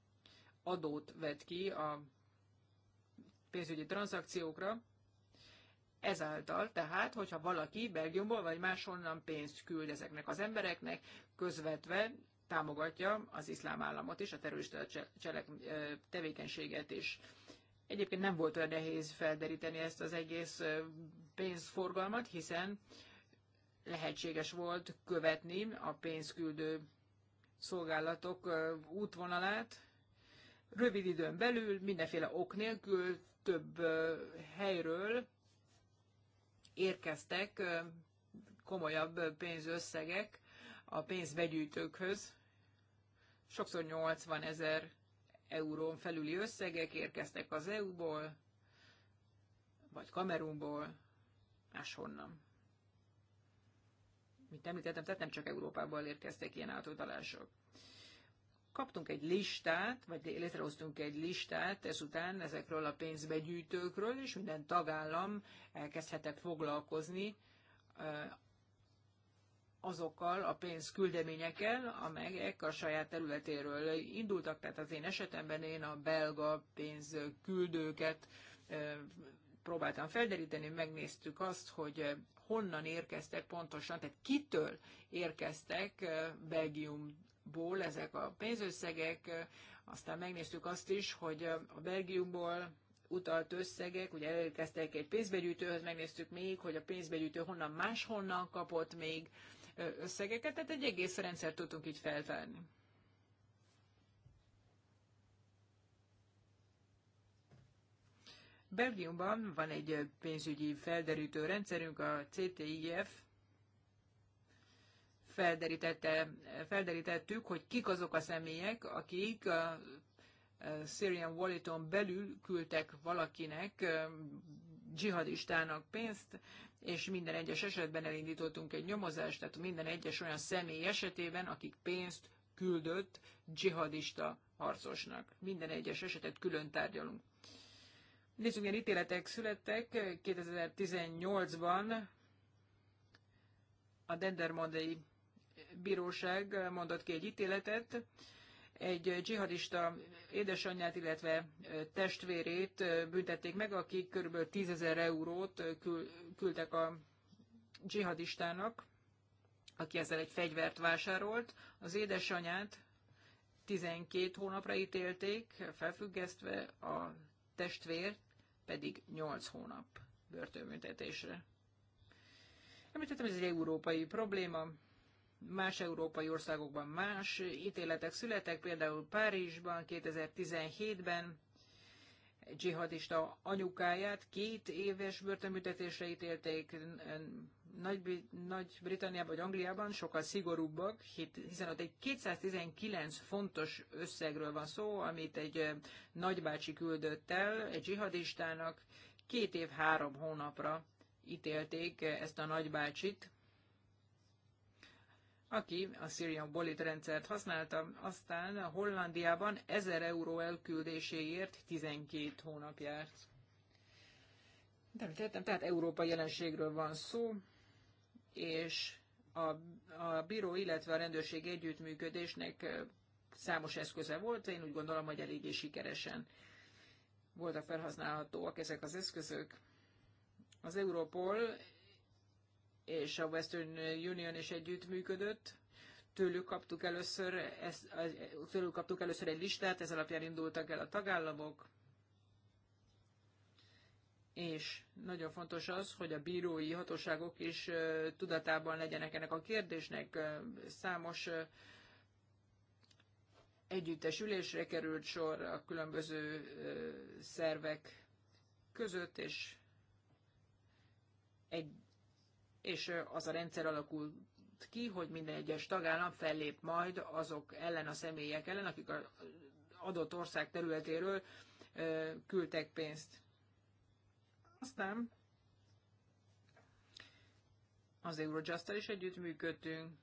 [SPEAKER 2] adót vet ki a pénzügyi tranzakciókra, ezáltal tehát, hogyha valaki Belgiumból vagy máshonnan pénzt küld ezeknek az embereknek, közvetve támogatja az iszlám államot és a terrorista tevékenységet is. Egyébként nem volt olyan nehéz felderíteni ezt az egész pénzforgalmat, hiszen lehetséges volt követni a pénzküldő szolgálatok útvonalát. Rövid időn belül, mindenféle ok nélkül több helyről érkeztek komolyabb pénzösszegek a pénzvegyűjtőkhöz. Sokszor 80 ezer eurón felüli összegek érkeztek az EU-ból, vagy Kamerunból, máshonnan. Mint említettem, tehát nem csak Európából érkeztek ilyen átutalások. Kaptunk egy listát, vagy létrehoztunk egy listát ezután ezekről a pénzbegyűjtőkről, és minden tagállam elkezdhetett foglalkozni azokkal a pénzküldeményekkel, amelyek a saját területéről indultak. Tehát az én esetemben én a belga pénzküldőket próbáltam felderíteni, megnéztük azt, hogy honnan érkeztek pontosan, tehát kitől érkeztek Belgiumból ezek a pénzösszegek, aztán megnéztük azt is, hogy a Belgiumból utalt összegek, ugye elérkeztek egy pénzbegyűjtőhöz, megnéztük még, hogy a pénzbegyűjtő honnan máshonnan kapott még, összegeket, tehát egy egész rendszert tudtunk így feltárni. Belgiumban van egy pénzügyi felderítő rendszerünk, a CTIF, felderítette, felderítettük, hogy kik azok a személyek, akik a Syrian Walleton belül küldtek valakinek dzsihadistának pénzt, és minden egyes esetben elindítottunk egy nyomozást, tehát minden egyes olyan személy esetében, akik pénzt küldött dzsihadista harcosnak. Minden egyes esetet külön tárgyalunk. Nézzük, milyen ítéletek születtek. 2018-ban a Dendermondai Bíróság mondott ki egy ítéletet, egy dzsihadista édesanyját, illetve testvérét büntették meg, akik kb. 10 ezer eurót küldtek a dzsihadistának, aki ezzel egy fegyvert vásárolt. Az édesanyát 12 hónapra ítélték, felfüggesztve a testvért pedig 8 hónap börtönbüntetésre. Említettem, ez egy európai probléma, más európai országokban más ítéletek születtek, például Párizsban 2017-ben dzsihadista anyukáját két éves börtönbüntetésre ítélték Nagy-Britanniában vagy Angliában, sokkal szigorúbbak, hiszen ott egy 219 fontos összegről van szó, amit egy nagybácsi küldött el egy dzsihadistának, két év három hónapra ítélték ezt a nagybácsit, aki a Syrian Bolit rendszert használta, aztán a Hollandiában 1000 euró elküldéséért 12 hónap járt. De mit tettem, tehát európai jelenségről van szó, és a, a bíró, illetve a rendőrség együttműködésnek számos eszköze volt, én úgy gondolom, hogy eléggé sikeresen voltak felhasználhatóak ezek az eszközök. Az Europol és a Western Union is együttműködött. Tőlük kaptuk, először, tőlük kaptuk először egy listát, ez alapján indultak el a tagállamok, és nagyon fontos az, hogy a bírói hatóságok is tudatában legyenek ennek a kérdésnek. Számos együttesülésre került sor a különböző szervek között, és egy és az a rendszer alakult ki, hogy minden egyes tagállam fellép majd azok ellen a személyek ellen, akik az adott ország területéről küldtek pénzt. Aztán az eurojust is együttműködtünk.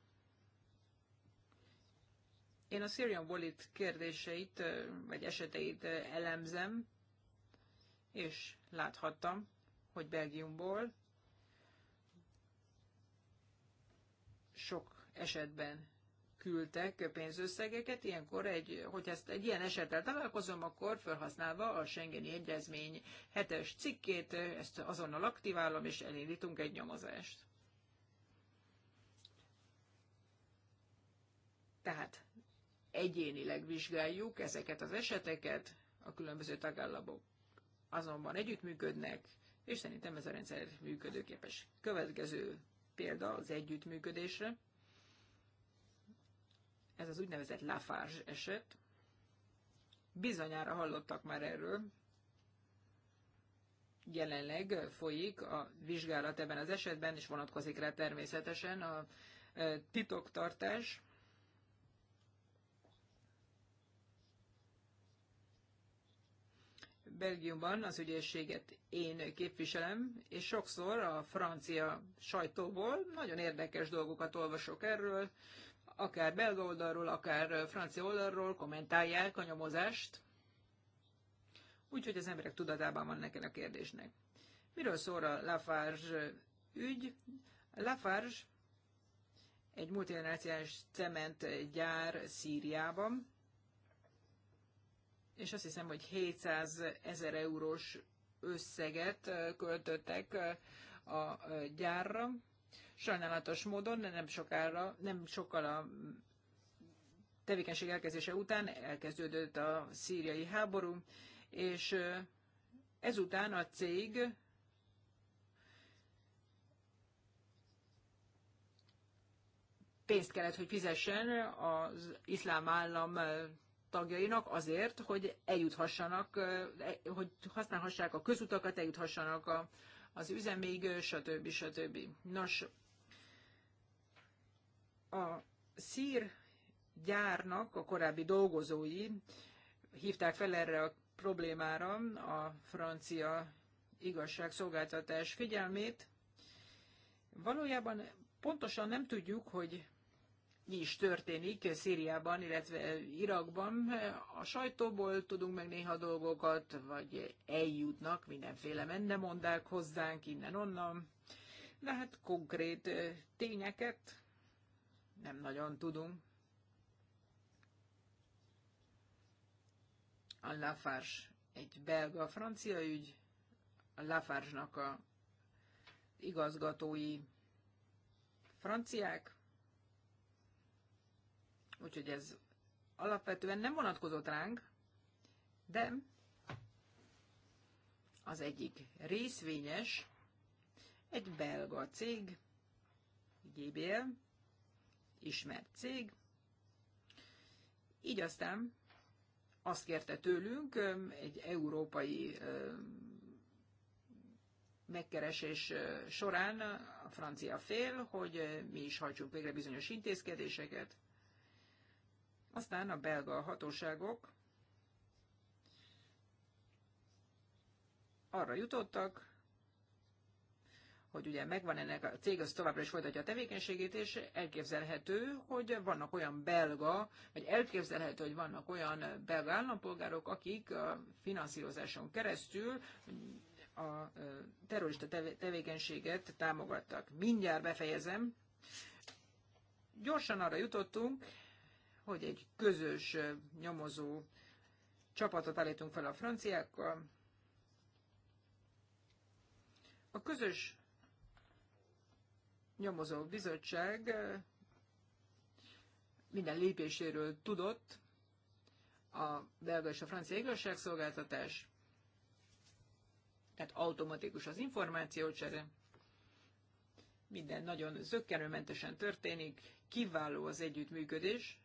[SPEAKER 2] Én a Syrian Wallet kérdéseit, vagy eseteit elemzem, és láthattam, hogy Belgiumból sok esetben küldtek pénzösszegeket, ilyenkor egy, hogy ezt egy ilyen esettel találkozom, akkor felhasználva a Schengeni Egyezmény hetes cikkét, ezt azonnal aktiválom, és elindítunk egy nyomozást. Tehát egyénileg vizsgáljuk ezeket az eseteket, a különböző tagállamok azonban együttműködnek, és szerintem ez a rendszer működőképes. Következő példa az együttműködésre. Ez az úgynevezett Lafarge eset. Bizonyára hallottak már erről. Jelenleg folyik a vizsgálat ebben az esetben, és vonatkozik rá természetesen a e, titoktartás. Belgiumban az ügyészséget én képviselem, és sokszor a francia sajtóból nagyon érdekes dolgokat olvasok erről, akár belga oldalról, akár francia oldalról kommentálják a nyomozást, úgyhogy az emberek tudatában van nekem a kérdésnek. Miről szól a Lafarge ügy? A Lafarge egy multinacionális cementgyár Szíriában, és azt hiszem, hogy 700 ezer eurós összeget költöttek a gyárra. Sajnálatos módon, de nem sokára, nem sokkal a tevékenység elkezdése után elkezdődött a szíriai háború, és ezután a cég pénzt kellett, hogy fizessen az iszlám állam tagjainak azért, hogy eljuthassanak, e, hogy használhassák a közutakat, eljuthassanak a, az üzemig, stb. stb. Nos, a szír gyárnak a korábbi dolgozói hívták fel erre a problémára a francia igazságszolgáltatás figyelmét. Valójában pontosan nem tudjuk, hogy mi is történik Szíriában, illetve Irakban. A sajtóból tudunk meg néha dolgokat, vagy eljutnak mindenféle mondák hozzánk innen-onnan, de hát konkrét tényeket nem nagyon tudunk. A Lafarge egy belga-francia ügy, a Lafarge-nak a igazgatói franciák, Úgyhogy ez alapvetően nem vonatkozott ránk, de az egyik részvényes, egy belga cég, GBL, ismert cég. Így aztán azt kérte tőlünk egy európai megkeresés során a francia fél, hogy mi is hajtsunk végre bizonyos intézkedéseket, aztán a belga hatóságok arra jutottak, hogy ugye megvan ennek a cég, az továbbra is folytatja a tevékenységét, és elképzelhető, hogy vannak olyan belga, vagy elképzelhető, hogy vannak olyan belga állampolgárok, akik a finanszírozáson keresztül a terrorista tevékenységet támogattak. Mindjárt befejezem. Gyorsan arra jutottunk, hogy egy közös nyomozó csapatot állítunk fel a franciákkal. A közös nyomozó bizottság minden lépéséről tudott a belga és a francia igazságszolgáltatás, tehát automatikus az információcsere, minden nagyon zöggenőmentesen történik, kiváló az együttműködés,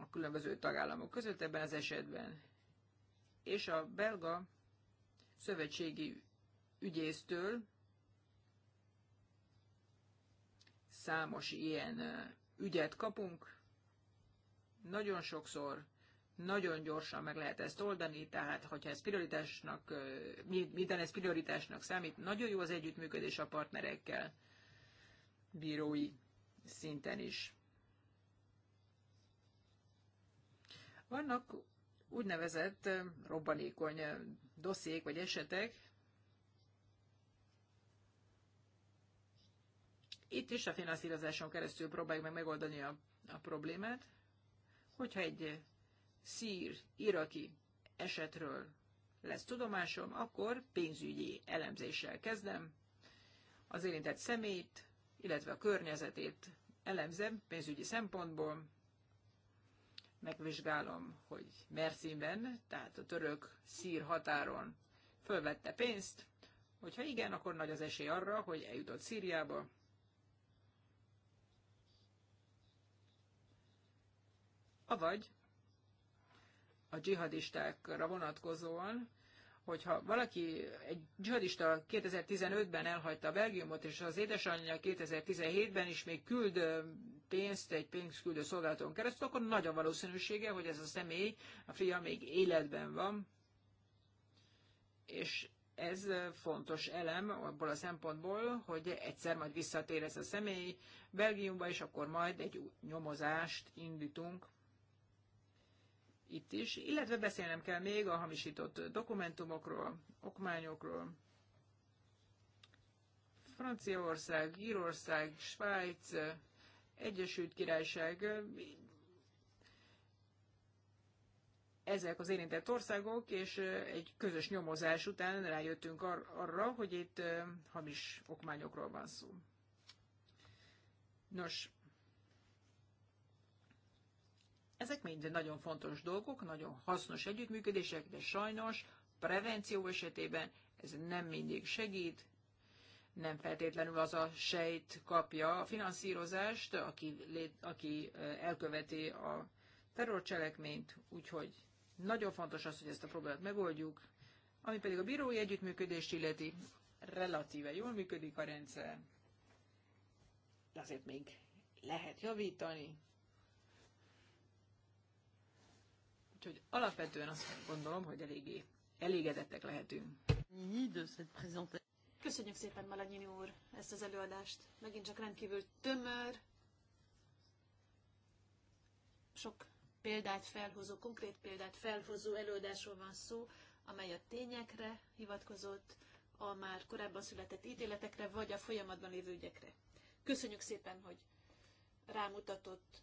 [SPEAKER 2] a különböző tagállamok között ebben az esetben. És a belga szövetségi ügyésztől számos ilyen ügyet kapunk. Nagyon sokszor, nagyon gyorsan meg lehet ezt oldani, tehát hogyha ez prioritásnak, minden ez prioritásnak számít, nagyon jó az együttműködés a partnerekkel, bírói szinten is. Vannak úgynevezett robbanékony dossziék vagy esetek, itt is a finanszírozáson keresztül próbáljuk meg megoldani a, a problémát. Hogyha egy szír, iraki esetről lesz tudomásom, akkor pénzügyi elemzéssel kezdem. Az érintett szemét, illetve a környezetét elemzem pénzügyi szempontból, megvizsgálom, hogy Merszínben, tehát a török szír határon fölvette pénzt, hogyha igen, akkor nagy az esély arra, hogy eljutott Szíriába, avagy a dzsihadistákra vonatkozóan, hogyha valaki, egy dzsihadista 2015-ben elhagyta Belgiumot, és az édesanyja 2017-ben is még küld pénzt egy pénzküldő szolgálaton keresztül, akkor nagy a valószínűsége, hogy ez a személy, a fia még életben van, és ez fontos elem abból a szempontból, hogy egyszer majd visszatér ez a személy Belgiumba, és akkor majd egy nyomozást indítunk itt is, illetve beszélnem kell még a hamisított dokumentumokról, okmányokról. Franciaország, Írország, Svájc, Egyesült Királyság. Ezek az érintett országok, és egy közös nyomozás után rájöttünk ar- arra, hogy itt hamis okmányokról van szó. Nos, ezek mind nagyon fontos dolgok, nagyon hasznos együttműködések, de sajnos prevenció esetében ez nem mindig segít, nem feltétlenül az a sejt kapja a finanszírozást, aki, lét, aki elköveti a terrorcselekményt, úgyhogy nagyon fontos az, hogy ezt a problémát megoldjuk, ami pedig a bírói együttműködést illeti, relatíve jól működik a rendszer, de azért még lehet javítani. Úgyhogy alapvetően azt gondolom, hogy eléggé elégedettek lehetünk.
[SPEAKER 1] Köszönjük szépen, Malanyini úr, ezt az előadást. Megint csak rendkívül tömör, sok példát felhozó, konkrét példát felhozó előadásról van szó, amely a tényekre hivatkozott, a már korábban született ítéletekre, vagy a folyamatban lévő ügyekre. Köszönjük szépen, hogy rámutatott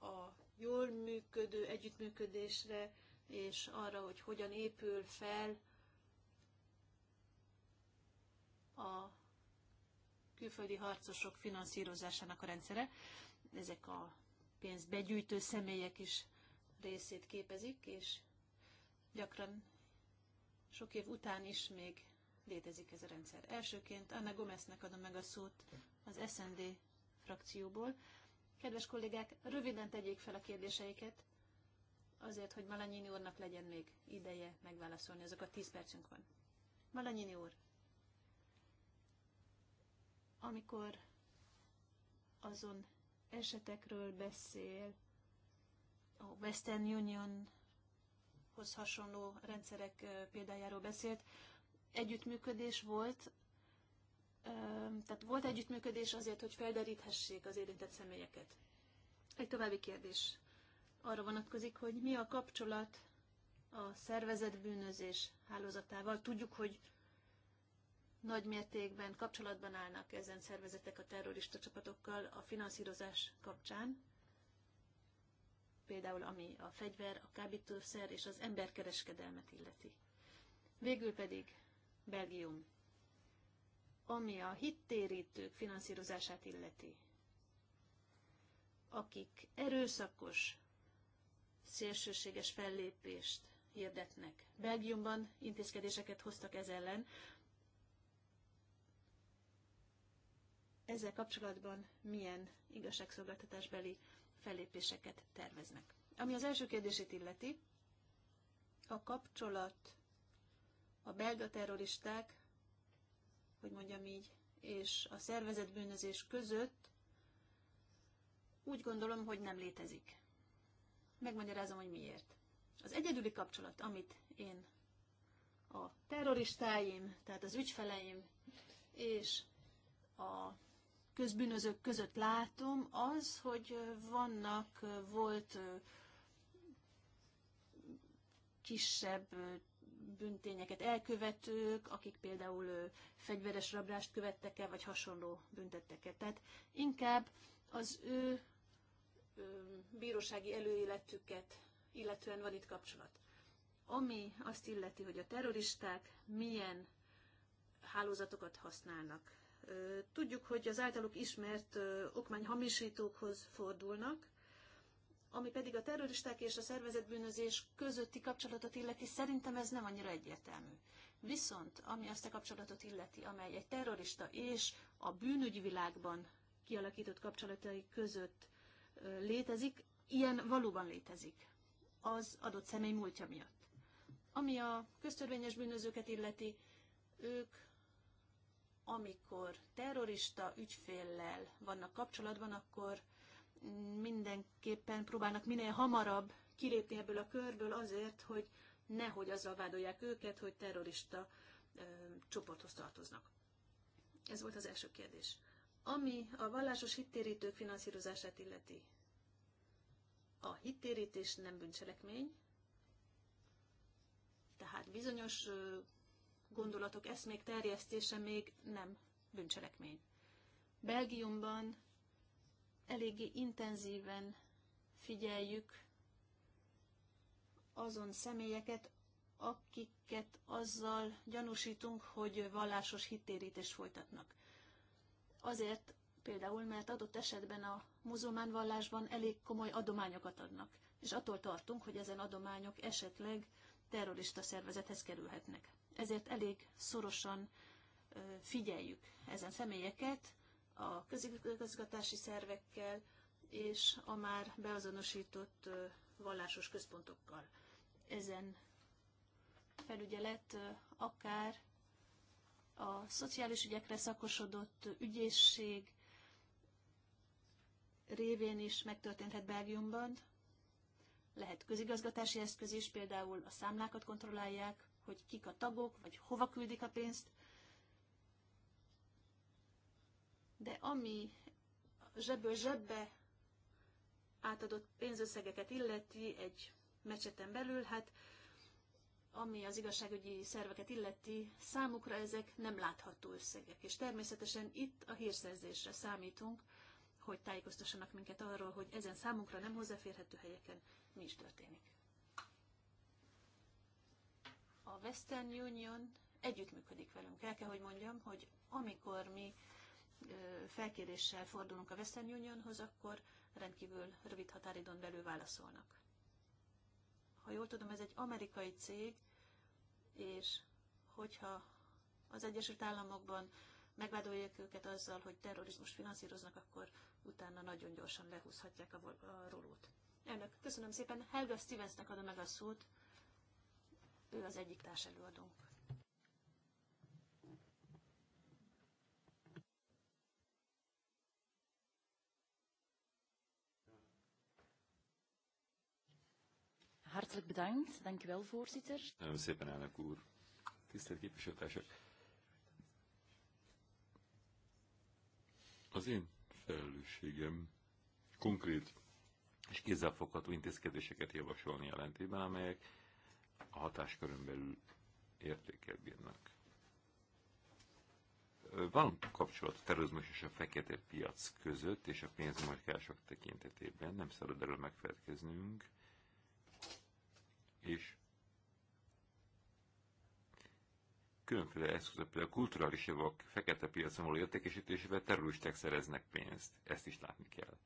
[SPEAKER 1] a jól működő együttműködésre, és arra, hogy hogyan épül fel a külföldi harcosok finanszírozásának a rendszere. Ezek a pénzbegyűjtő személyek is részét képezik, és gyakran sok év után is még létezik ez a rendszer. Elsőként Anna Gomeznek adom meg a szót az SND frakcióból. Kedves kollégák, röviden tegyék fel a kérdéseiket, azért, hogy Malanyini úrnak legyen még ideje megválaszolni, azok a 10 percünk van. Malanyini úr, amikor azon esetekről beszél, a Western Unionhoz hasonló rendszerek példájáról beszélt, együttműködés volt, tehát volt együttműködés azért, hogy felderíthessék az érintett személyeket. Egy további kérdés arra vonatkozik, hogy mi a kapcsolat a szervezett bűnözés hálózatával. Tudjuk, hogy nagy mértékben kapcsolatban állnak ezen szervezetek a terrorista csapatokkal a finanszírozás kapcsán, például ami a fegyver, a kábítószer és az emberkereskedelmet illeti. Végül pedig Belgium, ami a hittérítők finanszírozását illeti, akik erőszakos, szélsőséges fellépést hirdetnek. Belgiumban intézkedéseket hoztak ez ellen, ezzel kapcsolatban milyen igazságszolgáltatásbeli fellépéseket terveznek. Ami az első kérdését illeti, a kapcsolat a belga terroristák, hogy mondjam így, és a szervezett bűnözés között úgy gondolom, hogy nem létezik. Megmagyarázom, hogy miért. Az egyedüli kapcsolat, amit én a terroristáim, tehát az ügyfeleim és a közbűnözők között látom, az, hogy vannak, volt kisebb büntényeket elkövetők, akik például fegyveres rablást követtek el, vagy hasonló büntetteket. Tehát inkább az ő bírósági előéletüket illetően van itt kapcsolat. Ami azt illeti, hogy a terroristák milyen hálózatokat használnak Tudjuk, hogy az általuk ismert okmányhamisítókhoz fordulnak, ami pedig a terroristák és a szervezetbűnözés közötti kapcsolatot illeti, szerintem ez nem annyira egyértelmű. Viszont, ami azt a kapcsolatot illeti, amely egy terrorista és a bűnügyi világban kialakított kapcsolatai között létezik, ilyen valóban létezik az adott személy múltja miatt. Ami a köztörvényes bűnözőket illeti, ők amikor terrorista ügyféllel vannak kapcsolatban, akkor mindenképpen próbálnak minél hamarabb kilépni ebből a körből azért, hogy nehogy azzal vádolják őket, hogy terrorista ö, csoporthoz tartoznak. Ez volt az első kérdés. Ami a vallásos hittérítők finanszírozását illeti. A hittérítés nem bűncselekmény, tehát bizonyos gondolatok, eszmék terjesztése még nem bűncselekmény. Belgiumban eléggé intenzíven figyeljük azon személyeket, akiket azzal gyanúsítunk, hogy vallásos hittérítést folytatnak. Azért például, mert adott esetben a muzulmán vallásban elég komoly adományokat adnak, és attól tartunk, hogy ezen adományok esetleg terrorista szervezethez kerülhetnek ezért elég szorosan figyeljük ezen személyeket a közigazgatási szervekkel és a már beazonosított vallásos központokkal. Ezen felügyelet akár a szociális ügyekre szakosodott ügyészség révén is megtörténhet Belgiumban. Lehet közigazgatási eszköz is, például a számlákat kontrollálják, hogy kik a tagok, vagy hova küldik a pénzt. De ami zsebből zsebbe átadott pénzösszegeket illeti egy mecseten belül, hát ami az igazságügyi szerveket illeti, számukra ezek nem látható összegek. És természetesen itt a hírszerzésre számítunk, hogy tájékoztassanak minket arról, hogy ezen számunkra nem hozzáférhető helyeken mi is történik a Western Union együttműködik velünk. El kell, hogy mondjam, hogy amikor mi felkéréssel fordulunk a Western Unionhoz, akkor rendkívül rövid határidon belül válaszolnak. Ha jól tudom, ez egy amerikai cég, és hogyha az Egyesült Államokban megvádolják őket azzal, hogy terrorizmus finanszíroznak, akkor utána nagyon gyorsan lehúzhatják a, a rólót. Elnök, köszönöm szépen. Helga Stevensnek adom meg a szót, ő az egyik társelőadónk. Hartelijk bedankt. Dank u wel, voorzitter.
[SPEAKER 3] Nagyon szépen, elnök úr. Tisztelt képviselőtársak! Az én felelősségem konkrét és kézzelfogható intézkedéseket javasolni jelentében, amelyek a hatáskörön belül értékel bírnak. Van kapcsolat a terrorizmus és a fekete piac között, és a pénzmarkások tekintetében nem szabad erről megfelelkeznünk, és különféle eszközök, például kulturális javak fekete piacon való értékesítésével terroristák szereznek pénzt. Ezt is látni kell.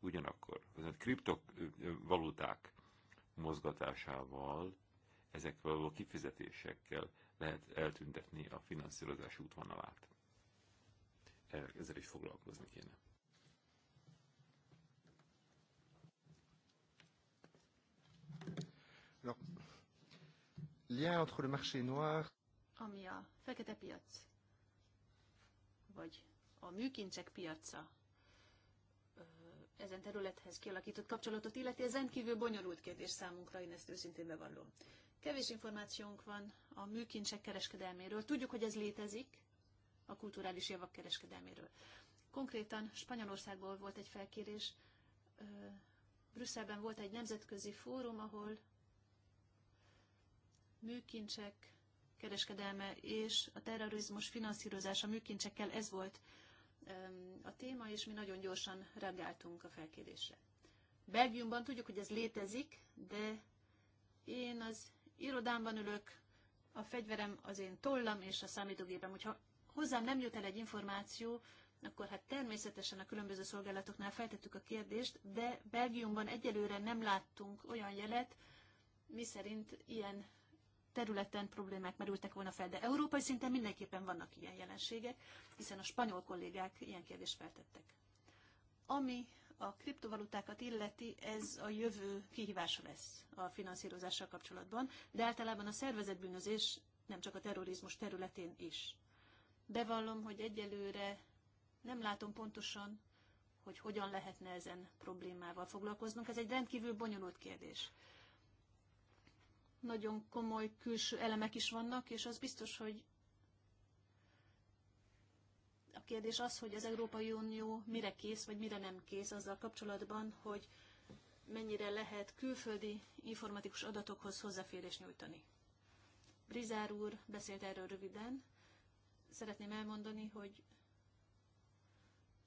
[SPEAKER 3] Ugyanakkor, a kriptovaluták mozgatásával ezekkel a kifizetésekkel lehet eltüntetni a finanszírozás útvonalát. Ezzel is foglalkozni kéne.
[SPEAKER 1] Ami a fekete piac, vagy a műkincsek piaca ezen területhez kialakított kapcsolatot illeti, ez rendkívül bonyolult kérdés számunkra, én ezt őszintén bevallom. Kevés információnk van a műkincsek kereskedelméről. Tudjuk, hogy ez létezik, a kulturális javak kereskedelméről. Konkrétan Spanyolországból volt egy felkérés, Brüsszelben volt egy nemzetközi fórum, ahol műkincsek kereskedelme és a terrorizmus finanszírozása műkincsekkel, ez volt a téma, és mi nagyon gyorsan reagáltunk a felkérésre. Belgiumban tudjuk, hogy ez létezik, de én az irodámban ülök, a fegyverem az én tollam és a számítógépem. Hogyha hozzám nem jut el egy információ, akkor hát természetesen a különböző szolgálatoknál feltettük a kérdést, de Belgiumban egyelőre nem láttunk olyan jelet, miszerint ilyen területen problémák merültek volna fel, de európai szinten mindenképpen vannak ilyen jelenségek, hiszen a spanyol kollégák ilyen kérdést feltettek. Ami a kriptovalutákat illeti, ez a jövő kihívása lesz a finanszírozással kapcsolatban, de általában a szervezetbűnözés nem csak a terrorizmus területén is. Bevallom, hogy egyelőre nem látom pontosan, hogy hogyan lehetne ezen problémával foglalkoznunk. Ez egy rendkívül bonyolult kérdés. Nagyon komoly külső elemek is vannak, és az biztos, hogy a kérdés az, hogy az Európai Unió mire kész, vagy mire nem kész azzal kapcsolatban, hogy mennyire lehet külföldi informatikus adatokhoz hozzáférés nyújtani. Brizár úr beszélt erről röviden. Szeretném elmondani, hogy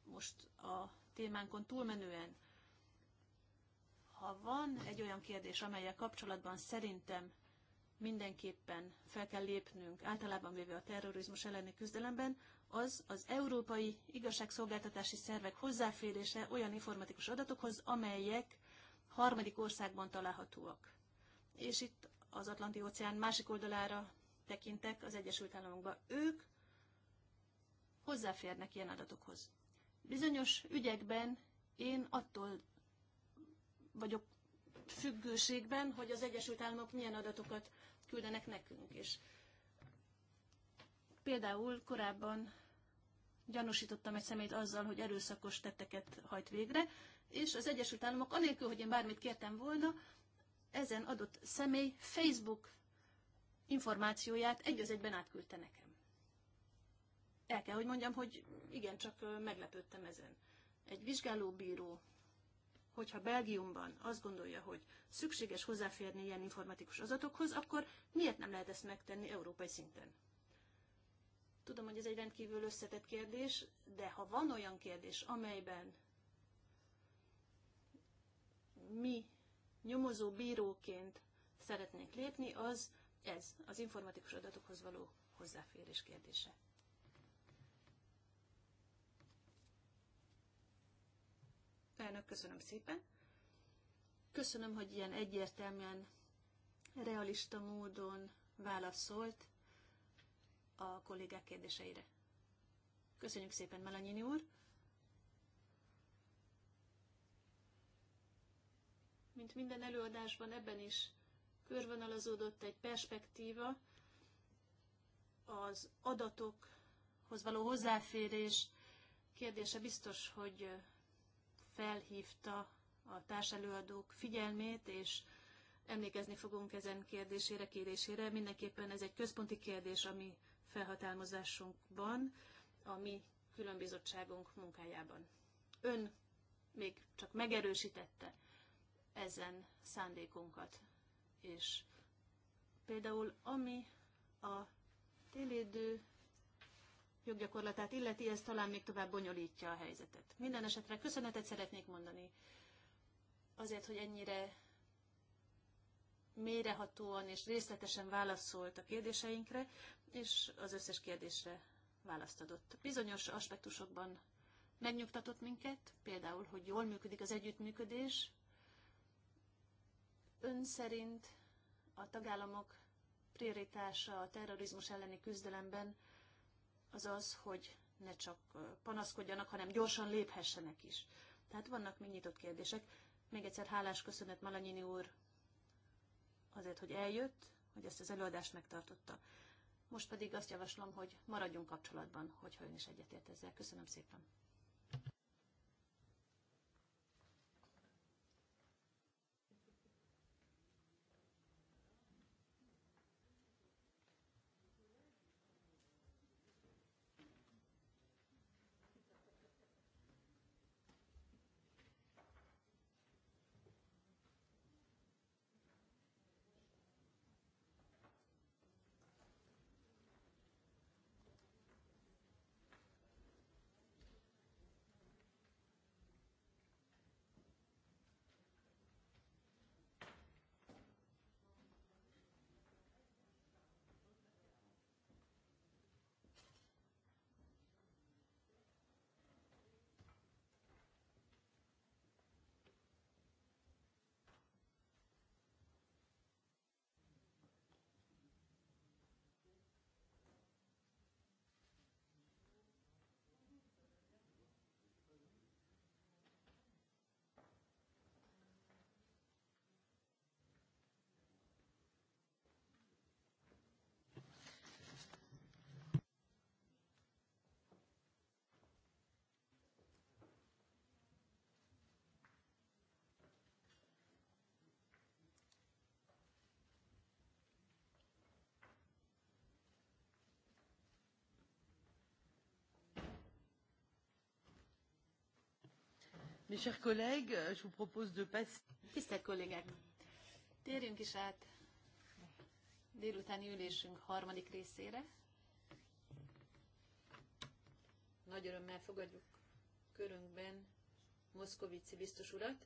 [SPEAKER 1] most a témánkon túlmenően, ha van egy olyan kérdés, amelyel kapcsolatban szerintem mindenképpen fel kell lépnünk általában véve a terrorizmus elleni küzdelemben, az az európai igazságszolgáltatási szervek hozzáférése olyan informatikus adatokhoz, amelyek harmadik országban találhatóak. És itt az Atlanti-óceán másik oldalára tekintek az Egyesült Államokba. Ők hozzáférnek ilyen adatokhoz. Bizonyos ügyekben én attól vagyok függőségben, hogy az Egyesült Államok milyen adatokat küldenek nekünk. És például korábban gyanúsítottam egy szemét azzal, hogy erőszakos tetteket hajt végre, és az Egyesült Államok, anélkül, hogy én bármit kértem volna, ezen adott személy Facebook információját egy az egyben átküldte nekem. El kell, hogy mondjam, hogy igencsak meglepődtem ezen. Egy vizsgálóbíró hogyha Belgiumban azt gondolja, hogy szükséges hozzáférni ilyen informatikus adatokhoz, akkor miért nem lehet ezt megtenni európai szinten? Tudom, hogy ez egy rendkívül összetett kérdés, de ha van olyan kérdés, amelyben mi nyomozó bíróként szeretnénk lépni, az ez, az informatikus adatokhoz való hozzáférés kérdése. elnök, Köszönöm szépen. Köszönöm, hogy ilyen egyértelműen, realista módon válaszolt a kollégák kérdéseire. Köszönjük szépen, Melanyini úr! Mint minden előadásban, ebben is körvonalazódott egy perspektíva, az adatokhoz való hozzáférés kérdése biztos, hogy felhívta a társelőadók figyelmét, és emlékezni fogunk ezen kérdésére, kérésére. Mindenképpen ez egy központi kérdés, ami felhatalmazásunkban, a mi különbizottságunk munkájában. Ön még csak megerősítette ezen szándékunkat. És például ami a télidő joggyakorlatát illeti, ez talán még tovább bonyolítja a helyzetet. Minden esetre köszönetet szeretnék mondani azért, hogy ennyire mélyrehatóan és részletesen válaszolt a kérdéseinkre, és az összes kérdésre választ adott. Bizonyos aspektusokban megnyugtatott minket, például, hogy jól működik az együttműködés. Ön szerint a tagállamok prioritása a terrorizmus elleni küzdelemben az az, hogy ne csak panaszkodjanak, hanem gyorsan léphessenek is. Tehát vannak még nyitott kérdések. Még egyszer hálás köszönet Malanyini úr azért, hogy eljött, hogy ezt az előadást megtartotta. Most pedig azt javaslom, hogy maradjunk kapcsolatban, hogyha ön is egyetért ezzel. Köszönöm szépen! Tisztelt kollégák, térjünk is át délutáni ülésünk harmadik részére. Nagy örömmel fogadjuk körünkben Moszkovici biztos urat,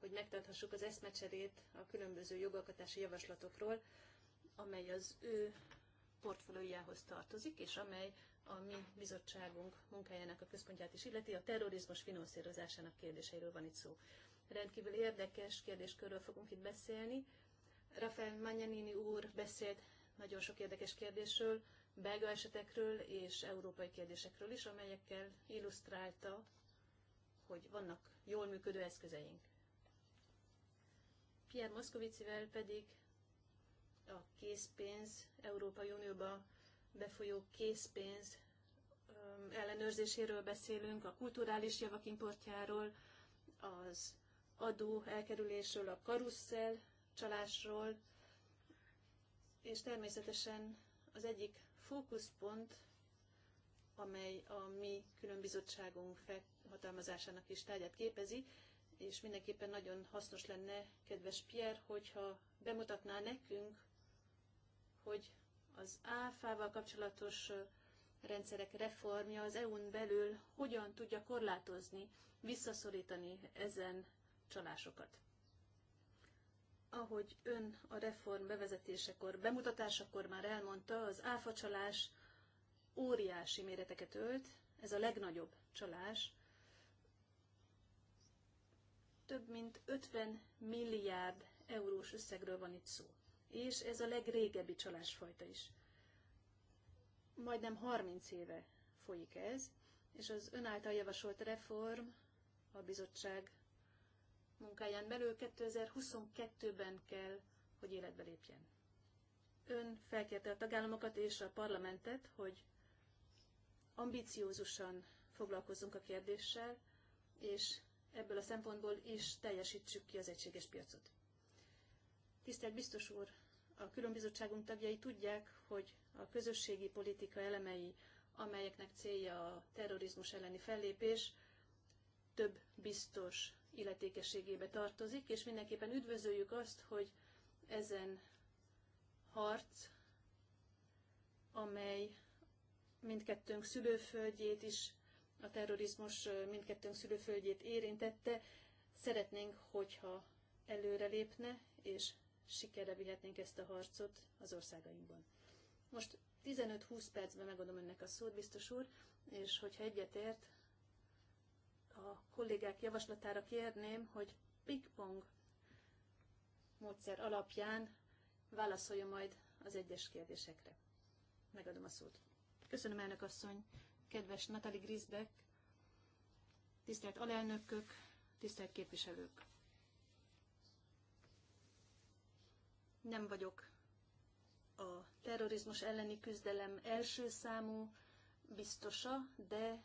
[SPEAKER 1] hogy megtarthassuk az eszmecserét a különböző jogalkotási javaslatokról, amely az ő portfóliójához tartozik, és amely a mi bizottságunk munkájának a központját is illeti. A terrorizmus finanszírozásának kérdéseiről van itt szó. Rendkívül érdekes kérdéskörről fogunk itt beszélni. Rafael Magnanini úr beszélt nagyon sok érdekes kérdésről, belga esetekről és európai kérdésekről is, amelyekkel illusztrálta, hogy vannak jól működő eszközeink. Pierre Moszkovicivel pedig a készpénz Európai Unióba befolyó készpénz ellenőrzéséről beszélünk, a kulturális javak importjáról, az adó elkerülésről, a karusszel csalásról, és természetesen az egyik fókuszpont, amely a mi különbizottságunk felhatalmazásának is tárgyát képezi, és mindenképpen nagyon hasznos lenne, kedves Pierre, hogyha bemutatná nekünk, hogy az áfával kapcsolatos rendszerek reformja az EU-n belül hogyan tudja korlátozni, visszaszorítani ezen csalásokat. Ahogy ön a reform bevezetésekor, bemutatásakor már elmondta, az áfa csalás óriási méreteket ölt, ez a legnagyobb csalás. Több mint 50 milliárd eurós összegről van itt szó és ez a legrégebbi csalásfajta is. Majdnem 30 éve folyik ez, és az ön által javasolt reform a bizottság munkáján belül 2022-ben kell, hogy életbe lépjen. Ön felkérte a tagállamokat és a parlamentet, hogy ambiciózusan foglalkozzunk a kérdéssel, és ebből a szempontból is teljesítsük ki az egységes piacot. Tisztelt biztos úr, a különbizottságunk tagjai tudják, hogy a közösségi politika elemei, amelyeknek célja a terrorizmus elleni fellépés, több biztos illetékességébe tartozik, és mindenképpen üdvözöljük azt, hogy ezen harc, amely mindkettőnk szülőföldjét is, a terrorizmus mindkettőnk szülőföldjét érintette, szeretnénk, hogyha előrelépne, és sikerre vihetnénk ezt a harcot az országainkban. Most 15-20 percben megadom önnek a szót, biztos úr, és hogyha egyetért, a kollégák javaslatára kérném, hogy pingpong módszer alapján válaszoljon majd az egyes kérdésekre. Megadom a szót. Köszönöm, elnök asszony, kedves Natali Grisbeck, tisztelt alelnökök, tisztelt képviselők. nem vagyok a terrorizmus elleni küzdelem első számú biztosa, de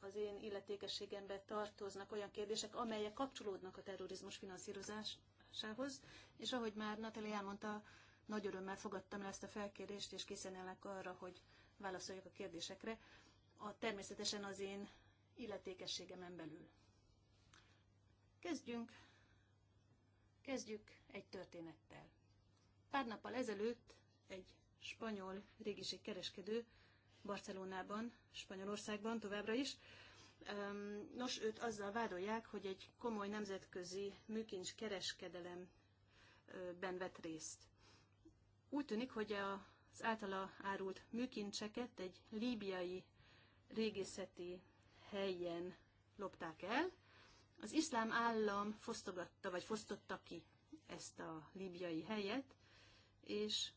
[SPEAKER 1] az én illetékességembe tartoznak olyan kérdések, amelyek kapcsolódnak a terrorizmus finanszírozásához, és ahogy már Natali elmondta, nagy örömmel fogadtam el ezt a felkérést, és készen állok arra, hogy válaszoljak a kérdésekre, a, természetesen az én illetékességemen belül. Kezdjünk, kezdjük egy történettel. Pár nappal ezelőtt egy spanyol régiségkereskedő Barcelonában, Spanyolországban továbbra is. Nos, őt azzal vádolják, hogy egy komoly nemzetközi műkincs kereskedelemben vett részt. Úgy tűnik, hogy az általa árult műkincseket egy líbiai régészeti helyen lopták el. Az iszlám állam fosztogatta, vagy fosztotta ki ezt a líbiai helyet, és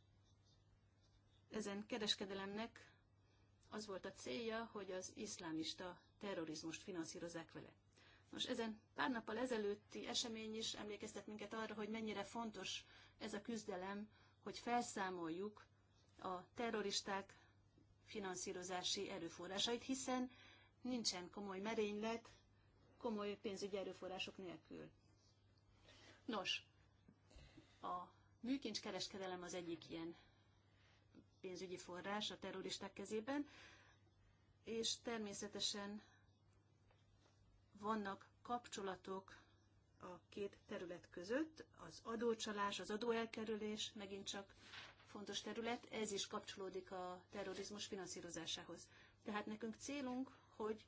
[SPEAKER 1] ezen kereskedelemnek az volt a célja, hogy az iszlámista terrorizmust finanszírozzák vele. Nos, ezen pár nappal ezelőtti esemény is emlékeztet minket arra, hogy mennyire fontos ez a küzdelem, hogy felszámoljuk a terroristák finanszírozási erőforrásait, hiszen nincsen komoly merénylet, komoly pénzügyi erőforrások nélkül. Nos, a műkincskereskedelem az egyik ilyen pénzügyi forrás a terroristák kezében, és természetesen vannak kapcsolatok a két terület között, az adócsalás, az adóelkerülés megint csak fontos terület, ez is kapcsolódik a terrorizmus finanszírozásához. Tehát nekünk célunk, hogy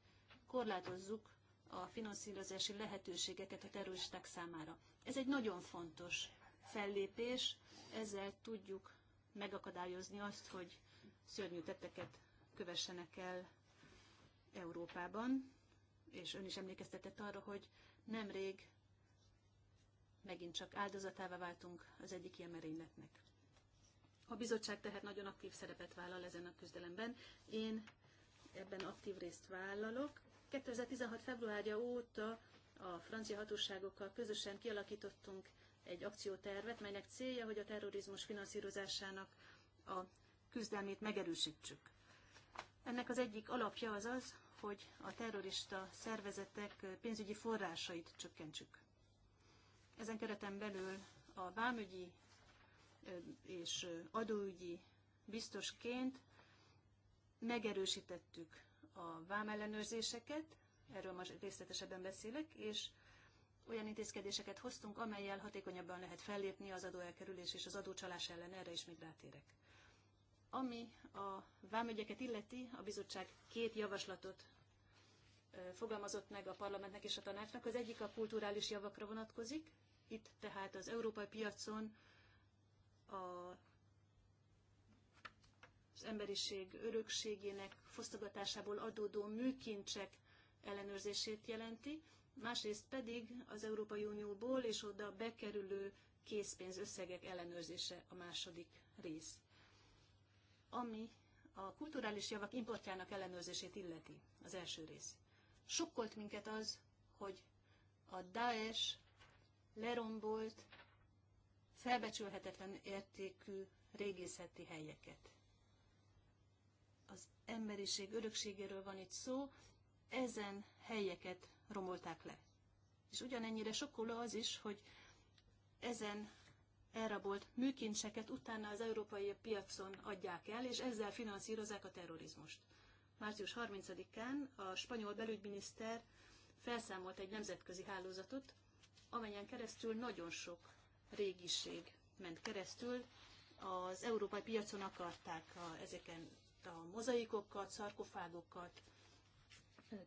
[SPEAKER 1] korlátozzuk a finanszírozási lehetőségeket a terroristák számára. Ez egy nagyon fontos fellépés, ezzel tudjuk megakadályozni azt, hogy szörnyű tetteket kövessenek el Európában, és ön is emlékeztetett arra, hogy nemrég megint csak áldozatává váltunk az egyik ilyen merényletnek. A bizottság tehát nagyon aktív szerepet vállal ezen a küzdelemben. Én ebben aktív részt vállalok. 2016. februárja óta a francia hatóságokkal közösen kialakítottunk egy akciótervet, melynek célja, hogy a terrorizmus finanszírozásának a küzdelmét megerősítsük. Ennek az egyik alapja az az, hogy a terrorista szervezetek pénzügyi forrásait csökkentsük. Ezen kereten belül a vámügyi és adóügyi biztosként megerősítettük a vámellenőrzéseket, erről most részletesebben beszélek, és olyan intézkedéseket hoztunk, amelyel hatékonyabban lehet fellépni az adóelkerülés és az adócsalás ellen, erre is még rátérek. Ami a vámügyeket illeti, a bizottság két javaslatot fogalmazott meg a parlamentnek és a tanácsnak. Az egyik a kulturális javakra vonatkozik, itt tehát az európai piacon a, az emberiség örökségének fosztogatásából adódó műkincsek ellenőrzését jelenti, másrészt pedig az Európai Unióból és oda bekerülő készpénz összegek ellenőrzése a második rész, ami a kulturális javak importjának ellenőrzését illeti, az első rész. Sokkolt minket az, hogy a Daesh lerombolt, felbecsülhetetlen értékű régészeti helyeket. Az emberiség örökségéről van itt szó, ezen helyeket romolták le. És ugyanennyire sokkoló az is, hogy ezen elrabolt műkincseket utána az európai piacon adják el, és ezzel finanszírozzák a terrorizmust. Március 30-án a spanyol belügyminiszter felszámolt egy nemzetközi hálózatot, amelyen keresztül nagyon sok régiség ment keresztül. Az európai piacon akarták a, ezeken a mozaikokat, szarkofágokat,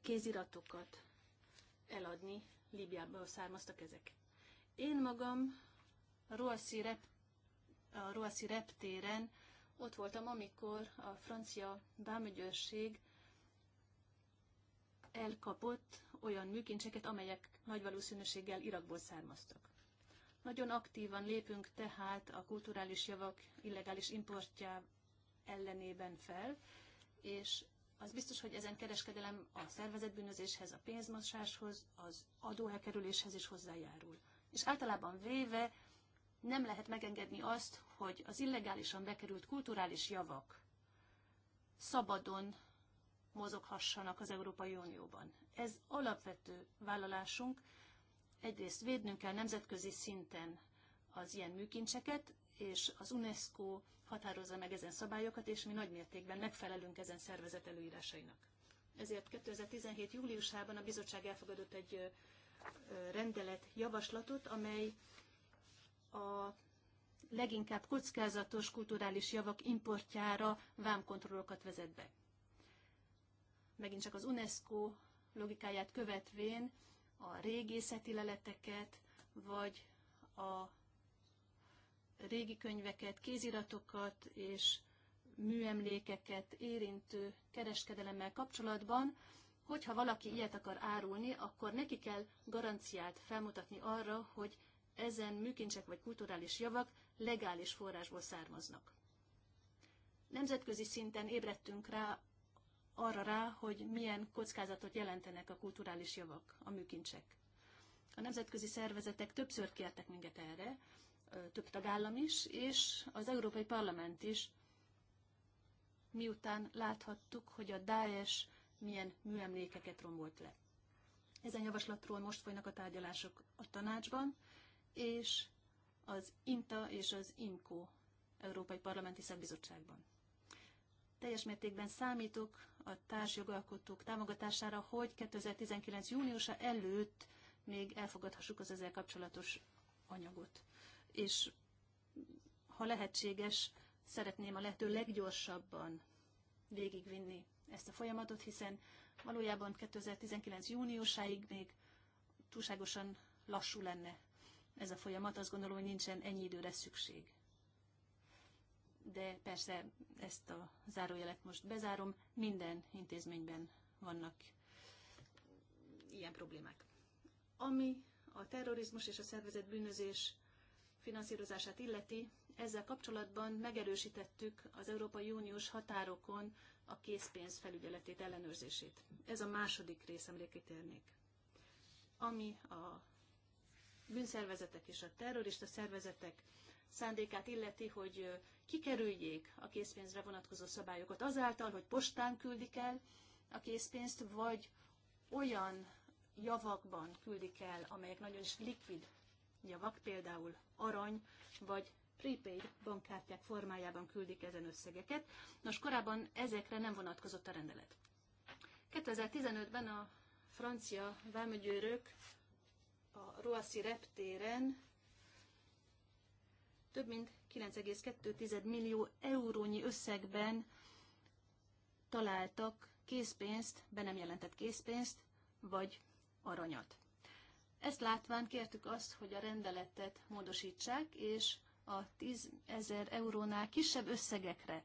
[SPEAKER 1] kéziratokat eladni, Líbiából származtak ezek. Én magam a Roissy, rep, a reptéren ott voltam, amikor a francia vámügyőrség elkapott olyan műkincseket, amelyek nagy valószínűséggel Irakból származtak. Nagyon aktívan lépünk tehát a kulturális javak illegális importja ellenében fel, és az biztos, hogy ezen kereskedelem a szervezetbűnözéshez, a pénzmosáshoz, az adóelkerüléshez is hozzájárul. És általában véve nem lehet megengedni azt, hogy az illegálisan bekerült kulturális javak szabadon mozoghassanak az Európai Unióban. Ez alapvető vállalásunk. Egyrészt védnünk kell nemzetközi szinten az ilyen műkincseket, és az UNESCO határozza meg ezen szabályokat, és mi nagy mértékben megfelelünk ezen szervezet előírásainak. Ezért 2017. júliusában a bizottság elfogadott egy rendelet javaslatot, amely a leginkább kockázatos kulturális javak importjára vámkontrollokat vezet be. Megint csak az UNESCO logikáját követvén a régészeti leleteket, vagy a régi könyveket, kéziratokat és műemlékeket érintő kereskedelemmel kapcsolatban, hogyha valaki ilyet akar árulni, akkor neki kell garanciát felmutatni arra, hogy ezen műkincsek vagy kulturális javak legális forrásból származnak. Nemzetközi szinten ébredtünk rá arra rá, hogy milyen kockázatot jelentenek a kulturális javak, a műkincsek. A nemzetközi szervezetek többször kértek minket erre, több tagállam is, és az Európai Parlament is, miután láthattuk, hogy a Daesh milyen műemlékeket rombolt le. Ezen javaslatról most folynak a tárgyalások a tanácsban, és az INTA és az IMCO Európai Parlamenti Szakbizottságban. Teljes mértékben számítok a társjogalkotók támogatására, hogy 2019. júniusa előtt még elfogadhassuk az ezzel kapcsolatos anyagot és ha lehetséges, szeretném a lehető leggyorsabban végigvinni ezt a folyamatot, hiszen valójában 2019. júniusáig még túlságosan lassú lenne ez a folyamat. Azt gondolom, hogy nincsen ennyi időre szükség. De persze ezt a zárójelet most bezárom. Minden intézményben vannak ilyen problémák. Ami a terrorizmus és a szervezetbűnözés. bűnözés finanszírozását illeti, ezzel kapcsolatban megerősítettük az Európai Uniós határokon a készpénz felügyeletét, ellenőrzését. Ez a második rész, amire Ami a bűnszervezetek és a terrorista szervezetek szándékát illeti, hogy kikerüljék a készpénzre vonatkozó szabályokat azáltal, hogy postán küldik el a készpénzt, vagy olyan javakban küldik el, amelyek nagyon is likvid a vak például arany vagy prepaid bankkártyák formájában küldik ezen összegeket. Nos, korábban ezekre nem vonatkozott a rendelet. 2015-ben a francia vámögyőrök a Roissy reptéren több mint 9,2 millió eurónyi összegben találtak készpénzt, be nem jelentett készpénzt, vagy aranyat. Ezt látván kértük azt, hogy a rendeletet módosítsák, és a 10 ezer eurónál kisebb összegekre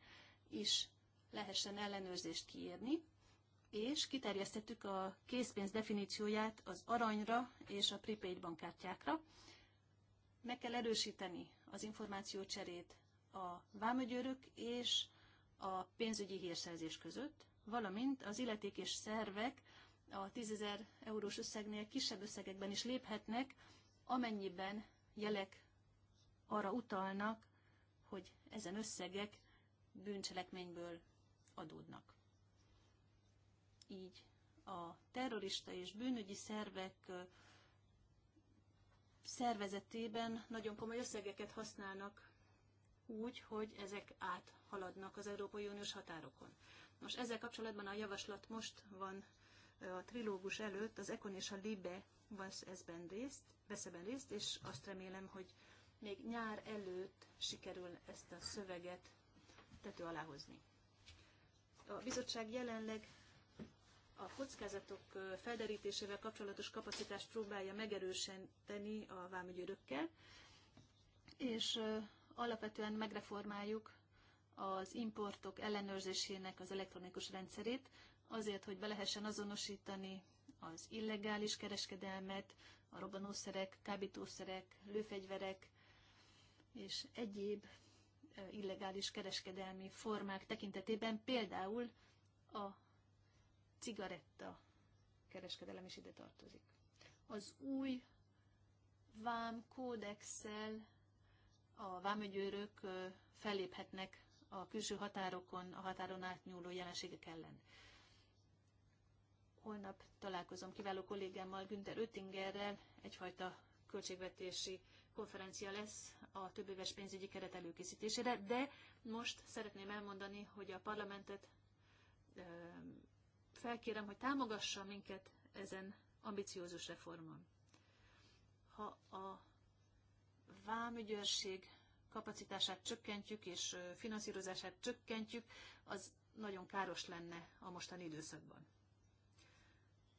[SPEAKER 1] is lehessen ellenőrzést kiírni, és kiterjesztettük a készpénz definícióját az aranyra és a prepaid bankkártyákra. Meg kell erősíteni az információcserét a vámögyőrök és a pénzügyi hírszerzés között, valamint az illetékes szervek a 10.000 eurós összegnél kisebb összegekben is léphetnek, amennyiben jelek arra utalnak, hogy ezen összegek bűncselekményből adódnak. Így a terrorista és bűnügyi szervek szervezetében nagyon komoly összegeket használnak úgy, hogy ezek áthaladnak az Európai Uniós határokon. Most ezzel kapcsolatban a javaslat most van a trilógus előtt az Ekon és a Libe vesz ezben részt, vesz ebben részt, és azt remélem, hogy még nyár előtt sikerül ezt a szöveget tető alá hozni. A bizottság jelenleg a kockázatok felderítésével kapcsolatos kapacitást próbálja megerősíteni a vámügyőrökkel, és alapvetően megreformáljuk az importok ellenőrzésének az elektronikus rendszerét, azért, hogy be lehessen azonosítani az illegális kereskedelmet, a robbanószerek, kábítószerek, lőfegyverek és egyéb eh, illegális kereskedelmi formák tekintetében, például a cigaretta kereskedelem is ide tartozik. Az új vám kódexsel a vámögyőrök eh, felléphetnek a külső határokon, a határon átnyúló jelenségek ellen. Holnap találkozom kiváló kollégámmal, Günther Öttingerrel, egyfajta költségvetési konferencia lesz a többéves pénzügyi keret előkészítésére, de most szeretném elmondani, hogy a parlamentet felkérem, hogy támogassa minket ezen ambiciózus reformon. Ha a vámügyőrség kapacitását csökkentjük és finanszírozását csökkentjük, az nagyon káros lenne a mostani időszakban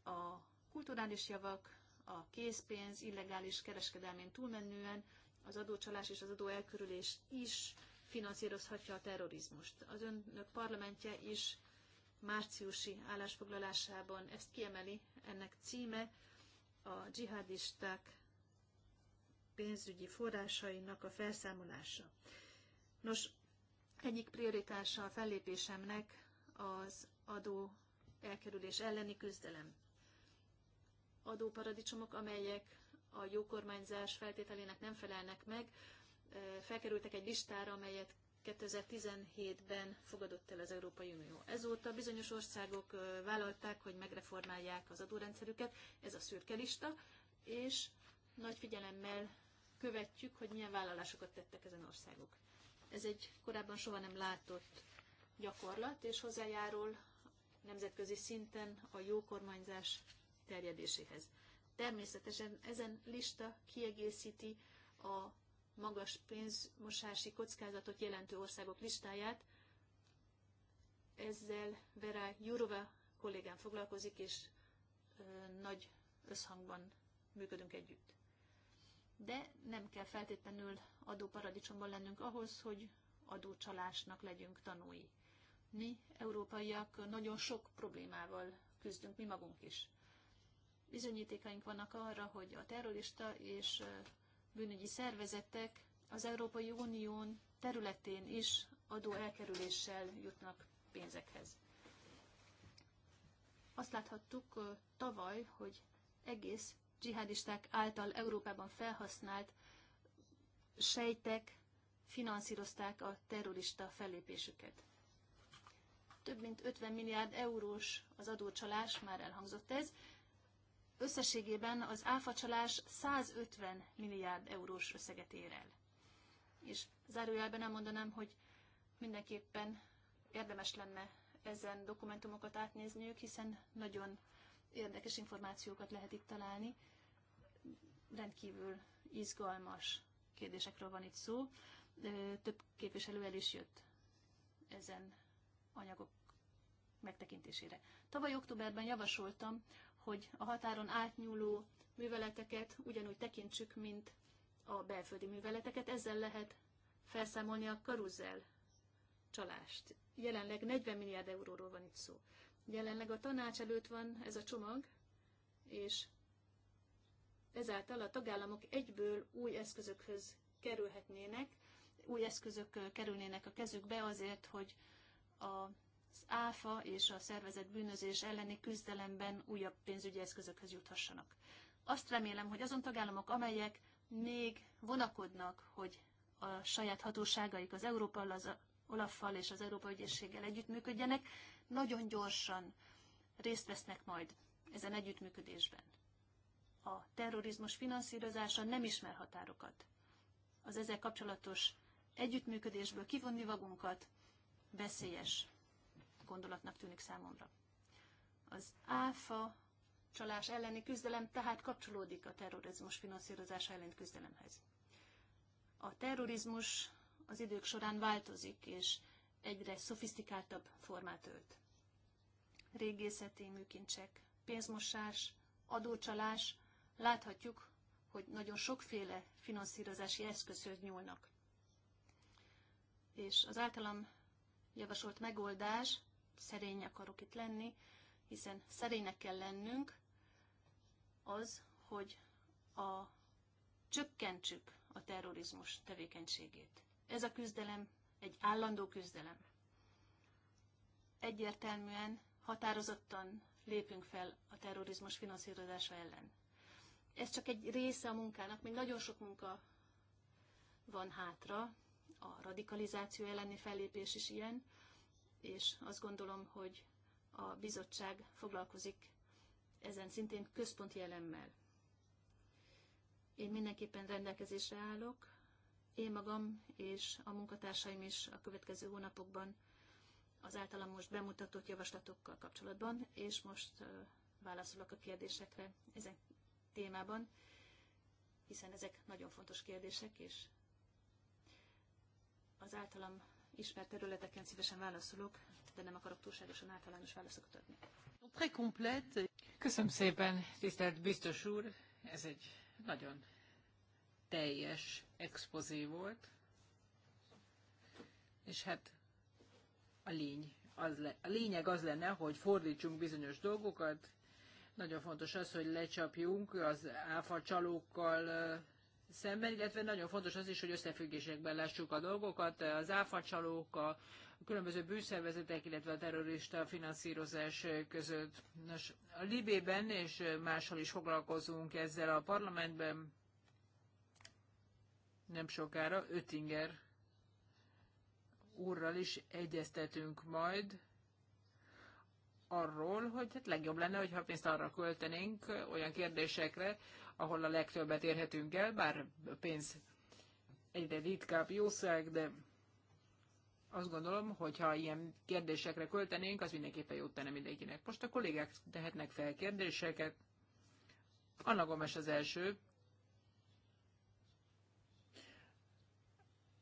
[SPEAKER 1] a kulturális javak, a készpénz illegális kereskedelmén túlmenően az adócsalás és az elkörülés is finanszírozhatja a terrorizmust. Az önök parlamentje is márciusi állásfoglalásában ezt kiemeli, ennek címe a dzsihadisták pénzügyi forrásainak a felszámolása. Nos, egyik prioritása a fellépésemnek az adó elkerülés elleni küzdelem adóparadicsomok, amelyek a jó kormányzás feltételének nem felelnek meg, felkerültek egy listára, amelyet 2017-ben fogadott el az Európai Unió. Ezóta bizonyos országok vállalták, hogy megreformálják az adórendszerüket, ez a szürke lista, és nagy figyelemmel követjük, hogy milyen vállalásokat tettek ezen országok. Ez egy korábban soha nem látott gyakorlat, és hozzájárul nemzetközi szinten a jó kormányzás terjedéséhez. Természetesen ezen lista kiegészíti a magas pénzmosási kockázatot jelentő országok listáját. Ezzel Vera Jurova kollégám foglalkozik, és ö, nagy összhangban működünk együtt. De nem kell feltétlenül adóparadicsomban lennünk ahhoz, hogy adócsalásnak legyünk tanúi. Mi, európaiak, nagyon sok problémával küzdünk, mi magunk is bizonyítékaink vannak arra, hogy a terrorista és bűnügyi szervezetek az Európai Unión területén is adó elkerüléssel jutnak pénzekhez. Azt láthattuk tavaly, hogy egész dzsihadisták által Európában felhasznált sejtek finanszírozták a terrorista fellépésüket. Több mint 50 milliárd eurós az adócsalás, már elhangzott ez, Összességében az áfacsalás 150 milliárd eurós összeget ér el. És zárójelben elmondanám, hogy mindenképpen érdemes lenne ezen dokumentumokat átnézniük, hiszen nagyon érdekes információkat lehet itt találni. Rendkívül izgalmas kérdésekről van itt szó. Több képviselő el is jött ezen anyagok megtekintésére. Tavaly októberben javasoltam, hogy a határon átnyúló műveleteket ugyanúgy tekintsük, mint a belföldi műveleteket. Ezzel lehet felszámolni a karuzel csalást. Jelenleg 40 milliárd euróról van itt szó. Jelenleg a tanács előtt van ez a csomag, és ezáltal a tagállamok egyből új eszközökhöz kerülhetnének, új eszközök kerülnének a kezükbe azért, hogy a az ÁFA és a szervezett bűnözés elleni küzdelemben újabb pénzügyi eszközökhöz juthassanak. Azt remélem, hogy azon tagállamok, amelyek még vonakodnak, hogy a saját hatóságaik az Európa az Olaffal és az Európa Ügyészséggel együttműködjenek, nagyon gyorsan részt vesznek majd ezen együttműködésben. A terrorizmus finanszírozása nem ismer határokat. Az ezzel kapcsolatos együttműködésből kivonni magunkat veszélyes gondolatnak tűnik számomra. Az áfa csalás elleni küzdelem tehát kapcsolódik a terrorizmus finanszírozása elleni küzdelemhez. A terrorizmus az idők során változik, és egyre szofisztikáltabb formát ölt. Régészeti műkincsek, pénzmosás, adócsalás, láthatjuk, hogy nagyon sokféle finanszírozási eszközhöz nyúlnak. És az általam javasolt megoldás szerény akarok itt lenni, hiszen szerénynek kell lennünk, az, hogy a csökkentsük a terrorizmus tevékenységét. Ez a küzdelem egy állandó küzdelem. Egyértelműen, határozottan lépünk fel a terrorizmus finanszírozása ellen. Ez csak egy része a munkának, még nagyon sok munka van hátra, a radikalizáció elleni fellépés is ilyen, és azt gondolom, hogy a bizottság foglalkozik ezen szintén központi elemmel. Én mindenképpen rendelkezésre állok, én magam és a munkatársaim is a következő hónapokban az általam most bemutatott javaslatokkal kapcsolatban, és most válaszolok a kérdésekre ezen témában, hiszen ezek nagyon fontos kérdések, és az általam ismert területeken szívesen válaszolok, de nem akarok túlságosan általános válaszokat adni.
[SPEAKER 2] Köszönöm szépen, tisztelt biztos úr. Ez egy nagyon teljes expozé volt. És hát a, lény, az le, a lényeg az lenne, hogy fordítsunk bizonyos dolgokat. Nagyon fontos az, hogy lecsapjunk az áfa csalókkal szemben, illetve nagyon fontos az is, hogy összefüggésekben lássuk a dolgokat, az áfacsalók, a különböző bűnszervezetek, illetve a terrorista finanszírozás között. Nos, a Libében és máshol is foglalkozunk ezzel a parlamentben, nem sokára Öttinger úrral is egyeztetünk majd arról, hogy hát legjobb lenne, hogyha pénzt arra költenénk olyan kérdésekre, ahol a legtöbbet érhetünk el, bár pénz egyre ritkább jószág, de azt gondolom, hogy ha ilyen kérdésekre költenénk, az mindenképpen jót tenne mindenkinek. Most a kollégák tehetnek fel kérdéseket. Anna Gomes az első.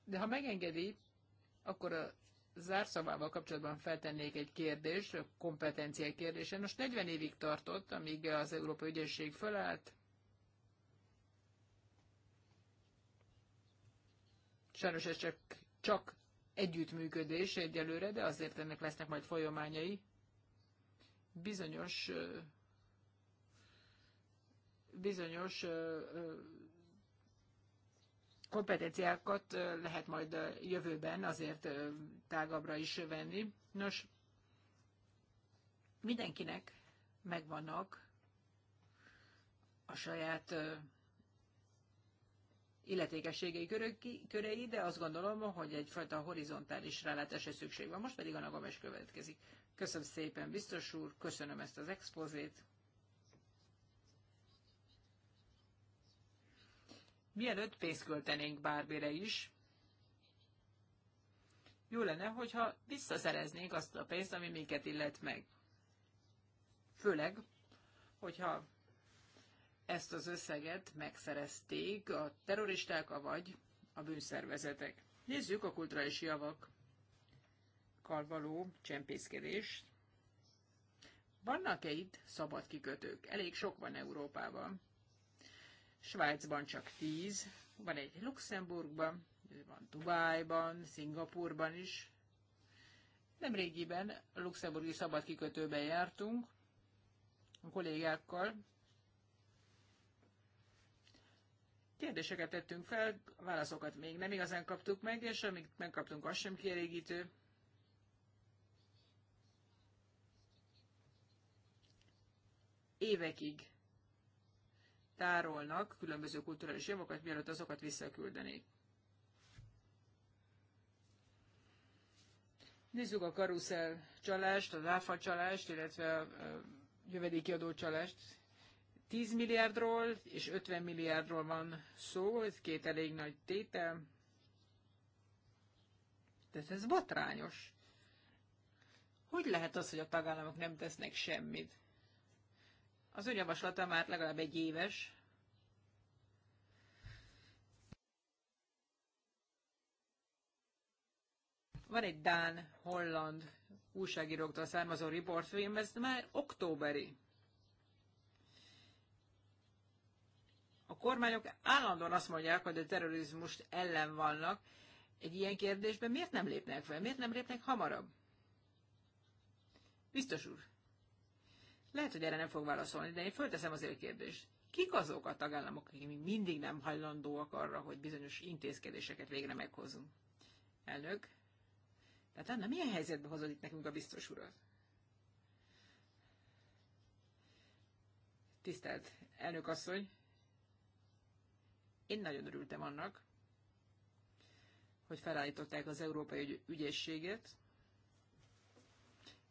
[SPEAKER 2] De ha megengedi, akkor a zárszavával kapcsolatban feltennék egy kérdést, kompetenciák kérdése. Most 40 évig tartott, amíg az Európai ügyesség felállt. Sajnos ez csak, csak együttműködés egyelőre, de azért ennek lesznek majd folyamányai. Bizonyos bizonyos kompetenciákat lehet majd jövőben azért tágabbra is venni. Nos, mindenkinek megvannak a saját illetékességei körei, de azt gondolom, hogy egyfajta horizontális rálátásra szükség van. Most pedig a Nagames következik. Köszönöm szépen, biztos úr, köszönöm ezt az expozét. Mielőtt pénzt költenénk bármire is, jó lenne, hogyha visszaszereznénk azt a pénzt, ami minket illet meg. Főleg, hogyha ezt az összeget megszerezték a terroristák, vagy a bűnszervezetek. Nézzük a kulturális javakkal való csempészkedést. Vannak-e itt szabad kikötők? Elég sok van Európában. Svájcban csak 10, van egy Luxemburgban, van Dubájban, Szingapurban is. Nemrégiben a luxemburgi szabadkikötőben jártunk a kollégákkal. Kérdéseket tettünk fel, válaszokat még nem igazán kaptuk meg, és amit megkaptunk, az sem kielégítő. Évekig tárolnak különböző kulturális javakat, mielőtt azokat visszaküldenék. Nézzük a karuszel csalást, az áfa csalást, illetve a jövedéki adócsalást. 10 milliárdról és 50 milliárdról van szó, ez két elég nagy tétel. Tehát ez botrányos. Hogy lehet az, hogy a tagállamok nem tesznek semmit? Az ő javaslata már legalább egy éves. Van egy Dán-Holland újságíróktól származó riportfilm, ez már októberi. A kormányok állandóan azt mondják, hogy a terrorizmust ellen vannak. Egy ilyen kérdésben miért nem lépnek fel? Miért nem lépnek hamarabb? Biztos úr, lehet, hogy erre nem fog válaszolni, de én fölteszem azért a kérdést. Kik azok a tagállamok, akik még mindig nem hajlandóak arra, hogy bizonyos intézkedéseket végre meghozunk? Elnök, tehát Anna, milyen helyzetbe hozod itt nekünk a biztos urat? Tisztelt elnök asszony, én nagyon örültem annak, hogy felállították az Európai Ügyészséget.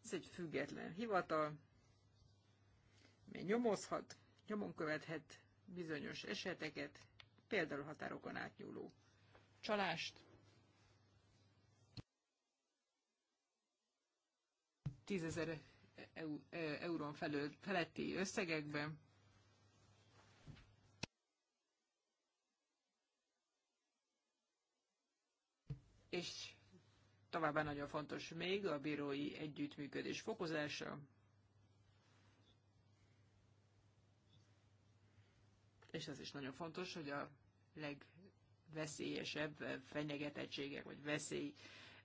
[SPEAKER 2] Ez egy független hivatal, mert nyomozhat, nyomon követhet bizonyos eseteket, például határokon átnyúló csalást. 10 ezer e, eurón felül, feletti összegekben. És továbbá nagyon fontos még a bírói együttműködés fokozása, és ez is nagyon fontos, hogy a legveszélyesebb eh, fenyegetettségek vagy veszély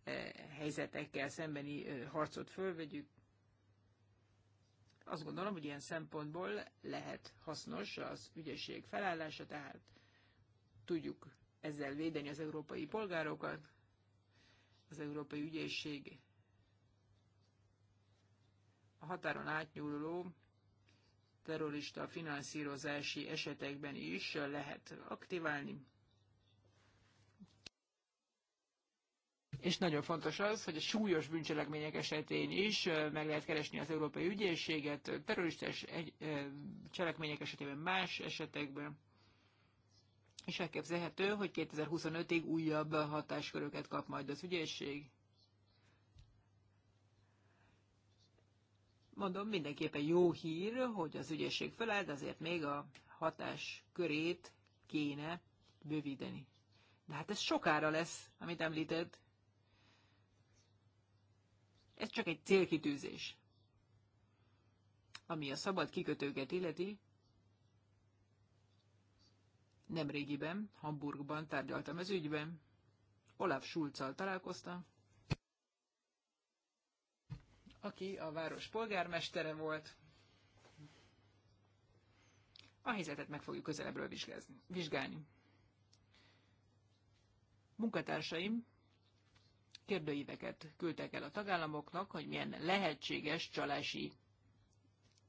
[SPEAKER 2] eh, helyzetekkel szembeni eh, harcot fölvegyük. Azt gondolom, hogy ilyen szempontból lehet hasznos az ügyesség felállása, tehát tudjuk ezzel védeni az európai polgárokat, az európai ügyészség a határon átnyúló terrorista finanszírozási esetekben is lehet aktiválni. És nagyon fontos az, hogy a súlyos bűncselekmények esetén is meg lehet keresni az Európai Ügyészséget, terroristás cselekmények esetében más esetekben. És elképzelhető, hogy 2025-ig újabb hatásköröket kap majd az ügyészség. mondom, mindenképpen jó hír, hogy az ügyesség feláll, azért még a hatás körét kéne bővíteni. De hát ez sokára lesz, amit említed. Ez csak egy célkitűzés. Ami a szabad kikötőket illeti, nemrégiben, Hamburgban tárgyaltam ez ügyben. Olaf Schulzal találkoztam, aki a város polgármestere volt. A helyzetet meg fogjuk közelebbről vizsgálni. Munkatársaim kérdőíveket küldtek el a tagállamoknak, hogy milyen lehetséges csalási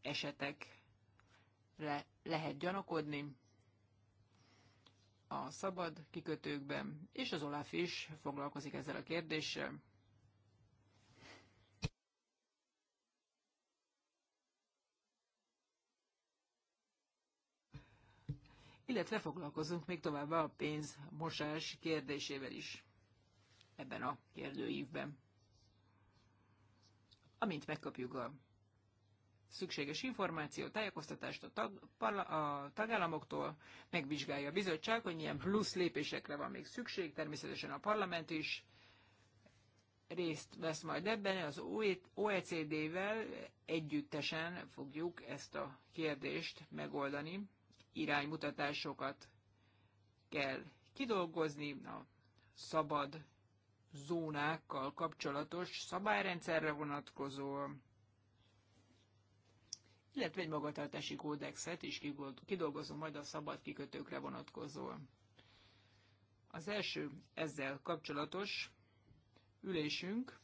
[SPEAKER 2] esetekre lehet gyanakodni a szabad kikötőkben, és az Olaf is foglalkozik ezzel a kérdéssel. illetve foglalkozunk még tovább a pénzmosás kérdésével is ebben a kérdőívben. Amint megkapjuk a szükséges információ, tájékoztatást a, tag, a tagállamoktól, megvizsgálja a bizottság, hogy milyen plusz lépésekre van még szükség, természetesen a parlament is részt vesz majd ebben, az OECD-vel e együttesen fogjuk ezt a kérdést megoldani iránymutatásokat kell kidolgozni a szabad zónákkal kapcsolatos szabályrendszerre vonatkozó, illetve egy magatartási kódexet is kidolgozom majd a szabad kikötőkre vonatkozó. Az első ezzel kapcsolatos ülésünk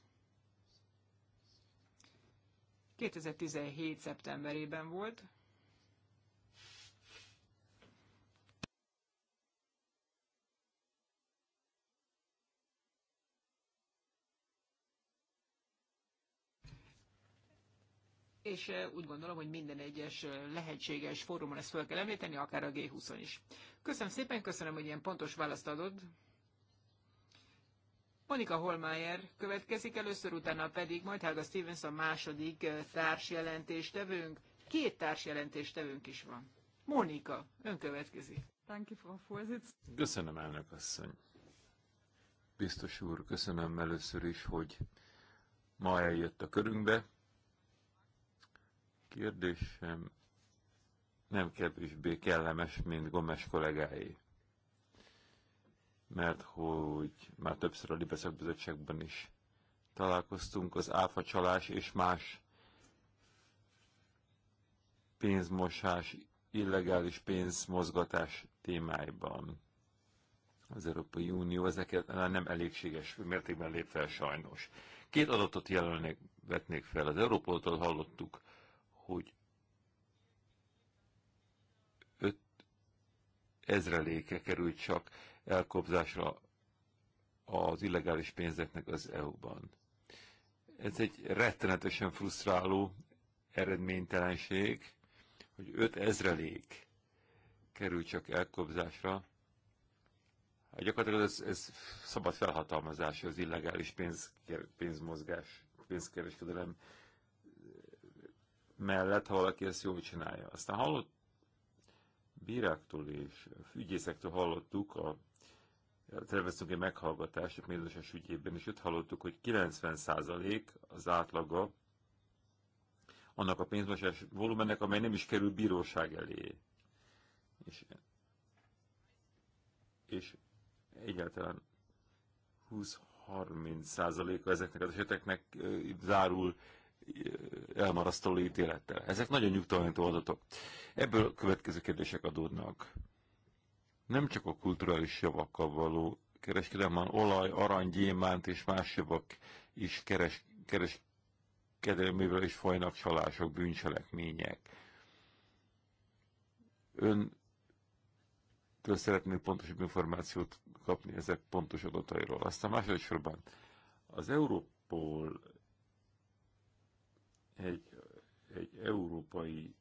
[SPEAKER 2] 2017. szeptemberében volt, és úgy gondolom, hogy minden egyes lehetséges fórumon ezt fel kell említeni, akár a g 20 is. Köszönöm szépen, köszönöm, hogy ilyen pontos választ adod. Monika Holmeyer következik először, utána pedig majd Helga Stevens a második társjelentéstevőnk. Két társjelentéstevőnk is van. Monika, ön következik.
[SPEAKER 3] Köszönöm, elnök asszony. Biztos úr, köszönöm először is, hogy ma eljött a körünkbe, kérdésem nem kevésbé kellemes, mint Gomes kollégái. Mert hogy már többször a Libeszak Bizottságban is találkoztunk az áfa csalás és más pénzmosás, illegális pénzmozgatás témáiban. Az Európai Unió ezeket nem elégséges mértékben lép fel sajnos. Két adatot jelölnék, vetnék fel. Az Európoltól hallottuk, hogy öt ezreléke került csak elkobzásra az illegális pénzeknek az EU-ban. Ez egy rettenetesen frusztráló eredménytelenség, hogy 5 ezrelék kerül csak elkobzásra. Hát gyakorlatilag ez, ez szabad felhatalmazás az illegális pénz, pénzmozgás, pénzkereskedelem mellett, ha valaki ezt jól csinálja. Aztán hallott bíráktól és ügyészektől hallottuk, a, terveztünk egy meghallgatást a Médoses ügyében, és ott hallottuk, hogy 90% az átlaga annak a pénzmosás volumennek, amely nem is kerül bíróság elé. És, és egyáltalán 20-30 százaléka ezeknek az eseteknek zárul elmarasztaló ítélettel. Ezek nagyon nyugtalanító adatok. Ebből következő kérdések adódnak. Nem csak a kulturális javakkal való kereskedelem, hanem olaj, arany, gyémánt és más javak is keres, kereskedelmével is folynak csalások, bűncselekmények. Ön től szeretnék pontosabb információt kapni ezek pontos adatairól. Aztán másodszorban az Európol egy, egy európai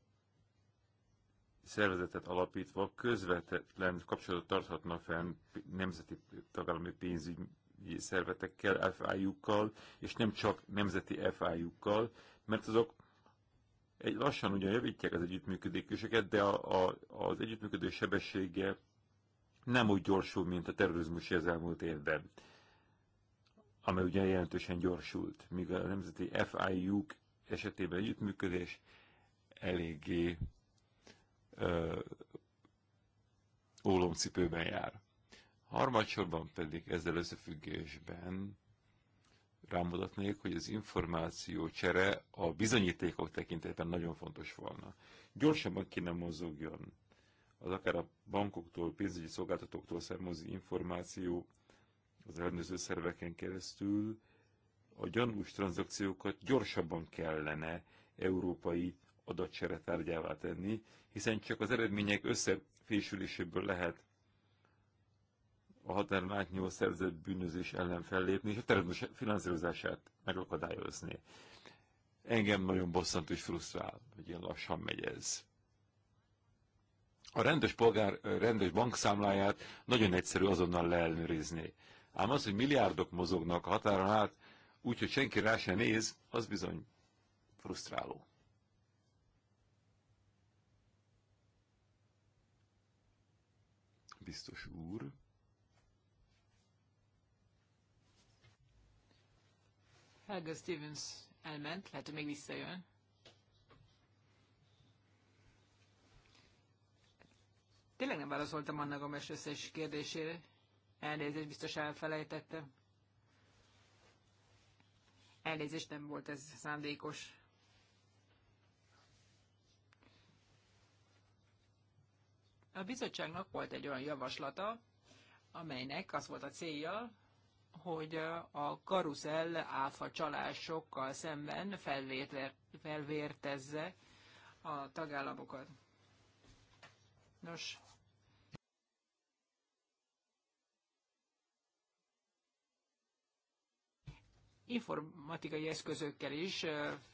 [SPEAKER 3] szervezetet alapítva közvetlen kapcsolatot tarthatna fenn nemzeti tagállami pénzügyi szervetekkel, FI-jukkal, és nem csak nemzeti FI-jukkal, mert azok egy lassan ugyan javítják az együttműködéseket, de a, a, az együttműködés sebessége nem úgy gyorsul, mint a terrorizmus az elmúlt évben, amely ugyan jelentősen gyorsult, míg a nemzeti FIU-k esetében együttműködés eléggé ö, ólomcipőben jár. Harmadsorban pedig ezzel összefüggésben rámutatnék, hogy az információ csere a bizonyítékok tekintetében nagyon fontos volna. Gyorsabban nem mozogjon az akár a bankoktól, pénzügyi szolgáltatóktól származó információ az elnöző szerveken keresztül a gyanús tranzakciókat gyorsabban kellene európai adatsere tárgyává tenni, hiszen csak az eredmények összefésüléséből lehet a határon átnyúló szerzett bűnözés ellen fellépni, és a terrorizmus finanszírozását megakadályozni. Engem nagyon bosszant és frusztrál, hogy ilyen lassan megy ez. A rendes polgár rendes bankszámláját nagyon egyszerű azonnal leellenőrizni. Ám az, hogy milliárdok mozognak határon át úgy, hogy senki rá se néz, az bizony frusztráló.
[SPEAKER 2] Biztos úr. Helga Stevens elment, lehet, hogy még visszajön. Tényleg nem válaszoltam annak a mesőszes kérdésére. Elnézést, biztos elfelejtettem. Elnézést, nem volt ez szándékos. A bizottságnak volt egy olyan javaslata, amelynek az volt a célja, hogy a karuszel áfa csalásokkal szemben felvértezze a tagállamokat. Nos, informatikai eszközökkel is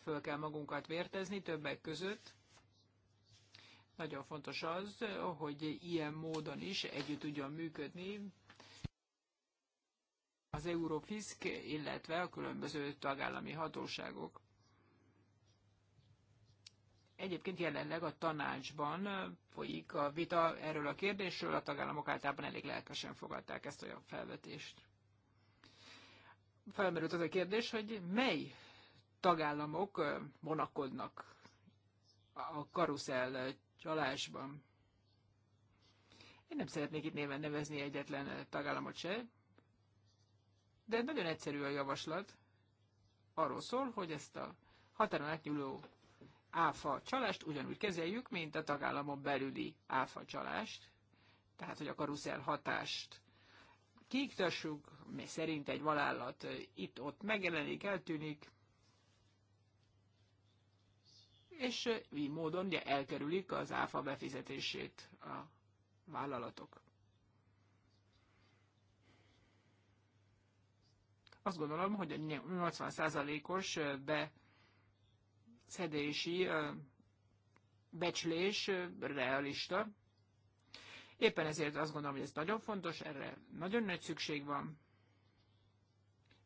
[SPEAKER 2] föl kell magunkat vértezni többek között. Nagyon fontos az, hogy ilyen módon is együtt tudjon működni az Eurofisk, illetve a különböző tagállami hatóságok. Egyébként jelenleg a tanácsban folyik a vita erről a kérdésről, a tagállamok általában elég lelkesen fogadták ezt a felvetést felmerült az a kérdés, hogy mely tagállamok vonakodnak a karuszel csalásban. Én nem szeretnék itt néven nevezni egyetlen tagállamot se, de nagyon egyszerű a javaslat. Arról szól, hogy ezt a határon átnyúló áfa csalást ugyanúgy kezeljük, mint a tagállamon belüli áfa csalást, tehát hogy a karuszel hatást kiiktassuk, mi szerint egy valállat itt-ott megjelenik, eltűnik, és így módon ugye elkerülik az áfa befizetését a vállalatok. Azt gondolom, hogy a 80%-os beszedési becslés realista, Éppen ezért azt gondolom, hogy ez nagyon fontos, erre nagyon nagy szükség van.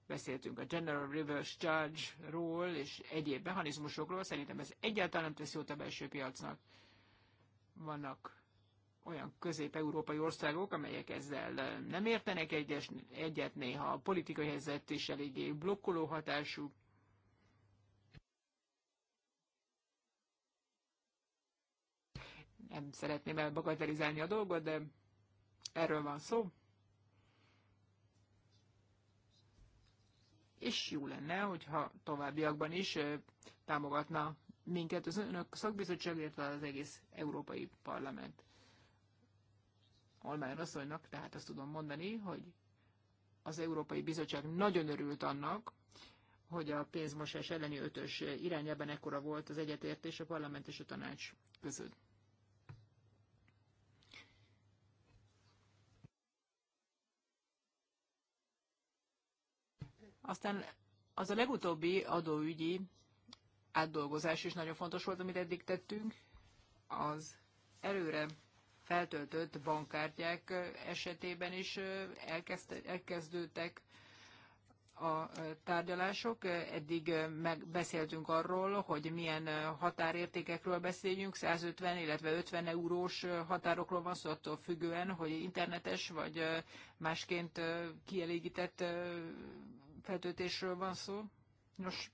[SPEAKER 2] Beszéltünk a General Reverse Charge-ról és egyéb mechanizmusokról, szerintem ez egyáltalán nem tesz jót a belső piacnak. Vannak olyan közép-európai országok, amelyek ezzel nem értenek egyes, egyet, néha a politikai helyzet is eléggé blokkoló hatású. Nem szeretném elbagatelizálni a dolgot, de erről van szó. És jó lenne, hogyha továbbiakban is támogatna minket az önök szakbizottság, illetve az egész Európai Parlament. Almár asszonynak, tehát azt tudom mondani, hogy az Európai Bizottság nagyon örült annak, hogy a pénzmosás elleni ötös irányában ekkora volt az egyetértés a parlament és a tanács között. Aztán az a legutóbbi adóügyi átdolgozás is nagyon fontos volt, amit eddig tettünk. Az előre feltöltött bankkártyák esetében is elkezd, elkezdődtek a tárgyalások. Eddig megbeszéltünk arról, hogy milyen határértékekről beszéljünk, 150, illetve 50 eurós határokról van szó, attól függően, hogy internetes vagy másként kielégített feltöltésről van szó. Nos,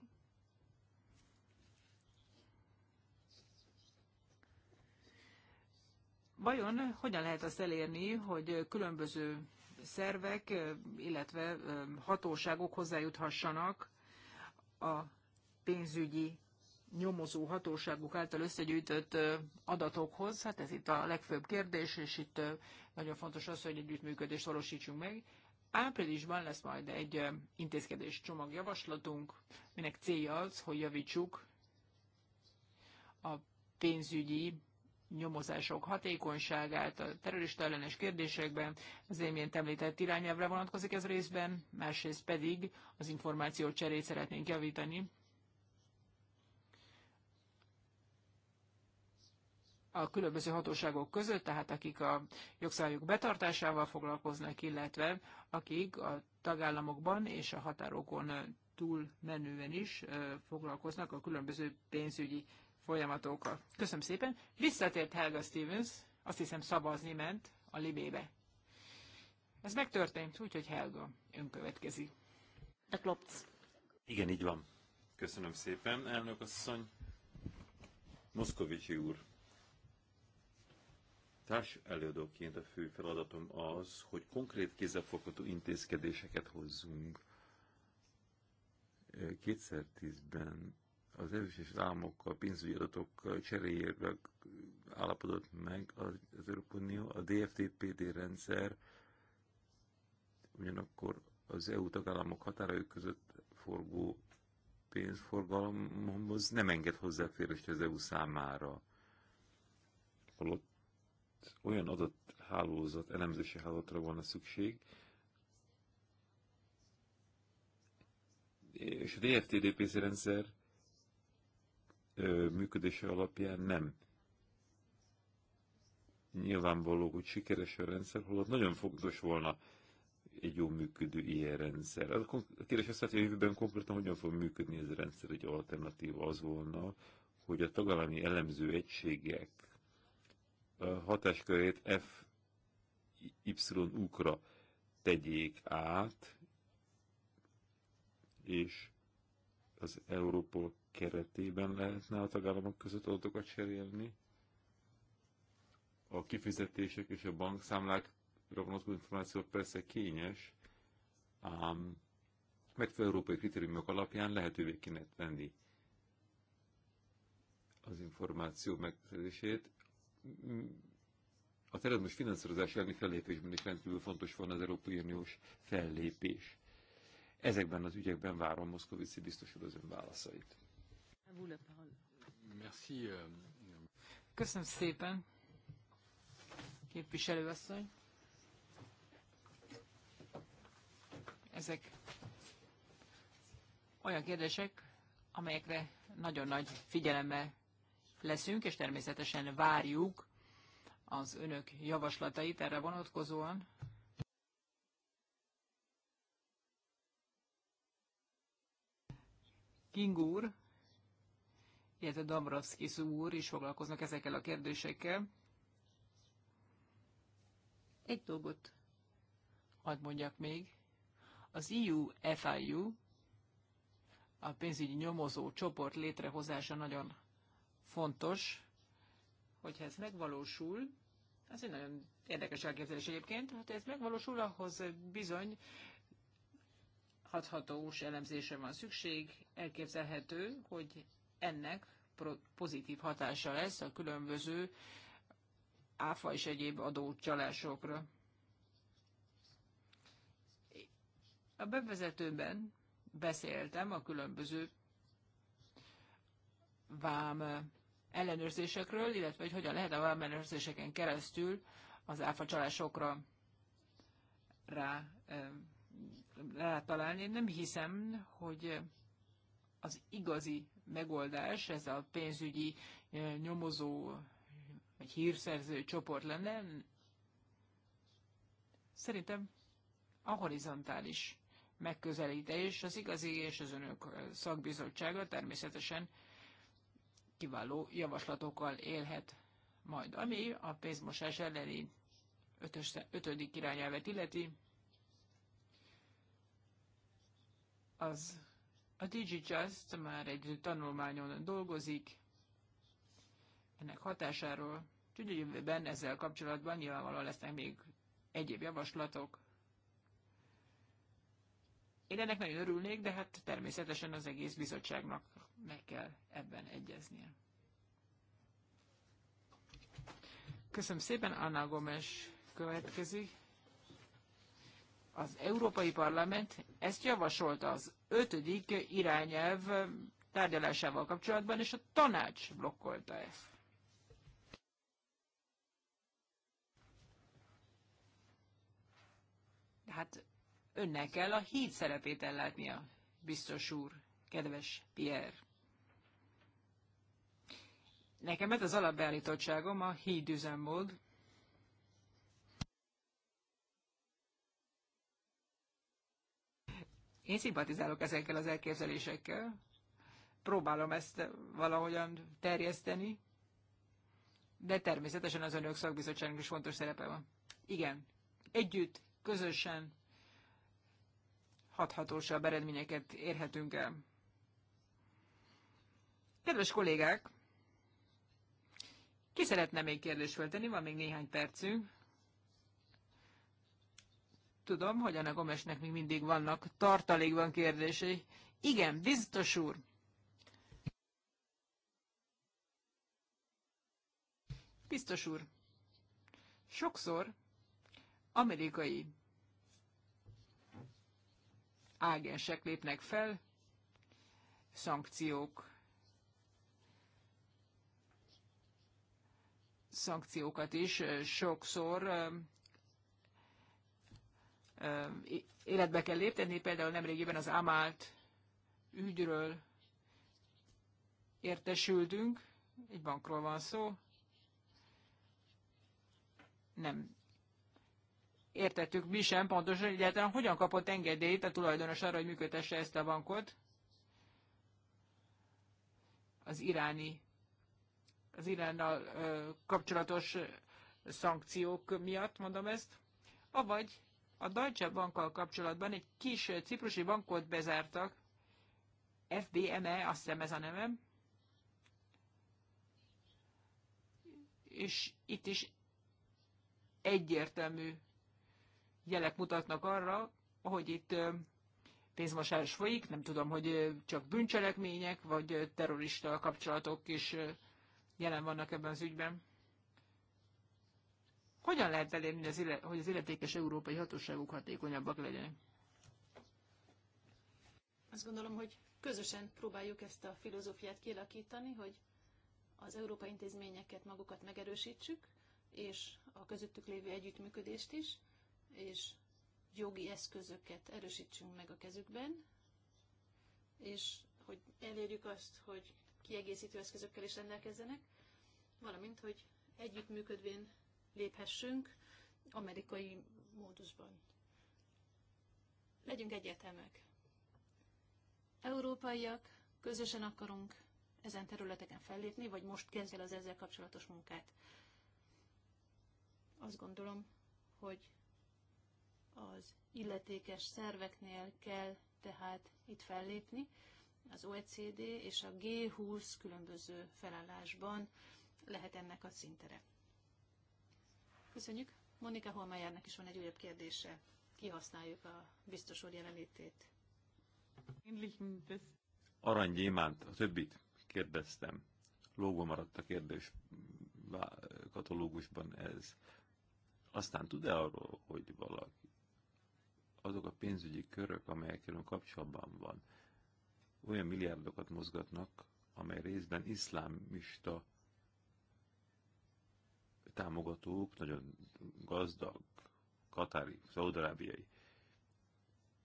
[SPEAKER 2] vajon hogyan lehet azt elérni, hogy különböző szervek, illetve hatóságok hozzájuthassanak a pénzügyi nyomozó hatóságuk által összegyűjtött adatokhoz. Hát ez itt a legfőbb kérdés, és itt nagyon fontos az, hogy együttműködést valósítsunk meg. Áprilisban lesz majd egy intézkedés csomagjavaslatunk, minek célja az, hogy javítsuk a pénzügyi nyomozások hatékonyságát a terrorista ellenes kérdésekben. Az émént említett irányelvre vonatkozik ez részben, másrészt pedig az információ cserét szeretnénk javítani a különböző hatóságok között, tehát akik a jogszabályok betartásával foglalkoznak, illetve akik a tagállamokban és a határokon túl menően is foglalkoznak a különböző pénzügyi folyamatokkal. Köszönöm szépen. Visszatért Helga Stevens, azt hiszem szavazni ment a libébe. Ez megtörtént, úgyhogy Helga ön következik. De klopc.
[SPEAKER 3] Igen, így van. Köszönöm szépen, elnök asszony. Moszkovicsi úr társ előadóként a fő feladatom az, hogy konkrét kézzelfogható intézkedéseket hozzunk. 2010-ben az erős és az pénzügyi adatokkal cseréjével állapodott meg az Európai Unió, a DFTPD rendszer ugyanakkor az EU tagállamok határai között forgó pénzforgalomhoz nem enged hozzáférést az EU számára. Holott olyan adott hálózat, elemzési hálózatra volna szükség, és a e DFTDP rendszer működése alapján nem nyilvánvaló, hogy sikeres a rendszer, holott nagyon fontos volna egy jó működő ilyen rendszer. A kérdés azt hogy a jövőben konkrétan hogyan fog működni ez a rendszer, hogy alternatíva az volna, hogy a tagállami elemző egységek hatáskörét F Y ukra tegyék át, és az Európol keretében lehetne a tagállamok között adatokat cserélni, a kifizetések és a bankszámlák vonatkozó információ persze kényes, ám megfelelő európai kritériumok alapján lehetővé kéne tenni az információ megszerzését, a terrorizmus finanszírozás elleni fellépésben is rendkívül fontos van az Európai Uniós fellépés. Ezekben az ügyekben várom Moszkovici biztos az ön válaszait.
[SPEAKER 2] Euh, Köszönöm szépen, képviselőasszony. Ezek olyan kérdések, amelyekre nagyon nagy figyelemmel leszünk, és természetesen várjuk az önök javaslatait erre vonatkozóan. King úr, illetve Damraszkis úr is foglalkoznak ezekkel a kérdésekkel. Egy dolgot hadd mondjak még. Az EU-FIU, a pénzügyi nyomozó csoport létrehozása nagyon fontos, hogyha ez megvalósul, ez egy nagyon érdekes elképzelés egyébként, hogyha ez megvalósul, ahhoz bizony hathatós elemzésre van szükség, elképzelhető, hogy ennek pozitív hatása lesz a különböző áfa és egyéb adócsalásokra. A bevezetőben beszéltem a különböző vám eh, ellenőrzésekről, illetve hogy hogyan lehet a vám ellenőrzéseken keresztül az áfa csalásokra rá, eh, találni. Én nem hiszem, hogy az igazi megoldás, ez a pénzügyi eh, nyomozó vagy hírszerző csoport lenne, szerintem a horizontális megközelítés, az igazi és az önök szakbizottsága természetesen kiváló javaslatokkal élhet majd. Ami a pénzmosás elleni ötös, ötödik irányelvet illeti, az a DigiJust már egy tanulmányon dolgozik ennek hatásáról, úgyhogy a jövőben ezzel kapcsolatban nyilvánvalóan lesznek még egyéb javaslatok. Én ennek nagyon örülnék, de hát természetesen az egész bizottságnak meg kell ebben egyeznie. Köszönöm szépen, Anna Gomes következik. Az Európai Parlament ezt javasolta az ötödik irányelv tárgyalásával kapcsolatban, és a tanács blokkolta ezt. Hát önnek kell a híd szerepét ellátnia, biztos úr, kedves Pierre. Nekem ez az alapbeállítottságom a híd üzemmód. Én szimpatizálok ezekkel az elképzelésekkel. Próbálom ezt valahogyan terjeszteni, de természetesen az önök szakbizottságnak is fontos szerepe van. Igen, együtt, közösen hathatósabb eredményeket érhetünk el. Kedves kollégák, ki szeretne még kérdést föltenni? Van még néhány percünk. Tudom, hogy Anna Gomesnek még mindig vannak tartalékban kérdései. Igen, biztos úr. Biztos úr. Sokszor amerikai ágensek lépnek fel, szankciók szankciókat is sokszor életbe kell lépteni, például nemrégiben az Amált ügyről értesültünk, egy bankról van szó, nem értettük mi sem pontosan, hogy egyáltalán hogyan kapott engedélyt a tulajdonos arra, hogy működtesse ezt a bankot. Az iráni az Iránnal kapcsolatos szankciók miatt, mondom ezt, avagy a Deutsche Bankkal kapcsolatban egy kis ciprusi bankot bezártak, FBME, azt hiszem ez a nevem, és itt is egyértelmű jelek mutatnak arra, hogy itt pénzmosás folyik, nem tudom, hogy csak bűncselekmények, vagy terrorista kapcsolatok is jelen vannak ebben az ügyben. Hogyan lehet elérni, hogy az illetékes európai hatóságok hatékonyabbak legyenek?
[SPEAKER 1] Azt gondolom, hogy közösen próbáljuk ezt a filozófiát kialakítani, hogy az európai intézményeket magukat megerősítsük, és a közöttük lévő együttműködést is, és jogi eszközöket erősítsünk meg a kezükben, és hogy elérjük azt, hogy kiegészítő eszközökkel is rendelkezzenek, valamint, hogy együttműködvén léphessünk amerikai módusban. Legyünk egyetemek. Európaiak közösen akarunk ezen területeken fellépni, vagy most kezd el az ezzel kapcsolatos munkát. Azt gondolom, hogy az illetékes szerveknél kell tehát itt fellépni, az OECD és a G20 különböző felállásban lehet ennek a szintere. Köszönjük. Monika Holmájárnak is van egy újabb kérdése. Kihasználjuk a biztos úr jelenlétét.
[SPEAKER 3] Arany gyémánt, a többit kérdeztem. Lógó maradt a kérdés katalógusban ez. Aztán tud-e arról, hogy valaki azok a pénzügyi körök, amelyekkel kapcsolatban van, olyan milliárdokat mozgatnak, amely részben iszlámista támogatók, nagyon gazdag, katári, szaudarábiai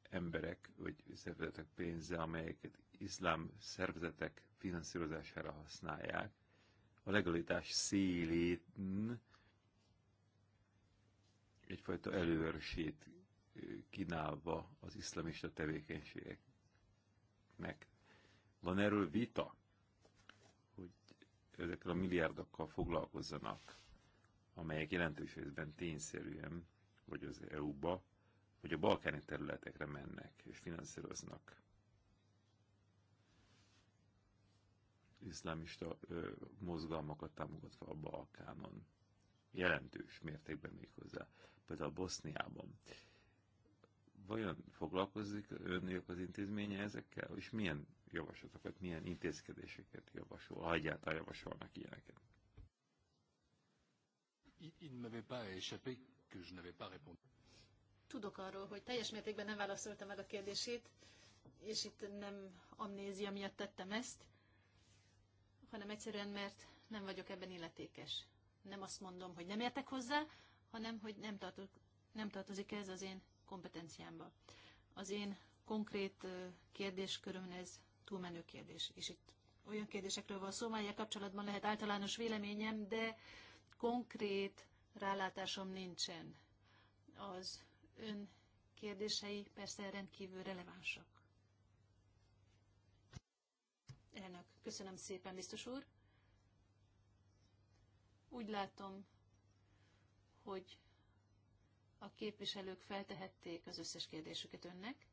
[SPEAKER 3] emberek, vagy szervezetek pénze, amelyeket iszlám szervezetek finanszírozására használják, a legalitás szélén egyfajta előörsét kínálva az iszlamista tevékenységeknek. Van erről vita, hogy ezekkel a milliárdokkal foglalkozzanak, amelyek jelentős részben tényszerűen, vagy az EU-ba, vagy a balkáni területekre mennek és finanszíroznak. iszlámista ö, mozgalmakat támogatva a Balkánon. Jelentős mértékben még hozzá. Például Boszniában vajon foglalkozik önök az intézménye ezekkel, és milyen javaslatokat, milyen intézkedéseket javasol, ha egyáltalán javasolnak ilyeneket?
[SPEAKER 1] Tudok arról, hogy teljes mértékben nem válaszolta meg a kérdését, és itt nem amnézia miatt tettem ezt, hanem egyszerűen, mert nem vagyok ebben illetékes. Nem azt mondom, hogy nem értek hozzá, hanem hogy nem, tartozik, nem tartozik ez az én kompetenciámba. Az én konkrét kérdéskörömön ez túlmenő kérdés, és itt olyan kérdésekről van szó, melyek kapcsolatban lehet általános véleményem, de konkrét rálátásom nincsen. Az ön kérdései persze rendkívül relevánsak. Elnök, köszönöm szépen, biztos úr. Úgy látom, hogy a képviselők feltehették az összes kérdésüket önnek.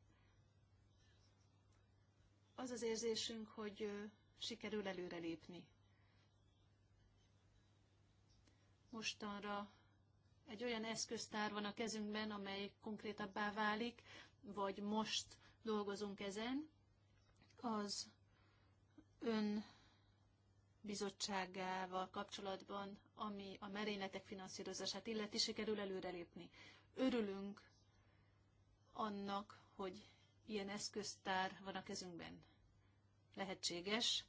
[SPEAKER 1] Az az érzésünk, hogy sikerül előrelépni. Mostanra egy olyan eszköztár van a kezünkben, amely konkrétabbá válik, vagy most dolgozunk ezen, az ön bizottságával kapcsolatban, ami a merényletek finanszírozását illeti, sikerül előrelépni. Örülünk annak, hogy ilyen eszköztár van a kezünkben. Lehetséges.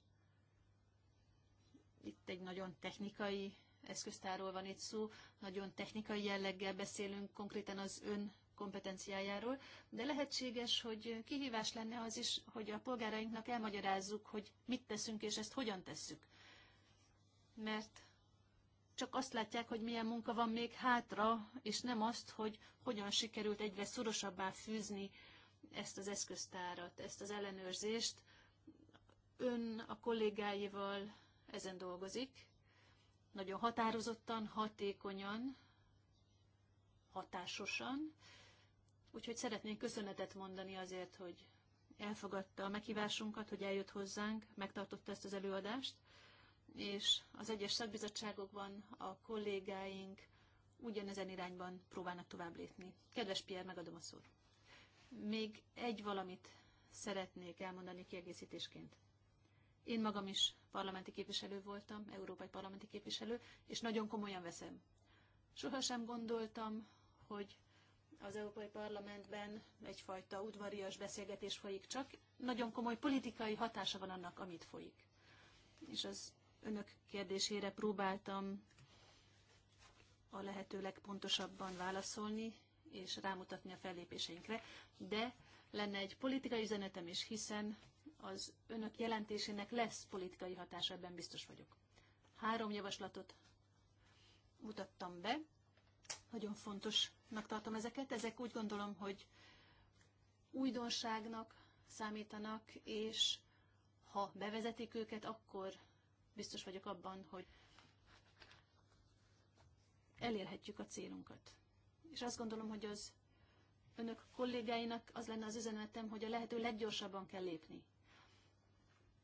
[SPEAKER 1] Itt egy nagyon technikai eszköztárról van itt szó, nagyon technikai jelleggel beszélünk konkrétan az ön kompetenciájáról, de lehetséges, hogy kihívás lenne az is, hogy a polgárainknak elmagyarázzuk, hogy mit teszünk és ezt hogyan tesszük. Mert csak azt látják, hogy milyen munka van még hátra, és nem azt, hogy hogyan sikerült egyre szorosabbá fűzni ezt az eszköztárat, ezt az ellenőrzést. Ön a kollégáival ezen dolgozik, nagyon határozottan, hatékonyan, hatásosan. Úgyhogy szeretnénk köszönetet mondani azért, hogy elfogadta a meghívásunkat, hogy eljött hozzánk, megtartotta ezt az előadást és az egyes szakbizottságokban a kollégáink ugyanezen irányban próbálnak tovább lépni. Kedves Pierre, megadom a szót. Még egy valamit szeretnék elmondani kiegészítésként. Én magam is parlamenti képviselő voltam, európai parlamenti képviselő, és nagyon komolyan veszem. Sohasem gondoltam, hogy az Európai Parlamentben egyfajta udvarias beszélgetés folyik, csak nagyon komoly politikai hatása van annak, amit folyik. És az önök kérdésére próbáltam a lehető legpontosabban válaszolni, és rámutatni a fellépéseinkre, de lenne egy politikai üzenetem is, hiszen az önök jelentésének lesz politikai hatása, ebben biztos vagyok. Három javaslatot mutattam be, nagyon fontosnak tartom ezeket. Ezek úgy gondolom, hogy újdonságnak számítanak, és ha bevezetik őket, akkor biztos vagyok abban, hogy elérhetjük a célunkat. És azt gondolom, hogy az önök kollégáinak az lenne az üzenetem, hogy a lehető leggyorsabban kell lépni.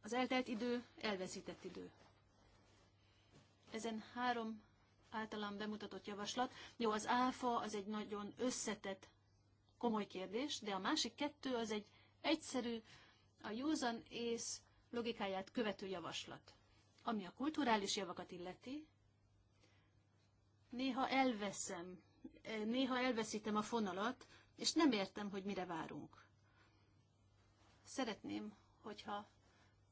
[SPEAKER 1] Az eltelt idő, elveszített idő. Ezen három általam bemutatott javaslat. Jó, az áfa az egy nagyon összetett, komoly kérdés, de a másik kettő az egy egyszerű, a józan ész logikáját követő javaslat. Ami a kulturális javakat illeti, néha elveszem, eh, néha elveszítem a fonalat, és nem értem, hogy mire várunk. Szeretném, hogyha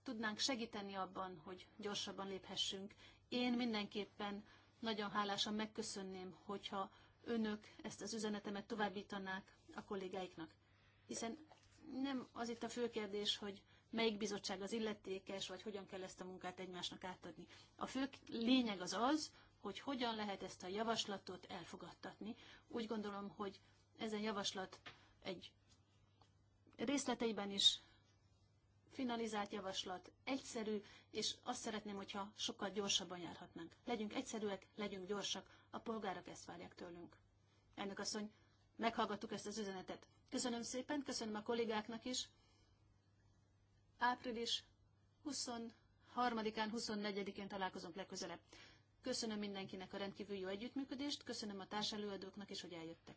[SPEAKER 1] tudnánk segíteni abban, hogy gyorsabban léphessünk. Én mindenképpen nagyon hálásan megköszönném, hogyha önök ezt az üzenetemet továbbítanák a kollégáiknak. Hiszen nem az itt a fő kérdés, hogy melyik bizottság az illetékes, vagy hogyan kell ezt a munkát egymásnak átadni. A fő lényeg az az, hogy hogyan lehet ezt a javaslatot elfogadtatni. Úgy gondolom, hogy ezen javaslat egy részleteiben is finalizált javaslat, egyszerű, és azt szeretném, hogyha sokkal gyorsabban járhatnánk. Legyünk egyszerűek, legyünk gyorsak, a polgárok ezt várják tőlünk. Elnök asszony, meghallgattuk ezt az üzenetet. Köszönöm szépen, köszönöm a kollégáknak is, április 23-án, 24-én találkozunk legközelebb. Köszönöm mindenkinek a rendkívül jó együttműködést, köszönöm a társelőadóknak is, hogy eljöttek.